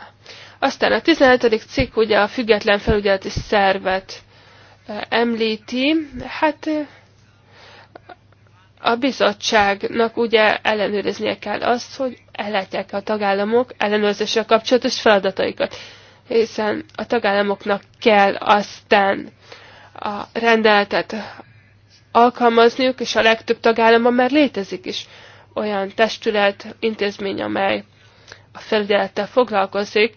Aztán a 17. cikk ugye a független felügyeleti szervet eh, említi. Hát eh, a bizottságnak ugye ellenőriznie kell azt, hogy ellátják a tagállamok ellenőrzéssel kapcsolatos feladataikat, hiszen a tagállamoknak kell aztán a rendeltet alkalmazniuk, és a legtöbb tagállamban már létezik is olyan testület, intézmény, amely a felügyelettel foglalkozik,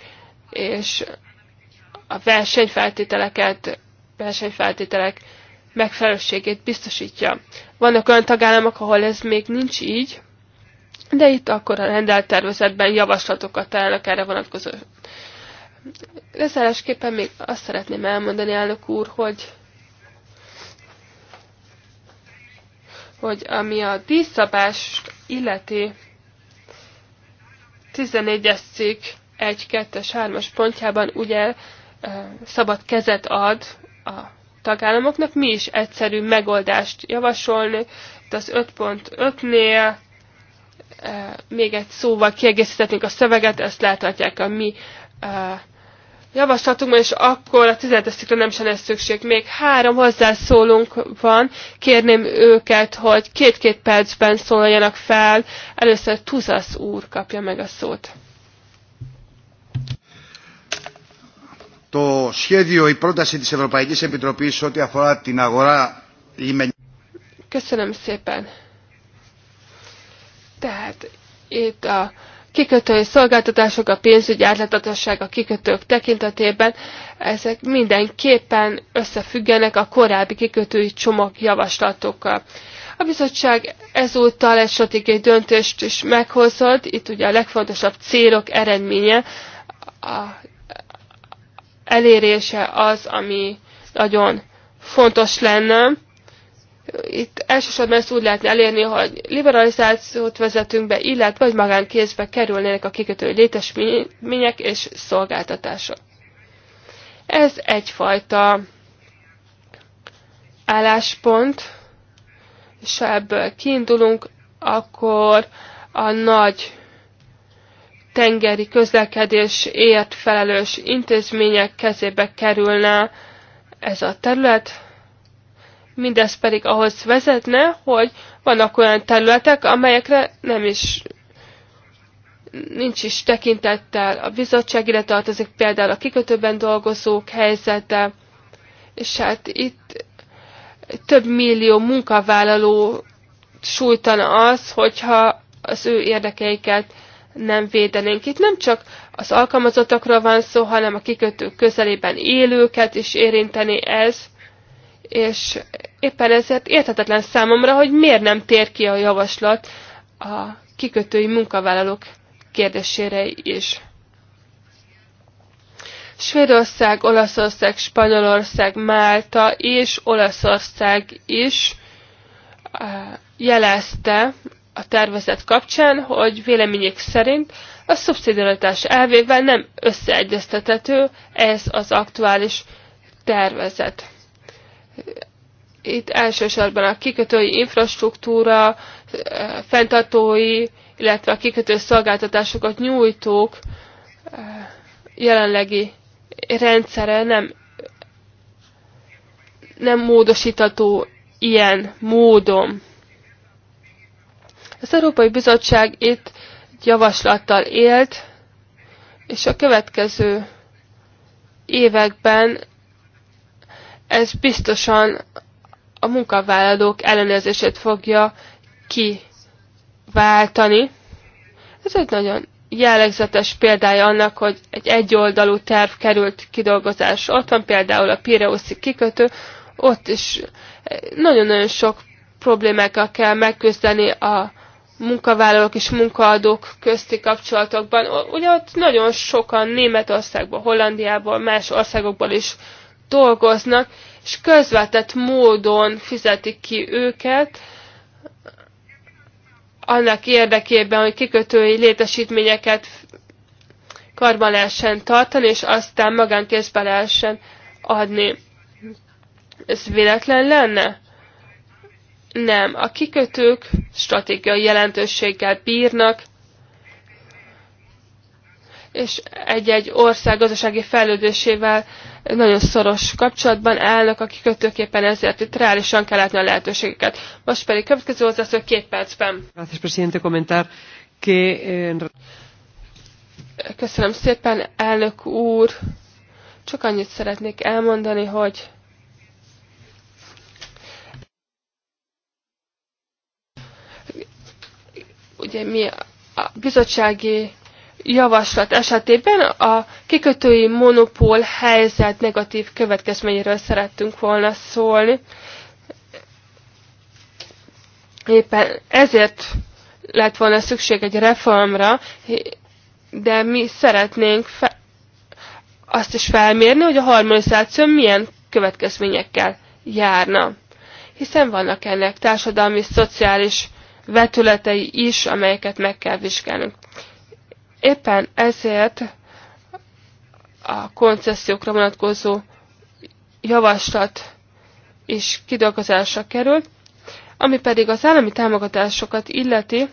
és a versenyfeltételeket, versenyfeltételek megfelelőségét biztosítja. Vannak olyan tagállamok, ahol ez még nincs így, de itt akkor a rendelt tervezetben javaslatokat találnak erre vonatkozó. Lezárásképpen még azt szeretném elmondani, elnök úr, hogy hogy ami a díszabást illeti 14-es cikk 1, 2 3-as pontjában ugye eh, szabad kezet ad a tagállamoknak mi is egyszerű megoldást javasolni. Itt az 5.5-nél eh, még egy szóval kiegészítetnénk a szöveget, ezt láthatják a mi eh, javaslatunkban, és akkor a 17 nem sem lesz szükség. Még három hozzászólunk van, kérném őket, hogy két-két percben szólaljanak fel. Először Tuzasz úr kapja meg a szót. το σχέδιο, η πρόταση της Ευρωπαϊκής Επιτροπής ό,τι αφορά την αγορά Köszönöm szépen. Tehát itt a kikötői szolgáltatások, a pénzügyi átlátatosság a kikötők tekintetében, ezek mindenképpen összefüggenek a korábbi kikötői csomag javaslatokkal. A bizottság ezúttal egy stratégiai döntést is meghozott, itt ugye a legfontosabb célok eredménye a elérése az, ami nagyon fontos lenne. Itt elsősorban ezt úgy lehetne elérni, hogy liberalizációt vezetünk be, illetve vagy magánkézbe kerülnének a kikötő létesmények és szolgáltatások. Ez egyfajta álláspont, és ha ebből kiindulunk, akkor a nagy tengeri közlekedésért felelős intézmények kezébe kerülne ez a terület. Mindez pedig ahhoz vezetne, hogy vannak olyan területek, amelyekre nem is nincs is tekintettel a bizottság, ide tartozik például a kikötőben dolgozók helyzete, és hát itt több millió munkavállaló sújtana az, hogyha az ő érdekeiket nem védenénk. Itt nem csak az alkalmazottakról van szó, hanem a kikötők közelében élőket is érinteni ez, és éppen ezért érthetetlen számomra, hogy miért nem tér ki a javaslat a kikötői munkavállalók kérdésére is. Svédország, Olaszország, Spanyolország, Málta és Olaszország is eh, jelezte a tervezet kapcsán, hogy vélemények szerint a szubszidiaritás elvével nem összeegyeztethető ez az aktuális tervezet. Itt elsősorban a kikötői infrastruktúra, eh, fenntartói, illetve a kikötő szolgáltatásokat nyújtók eh, jelenlegi rendszere nem, nem módosítható ilyen módon. Az Európai Bizottság itt javaslattal élt, és a következő években ez biztosan a munkavállalók ellenőrzését fogja kiváltani. Ez egy nagyon jellegzetes példája annak, hogy egy egyoldalú terv került kidolgozás. Ott van például a Pireuszi kikötő, ott is nagyon-nagyon sok problémákkal kell megküzdeni a munkavállalók és munkaadók közti kapcsolatokban. Ugye ott nagyon sokan Németországból, Hollandiából, más országokból is dolgoznak, és közvetett módon fizetik ki őket, annak érdekében, hogy kikötői létesítményeket karban lehessen tartani, és aztán magánkézbe lehessen adni. Ez véletlen lenne? Nem, a kikötők stratégiai jelentőséggel bírnak, és egy-egy ország gazdasági fejlődésével nagyon szoros kapcsolatban állnak a kikötőképpen, ezért itt reálisan kell látni a lehetőségeket. Most pedig következő hozzászól két percben. Köszönöm szépen, elnök úr! Csak annyit szeretnék elmondani, hogy ugye mi a bizottsági javaslat esetében a kikötői monopól helyzet negatív következményéről szerettünk volna szólni. Éppen ezért lett volna szükség egy reformra, de mi szeretnénk fe- azt is felmérni, hogy a harmonizáció milyen következményekkel járna. Hiszen vannak ennek társadalmi, szociális vetületei is, amelyeket meg kell vizsgálnunk. Éppen ezért a koncesziókra vonatkozó javaslat is kidolgozásra került, ami pedig az állami támogatásokat illeti,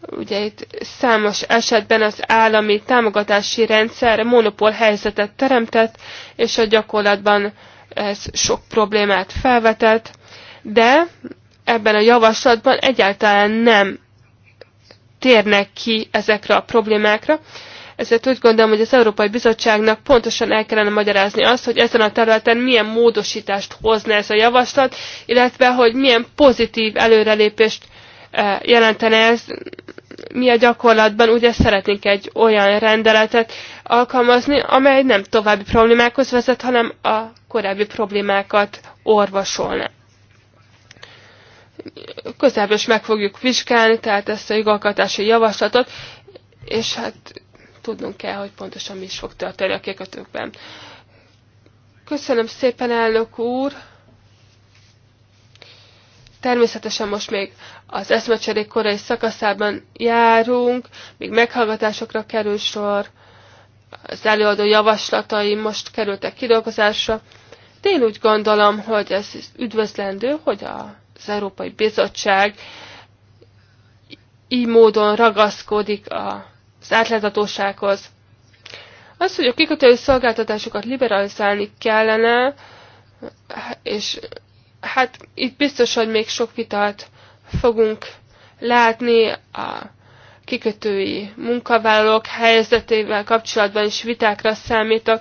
ugye itt számos esetben az állami támogatási rendszer monopól helyzetet teremtett, és a gyakorlatban ez sok problémát felvetett, de ebben a javaslatban egyáltalán nem térnek ki ezekre a problémákra. Ezért úgy gondolom, hogy az Európai Bizottságnak pontosan el kellene magyarázni azt, hogy ezen a területen milyen módosítást hozna ez a javaslat, illetve hogy milyen pozitív előrelépést eh, jelentene ez. Mi a gyakorlatban ugye szeretnénk egy olyan rendeletet alkalmazni, amely nem további problémákhoz vezet, hanem a korábbi problémákat orvosolna közelből is meg fogjuk vizsgálni, tehát ezt a jogalkotási javaslatot, és hát tudnunk kell, hogy pontosan mi is fog történni a kikötőkben. Köszönöm szépen, elnök úr! Természetesen most még az eszmecserék korai szakaszában járunk, még meghallgatásokra kerül sor, az előadó javaslatai most kerültek kidolgozásra, de én úgy gondolom, hogy ez üdvözlendő, hogy a az Európai Bizottság így módon ragaszkodik az átláthatósághoz. Az, hogy a kikötői szolgáltatásokat liberalizálni kellene, és hát itt biztos, hogy még sok vitát fogunk látni a kikötői munkavállalók helyzetével kapcsolatban is vitákra számítok,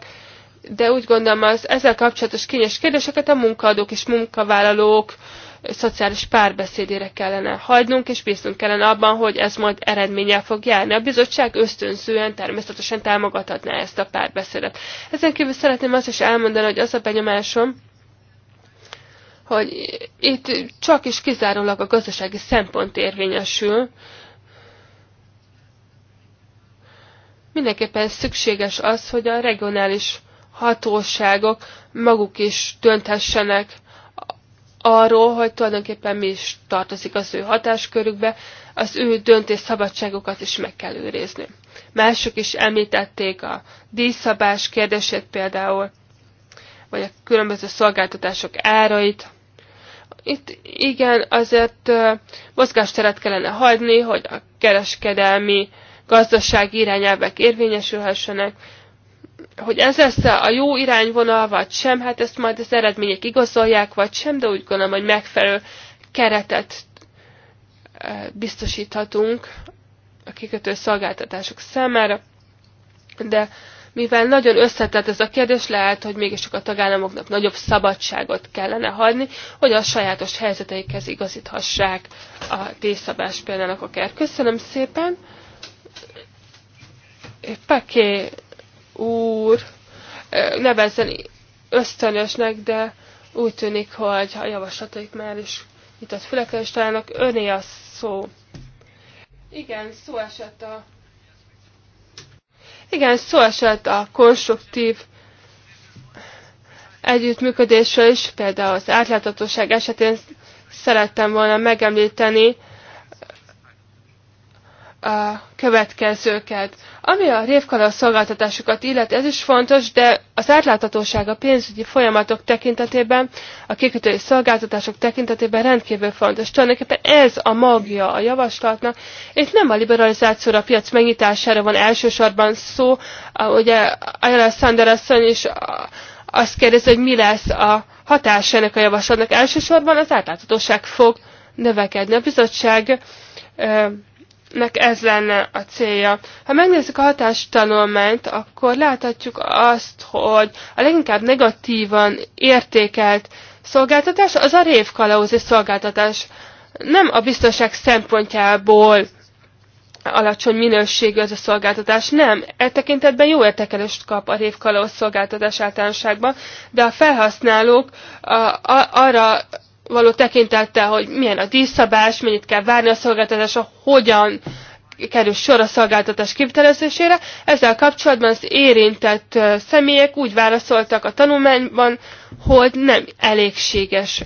de úgy gondolom az ezzel kapcsolatos kényes kérdéseket a munkaadók és munkavállalók szociális párbeszédére kellene hagynunk, és bíznunk kellene abban, hogy ez majd eredménnyel fog járni. A bizottság ösztönzően természetesen támogathatná ezt a párbeszédet. Ezen kívül szeretném azt is elmondani, hogy az a benyomásom, hogy itt csak és kizárólag a gazdasági szempont érvényesül, mindenképpen szükséges az, hogy a regionális hatóságok maguk is dönthessenek arról, hogy tulajdonképpen mi is tartozik az ő hatáskörükbe, az ő döntés szabadságokat is meg kell őrizni. Mások is említették a díjszabás kérdését például, vagy a különböző szolgáltatások árait. Itt igen, azért mozgásteret kellene hagyni, hogy a kereskedelmi gazdaság irányelvek érvényesülhessenek, hogy ez lesz -e a jó irányvonal, vagy sem, hát ezt majd az eredmények igazolják, vagy sem, de úgy gondolom, hogy megfelelő keretet e, biztosíthatunk a kikötő szolgáltatások számára, de mivel nagyon összetett ez a kérdés, lehet, hogy mégiscsak a tagállamoknak nagyobb szabadságot kellene hagyni, hogy a sajátos helyzeteikhez igazíthassák a tészabás például akár. Köszönöm szépen! Paké úr nevezzen ösztönösnek, de úgy tűnik, hogy a javaslataik már is nyitott füleken, is találnak. Öné a szó. Igen, szó esett a... Igen, szó esett a konstruktív együttműködésről is, például az átláthatóság esetén szerettem volna megemlíteni a következőket. Ami a révkala szolgáltatásokat illet, ez is fontos, de az átláthatóság a pénzügyi folyamatok tekintetében, a kikötői szolgáltatások tekintetében rendkívül fontos. Tulajdonképpen ez a magja a javaslatnak. Itt nem a liberalizációra, a piac megnyitására van elsősorban szó. Ugye Alexander asszony is azt kérdezi, hogy mi lesz a hatásának a javaslatnak. Elsősorban az átláthatóság fog növekedni. A bizottság nek ez lenne a célja. Ha megnézzük a hatástanulmányt, akkor láthatjuk azt, hogy a leginkább negatívan értékelt szolgáltatás az a révkalauzi szolgáltatás. Nem a biztonság szempontjából alacsony minőségű ez a szolgáltatás. Nem, e tekintetben jó értekelést kap a révkalauz szolgáltatás általánosságban, de a felhasználók a, a, arra való tekintettel, hogy milyen a díszabás, mennyit kell várni a szolgáltatásra, hogyan kerül sor a szolgáltatás kivitelezésére. Ezzel kapcsolatban az érintett személyek úgy válaszoltak a tanulmányban, hogy nem elégséges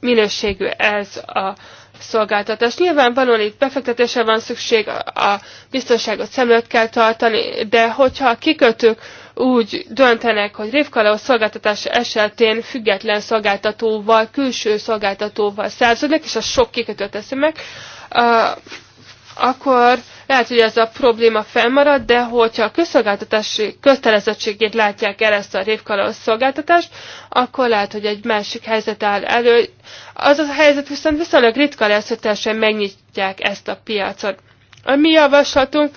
minőségű ez a szolgáltatás. Nyilvánvalóan itt befektetésre van szükség, a biztonságot szem kell tartani, de hogyha a kikötők úgy döntenek, hogy Révkalauz szolgáltatás esetén független szolgáltatóval, külső szolgáltatóval szerződnek, és a sok kikötőt teszi meg, akkor lehet, hogy ez a probléma felmarad, de hogyha a közszolgáltatási kötelezettségét látják el ezt a révkalauz szolgáltatást, akkor lehet, hogy egy másik helyzet áll elő. Az a helyzet viszont viszonylag ritka lesz, hogy teljesen megnyitják ezt a piacot. A mi javaslatunk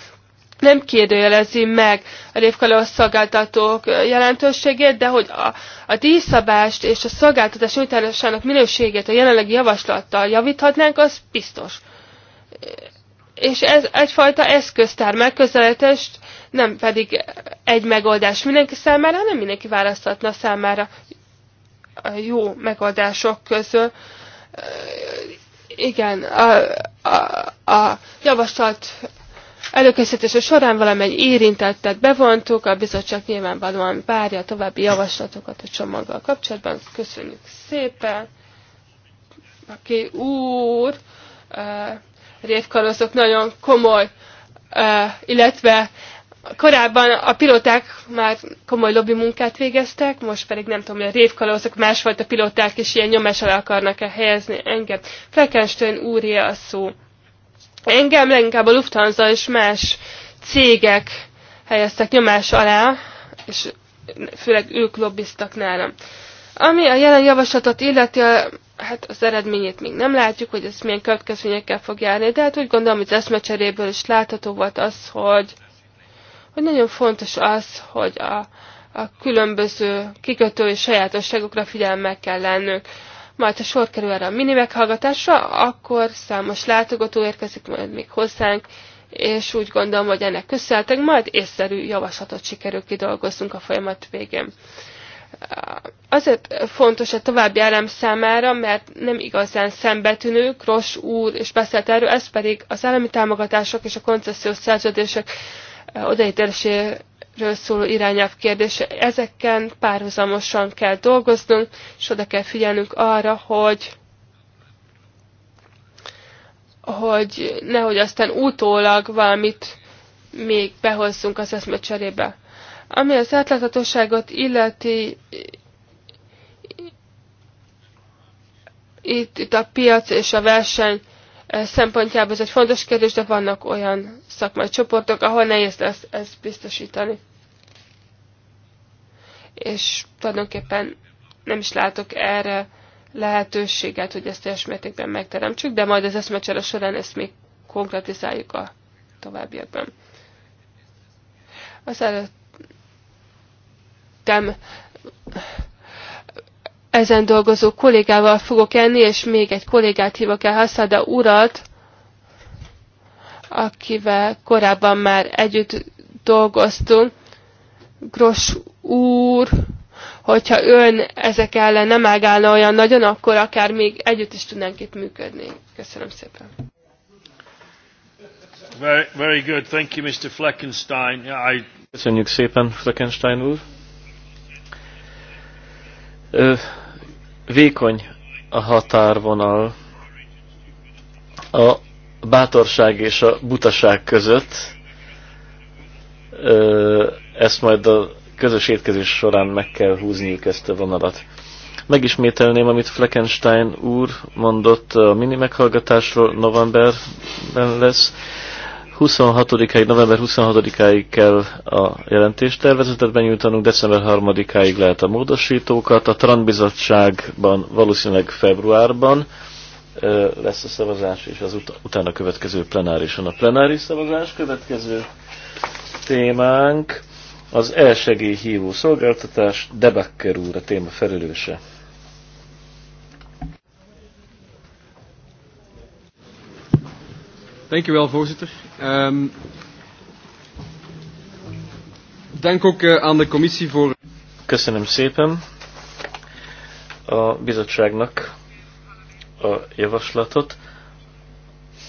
nem kérdőjelezi meg a révkalóz szolgáltatók jelentőségét, de hogy a, a díjszabást és a szolgáltatás nyújtásának minőségét a jelenlegi javaslattal javíthatnánk, az biztos. És ez egyfajta eszköztár megközelítést, nem pedig egy megoldás mindenki számára, hanem mindenki választhatna számára a jó megoldások közül. Igen, a, a, a javaslat előkészítése során valamely érintettet bevontuk, a bizottság nyilvánvalóan várja további javaslatokat a csomaggal kapcsolatban. Köszönjük szépen! Aki úr, révkarozok nagyon komoly, illetve korábban a pilóták már komoly lobby munkát végeztek, most pedig nem tudom, hogy a révkalózok másfajta pilóták is ilyen nyomás alá akarnak-e helyezni engem. Frankenstein úrja a szó. Engem leginkább a Lufthansa és más cégek helyeztek nyomás alá, és főleg ők lobbiztak nálam. Ami a jelen javaslatot illeti, hát az eredményét még nem látjuk, hogy ez milyen következményekkel fog járni, de hát úgy gondolom, hogy az eszmecseréből is látható volt az, hogy, hogy nagyon fontos az, hogy a, a különböző kikötői sajátosságokra figyelme kell lennünk majd ha sor kerül erre a mini meghallgatásra, akkor számos látogató érkezik majd még hozzánk, és úgy gondolom, hogy ennek köszönhetek, majd észszerű javaslatot sikerül kidolgozzunk a folyamat végén. Azért fontos a további elem számára, mert nem igazán szembetűnők, Ross úr és beszélt erről, ez pedig az állami támogatások és a koncesziós szerződések odaítélésének ről szóló irányelv kérdése. Ezeken párhuzamosan kell dolgoznunk, és oda kell figyelnünk arra, hogy hogy nehogy aztán utólag valamit még behozzunk az eszmecserébe. Ami az átláthatóságot illeti, itt, itt a piac és a verseny szempontjából ez egy fontos kérdés, de vannak olyan szakmai csoportok, ahol nehéz lesz ezt biztosítani. És tulajdonképpen nem is látok erre lehetőséget, hogy ezt teljes mértékben megteremtsük, de majd az eszmecsere során ezt még konkretizáljuk a továbbiakban. Az előttem ezen dolgozó kollégával fogok enni, és még egy kollégát hívok el, Haszada urat, akivel korábban már együtt dolgoztunk. Gros úr, hogyha ön ezek ellen nem ágálna olyan nagyon, akkor akár még együtt is tudnánk itt működni. Köszönöm szépen. Very, very good. Thank you, Mr. Fleckenstein. Yeah, I... Köszönjük szépen, Fleckenstein úr. Uh, vékony a határvonal a bátorság és a butaság között. Ezt majd a közös étkezés során meg kell húzniuk ezt a vonalat. Megismételném, amit Fleckenstein úr mondott a mini meghallgatásról, novemberben lesz 26-ig, november 26 ig kell a jelentéstervezetet benyújtanunk, december 3 ig lehet a módosítókat, a Trantbizottságban valószínűleg februárban lesz a szavazás, és az ut- utána következő plenárison a plenáris szavazás. Következő témánk az elsegélyhívó szolgáltatás, Debakker úr a téma felelőse. Dank u wel, voorzitter. Um, dank ook uh, aan de commissie voor... Köszönöm szépen a bizottságnak a javaslatot.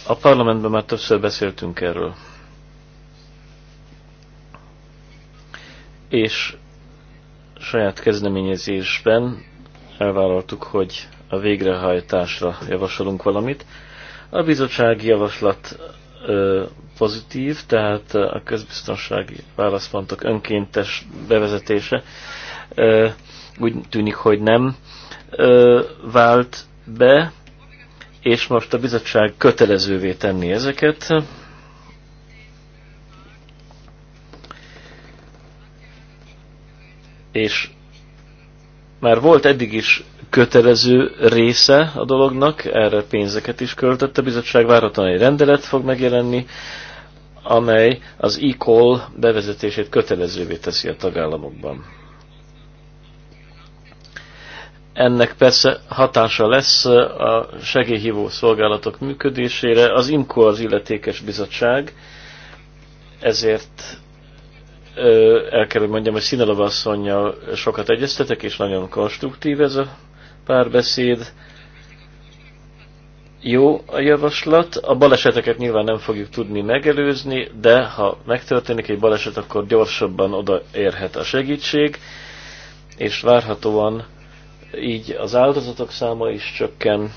A parlamentben már többször beszéltünk erről. És saját kezdeményezésben elvállaltuk, hogy a végrehajtásra javasolunk valamit. A bizottsági javaslat pozitív, tehát a közbiztonsági válaszpontok önkéntes bevezetése úgy tűnik, hogy nem vált be, és most a bizottság kötelezővé tenni ezeket. És már volt eddig is kötelező része a dolognak, erre pénzeket is költött a bizottság, várhatóan egy rendelet fog megjelenni, amely az e-call bevezetését kötelezővé teszi a tagállamokban. Ennek persze hatása lesz a segélyhívó szolgálatok működésére. Az IMCO az illetékes bizottság, ezért el kell, hogy mondjam, hogy Színalova asszonynal sokat egyeztetek, és nagyon konstruktív ez a párbeszéd. Jó a javaslat. A baleseteket nyilván nem fogjuk tudni megelőzni, de ha megtörténik egy baleset, akkor gyorsabban odaérhet a segítség, és várhatóan így az áldozatok száma is csökken.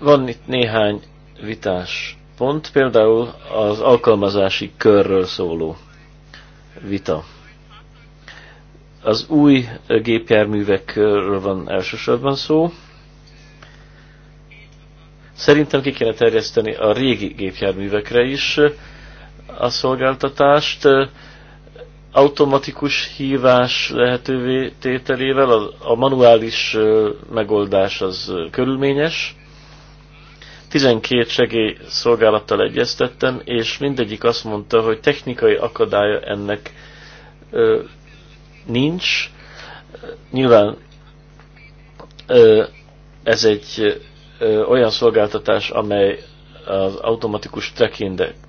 Van itt néhány vitás pont, például az alkalmazási körről szóló vita. Az új gépjárművekről van elsősorban szó. Szerintem ki kéne terjeszteni a régi gépjárművekre is a szolgáltatást, automatikus hívás lehetővé tételével, a, a manuális megoldás az körülményes, 12 segély szolgálattal egyeztettem, és mindegyik azt mondta, hogy technikai akadálya ennek ö, nincs. Nyilván ö, ez egy ö, olyan szolgáltatás, amely az automatikus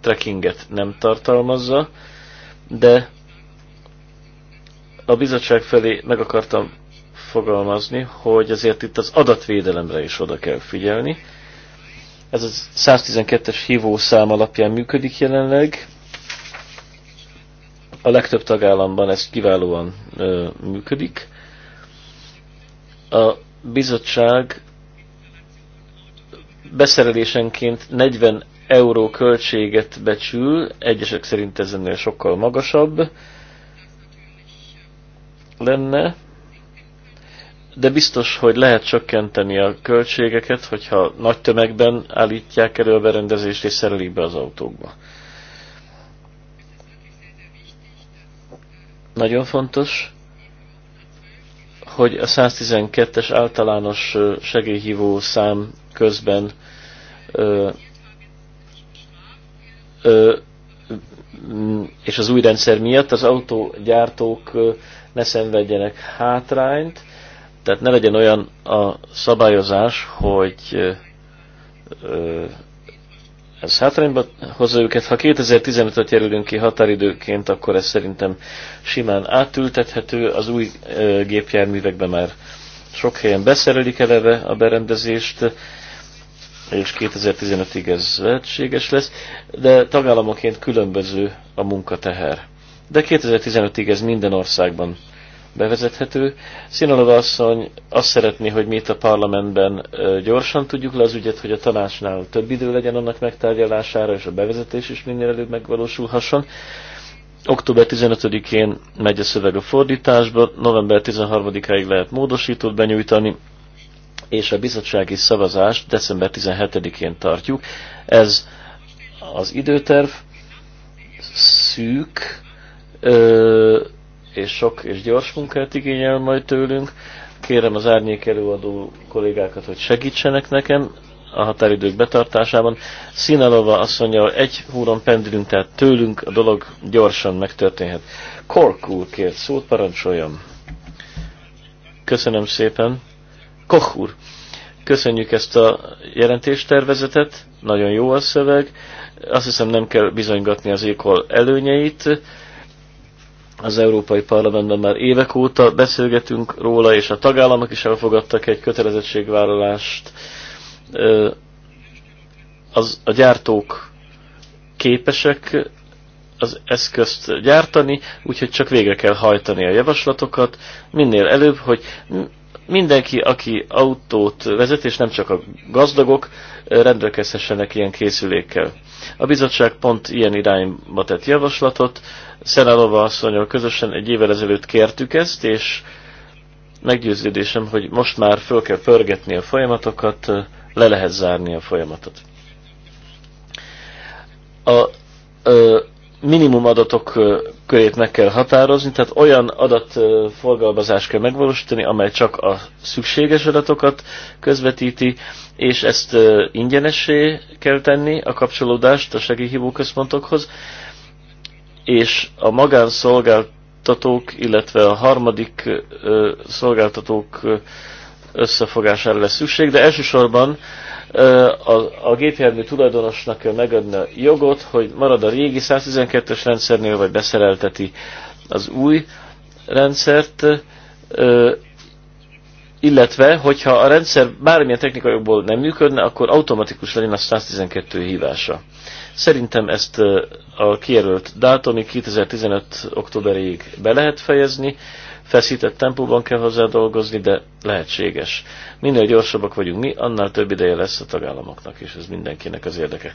trekkinget nem tartalmazza, de a bizottság felé meg akartam fogalmazni, hogy azért itt az adatvédelemre is oda kell figyelni, ez a 112-es hívószám alapján működik jelenleg. A legtöbb tagállamban ez kiválóan ö, működik. A bizottság beszerelésenként 40 euró költséget becsül, egyesek szerint ez ennél sokkal magasabb lenne de biztos, hogy lehet csökkenteni a költségeket, hogyha nagy tömegben állítják elő a berendezést és szerelik be az autókba. Nagyon fontos, hogy a 112-es általános segélyhívó szám közben ö, ö, és az új rendszer miatt az autógyártók ne szenvedjenek hátrányt, tehát ne legyen olyan a szabályozás, hogy ez hátrányba hozza őket. Ha 2015-öt jelölünk ki határidőként, akkor ez szerintem simán átültethető. Az új gépjárművekben már sok helyen beszerelik eleve a berendezést, és 2015-ig ez lehetséges lesz, de tagállamoként különböző a munkateher. De 2015-ig ez minden országban bevezethető. Színalova asszony azt szeretné, hogy mi itt a parlamentben gyorsan tudjuk le az ügyet, hogy a tanácsnál több idő legyen annak megtárgyalására, és a bevezetés is minél előbb megvalósulhasson. Október 15-én megy a szöveg a fordításba, november 13-áig lehet módosítót benyújtani, és a bizottsági szavazást december 17-én tartjuk. Ez az időterv szűk, és sok és gyors munkát igényel majd tőlünk. Kérem az árnyék előadó kollégákat, hogy segítsenek nekem a határidők betartásában. Színalova azt mondja, hogy egy húron pendülünk, tehát tőlünk a dolog gyorsan megtörténhet. Kork úr kért szót, parancsoljam. Köszönöm szépen. Koch úr, köszönjük ezt a jelentéstervezetet, nagyon jó a szöveg. Azt hiszem nem kell bizonygatni az ékol előnyeit az Európai Parlamentben már évek óta beszélgetünk róla, és a tagállamok is elfogadtak egy kötelezettségvállalást. Az, a gyártók képesek az eszközt gyártani, úgyhogy csak végre kell hajtani a javaslatokat, minél előbb, hogy mindenki, aki autót vezet, és nem csak a gazdagok, rendelkezhessenek ilyen készülékkel. A bizottság pont ilyen irányba tett javaslatot. Szenelova asszonyal közösen egy évvel ezelőtt kértük ezt, és meggyőződésem, hogy most már föl kell pörgetni a folyamatokat, le lehet zárni a folyamatot. A, ö, minimum adatok körét meg kell határozni, tehát olyan adatforgalmazást kell megvalósítani, amely csak a szükséges adatokat közvetíti, és ezt ingyenessé kell tenni a kapcsolódást a segélyhívó központokhoz, és a magánszolgáltatók, illetve a harmadik szolgáltatók összefogására lesz szükség, de elsősorban a, a gépjármű tulajdonosnak kell megadni a jogot, hogy marad a régi 112-es rendszernél, vagy beszerelteti az új rendszert, illetve, hogyha a rendszer bármilyen technikai jogból nem működne, akkor automatikus legyen a 112 hívása. Szerintem ezt a kijelölt dátumig 2015. októberig be lehet fejezni, feszített tempóban kell hozzá dolgozni, de lehetséges. Minél gyorsabbak vagyunk mi, annál több ideje lesz a tagállamoknak, és ez mindenkinek az érdeke.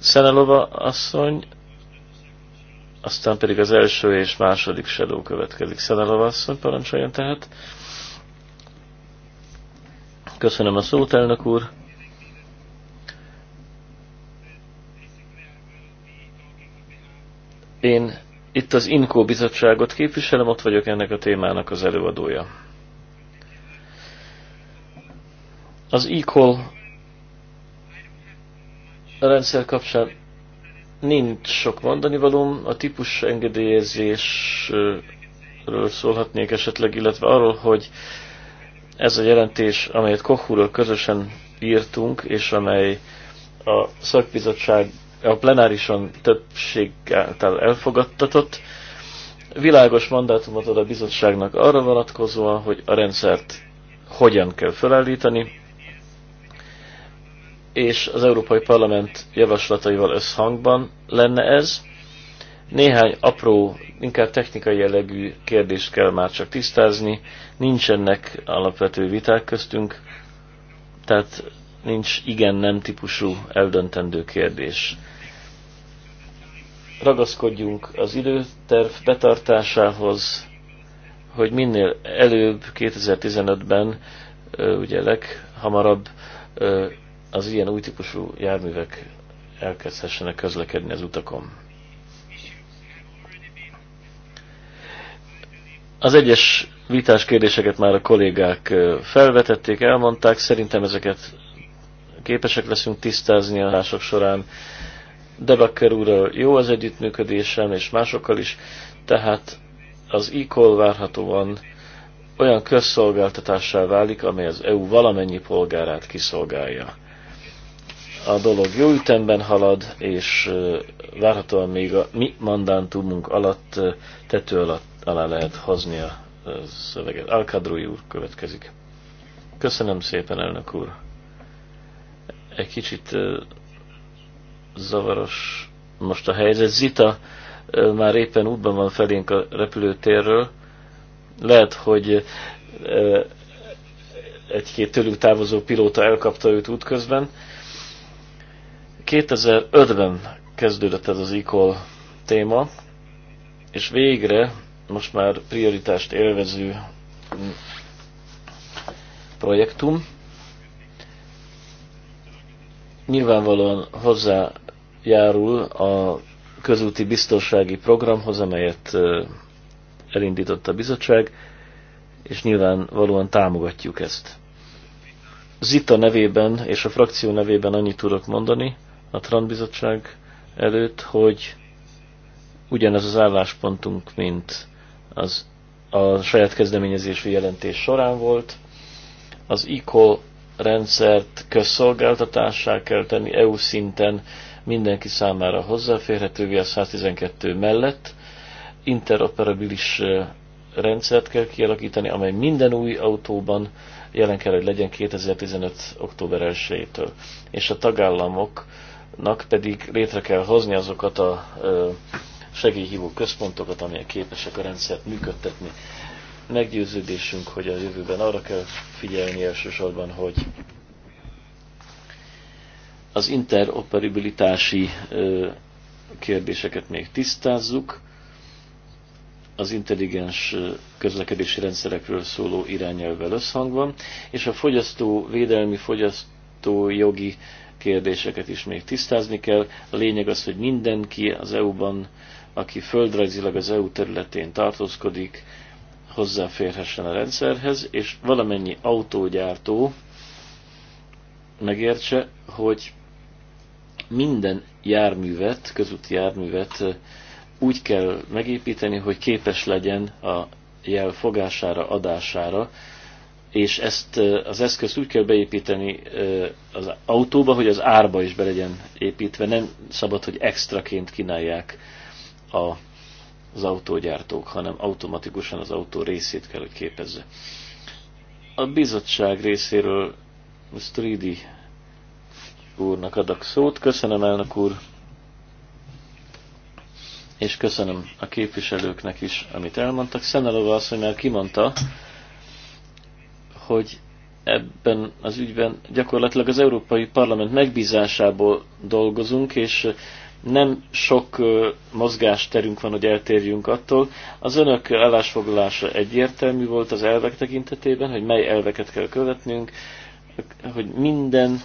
Szenelova asszony, aztán pedig az első és második shadow következik. Szenelova asszony, parancsoljon tehát. Köszönöm a szót, elnök úr. Én itt az INKO bizottságot képviselem, ott vagyok ennek a témának az előadója. Az ICOL rendszer kapcsán nincs sok mondani valóm, a típus engedélyezésről szólhatnék esetleg, illetve arról, hogy ez a jelentés, amelyet kohúról közösen írtunk, és amely a szakbizottság a plenárison többséggel elfogadtatott, világos mandátumot ad a bizottságnak arra vonatkozóan, hogy a rendszert hogyan kell felállítani, és az Európai Parlament javaslataival összhangban lenne ez. Néhány apró, inkább technikai jellegű kérdést kell már csak tisztázni, nincsenek alapvető viták köztünk, tehát nincs igen-nem típusú eldöntendő kérdés ragaszkodjunk az időterv betartásához, hogy minél előbb 2015-ben, ugye leghamarabb az ilyen új típusú járművek elkezdhessenek közlekedni az utakon. Az egyes vitás kérdéseket már a kollégák felvetették, elmondták, szerintem ezeket képesek leszünk tisztázni a mások során. Debakker úrral jó az együttműködésem, és másokkal is, tehát az e-call várhatóan olyan közszolgáltatássá válik, amely az EU valamennyi polgárát kiszolgálja. A dolog jó ütemben halad, és várhatóan még a mi mandátumunk alatt tető alatt alá lehet hozni a szöveget. Alkadrói úr következik. Köszönöm szépen, elnök úr. Egy kicsit zavaros most a helyzet. Zita már éppen útban van felénk a repülőtérről. Lehet, hogy egy-két tőlük távozó pilóta elkapta őt útközben. 2005-ben kezdődött ez az ICOL téma, és végre most már prioritást élvező projektum. Nyilvánvalóan hozzá járul a közúti biztonsági programhoz, amelyet elindított a bizottság, és nyilvánvalóan támogatjuk ezt. Zita nevében és a frakció nevében annyit tudok mondani a Trant bizottság előtt, hogy ugyanez az álláspontunk, mint az a saját kezdeményezésű jelentés során volt. Az ICO rendszert közszolgáltatássá kell tenni EU szinten, mindenki számára hozzáférhetővé a 112 mellett. Interoperabilis rendszert kell kialakítani, amely minden új autóban jelen kell, hogy legyen 2015. október 1-től. És a tagállamoknak pedig létre kell hozni azokat a segélyhívó központokat, amelyek képesek a rendszert működtetni. Meggyőződésünk, hogy a jövőben arra kell figyelni elsősorban, hogy az interoperabilitási kérdéseket még tisztázzuk, az intelligens közlekedési rendszerekről szóló irányelvvel összhangban, és a fogyasztó védelmi, fogyasztó jogi kérdéseket is még tisztázni kell. A lényeg az, hogy mindenki az EU-ban, aki földrajzilag az EU területén tartózkodik, hozzáférhessen a rendszerhez, és valamennyi autógyártó megértse, hogy minden járművet, közúti járművet úgy kell megépíteni, hogy képes legyen a jel fogására, adására, és ezt az eszközt úgy kell beépíteni az autóba, hogy az árba is be legyen építve. Nem szabad, hogy extraként kínálják a, az autógyártók, hanem automatikusan az autó részét kell, hogy képezze. A bizottság részéről Stridi úrnak adok szót. Köszönöm, elnök úr, és köszönöm a képviselőknek is, amit elmondtak. Szenelova asszony már kimondta, hogy ebben az ügyben gyakorlatilag az Európai Parlament megbízásából dolgozunk, és nem sok mozgásterünk van, hogy eltérjünk attól. Az önök állásfoglalása egyértelmű volt az elvek tekintetében, hogy mely elveket kell követnünk, hogy minden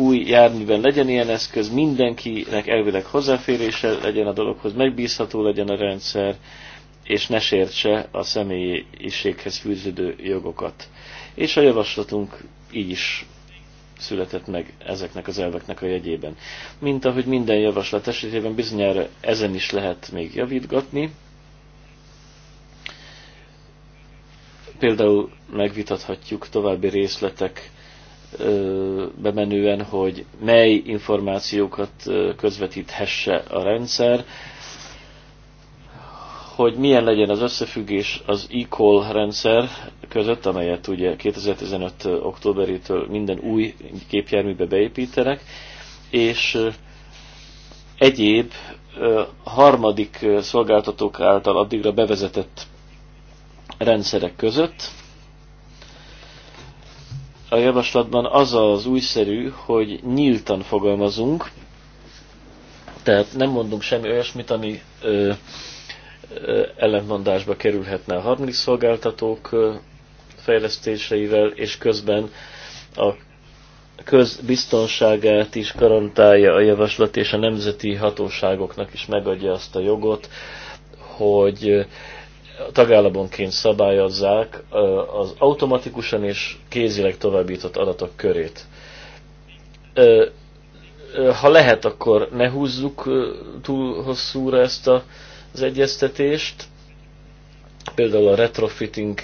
új járműben legyen ilyen eszköz, mindenkinek elvileg hozzáférése legyen a dologhoz, megbízható legyen a rendszer, és ne sértse a személyiséghez fűződő jogokat. És a javaslatunk így is született meg ezeknek az elveknek a jegyében. Mint ahogy minden javaslat esetében bizonyára ezen is lehet még javítgatni. Például megvitathatjuk további részletek bemenően, hogy mely információkat közvetíthesse a rendszer, hogy milyen legyen az összefüggés az e rendszer között, amelyet ugye 2015. októberétől minden új képjárműbe beépítenek, és egyéb harmadik szolgáltatók által addigra bevezetett rendszerek között, a javaslatban az az újszerű, hogy nyíltan fogalmazunk, tehát nem mondunk semmi olyasmit, ami ö, ö, ellentmondásba kerülhetne a harmadik szolgáltatók ö, fejlesztéseivel, és közben a közbiztonságát is garantálja a javaslat, és a nemzeti hatóságoknak is megadja azt a jogot, hogy tagállamonként szabályozzák az automatikusan és kézileg továbbított adatok körét. Ha lehet, akkor ne húzzuk túl hosszúra ezt az egyeztetést. Például a retrofitting,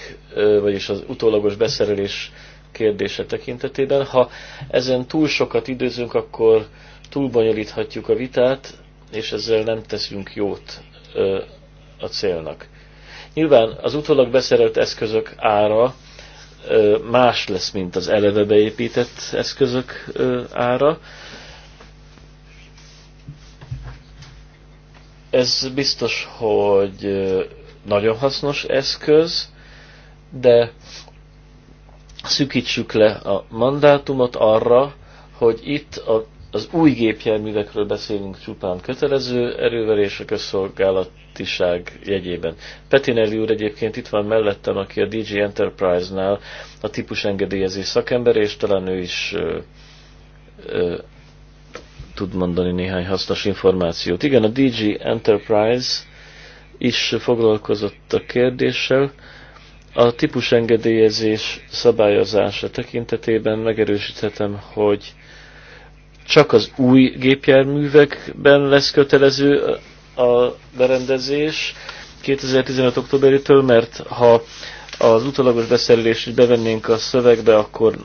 vagyis az utólagos beszerelés kérdése tekintetében. Ha ezen túl sokat időzünk, akkor túlbonyolíthatjuk a vitát, és ezzel nem teszünk jót a célnak. Nyilván az utólag beszerelt eszközök ára más lesz, mint az eleve beépített eszközök ára. Ez biztos, hogy nagyon hasznos eszköz, de szükítsük le a mandátumot arra, hogy itt a az új gépjárművekről beszélünk csupán kötelező erővel és a közszolgálatiság jegyében. Petinelli úr egyébként itt van mellettem, aki a DG Enterprise-nál a típusengedélyezés szakember, és talán ő is ö, ö, tud mondani néhány hasznos információt. Igen, a DG Enterprise is foglalkozott a kérdéssel. A típusengedélyezés szabályozása tekintetében megerősíthetem, hogy csak az új gépjárművekben lesz kötelező a berendezés 2015. októberétől, mert ha az utolagos beszerelést bevennénk a szövegbe, akkor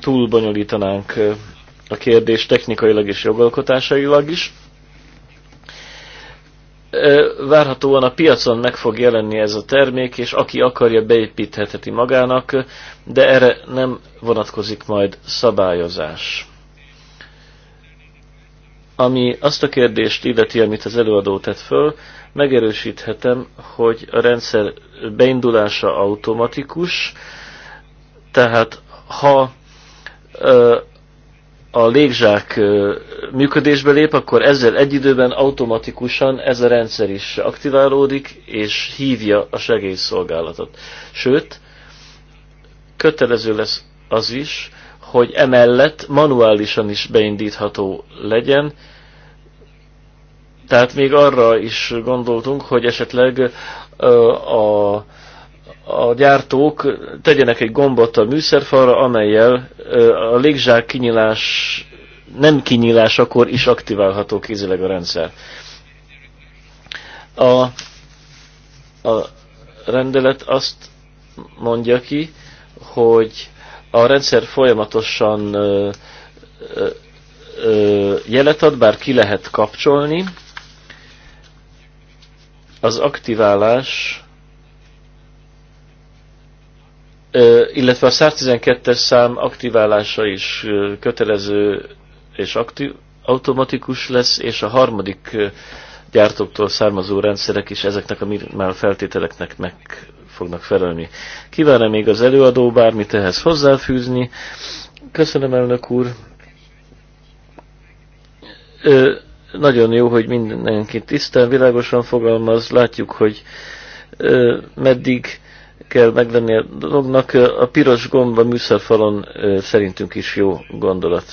túl bonyolítanánk a kérdést technikailag és jogalkotásailag is. Várhatóan a piacon meg fog jelenni ez a termék, és aki akarja, beépítheteti magának, de erre nem vonatkozik majd szabályozás. Ami azt a kérdést illeti, amit az előadó tett föl, megerősíthetem, hogy a rendszer beindulása automatikus, tehát ha a légzsák működésbe lép, akkor ezzel egy időben automatikusan ez a rendszer is aktiválódik, és hívja a segélyszolgálatot. Sőt, kötelező lesz az is, hogy emellett manuálisan is beindítható legyen, tehát még arra is gondoltunk, hogy esetleg a, a gyártók tegyenek egy gombot a műszerfalra, amelyel a légzsák kinyilás nem akkor is aktiválható kézileg a rendszer. A, a rendelet azt mondja ki, hogy a rendszer folyamatosan ö, ö, ö, jelet ad, bár ki lehet kapcsolni, az aktiválás, illetve a 112-es szám aktiválása is kötelező és aktív, automatikus lesz, és a harmadik gyártóktól származó rendszerek is ezeknek a már feltételeknek meg fognak felelni. Kívánom még az előadó bármit ehhez hozzáfűzni. Köszönöm, elnök úr nagyon jó, hogy mindenki tisztán, világosan fogalmaz, látjuk, hogy meddig kell megvenni a dolognak. A piros gomb a műszerfalon szerintünk is jó gondolat.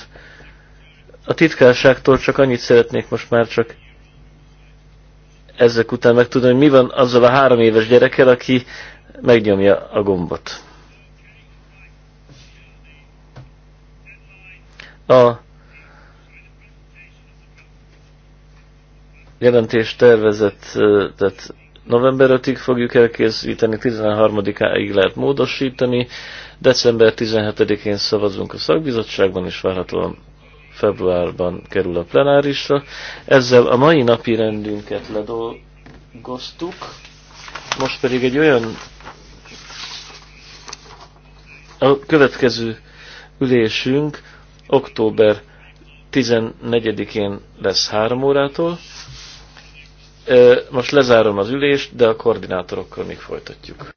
A titkárságtól csak annyit szeretnék most már csak ezek után megtudni, hogy mi van azzal a három éves gyerekkel, aki megnyomja a gombot. A jelentés tervezetet november 5-ig fogjuk elkészíteni, 13-áig lehet módosítani, december 17-én szavazunk a szakbizottságban, és várhatóan februárban kerül a plenárisra. Ezzel a mai napi rendünket ledolgoztuk, most pedig egy olyan a következő ülésünk október 14-én lesz 3 órától, most lezárom az ülést, de a koordinátorokkal még folytatjuk.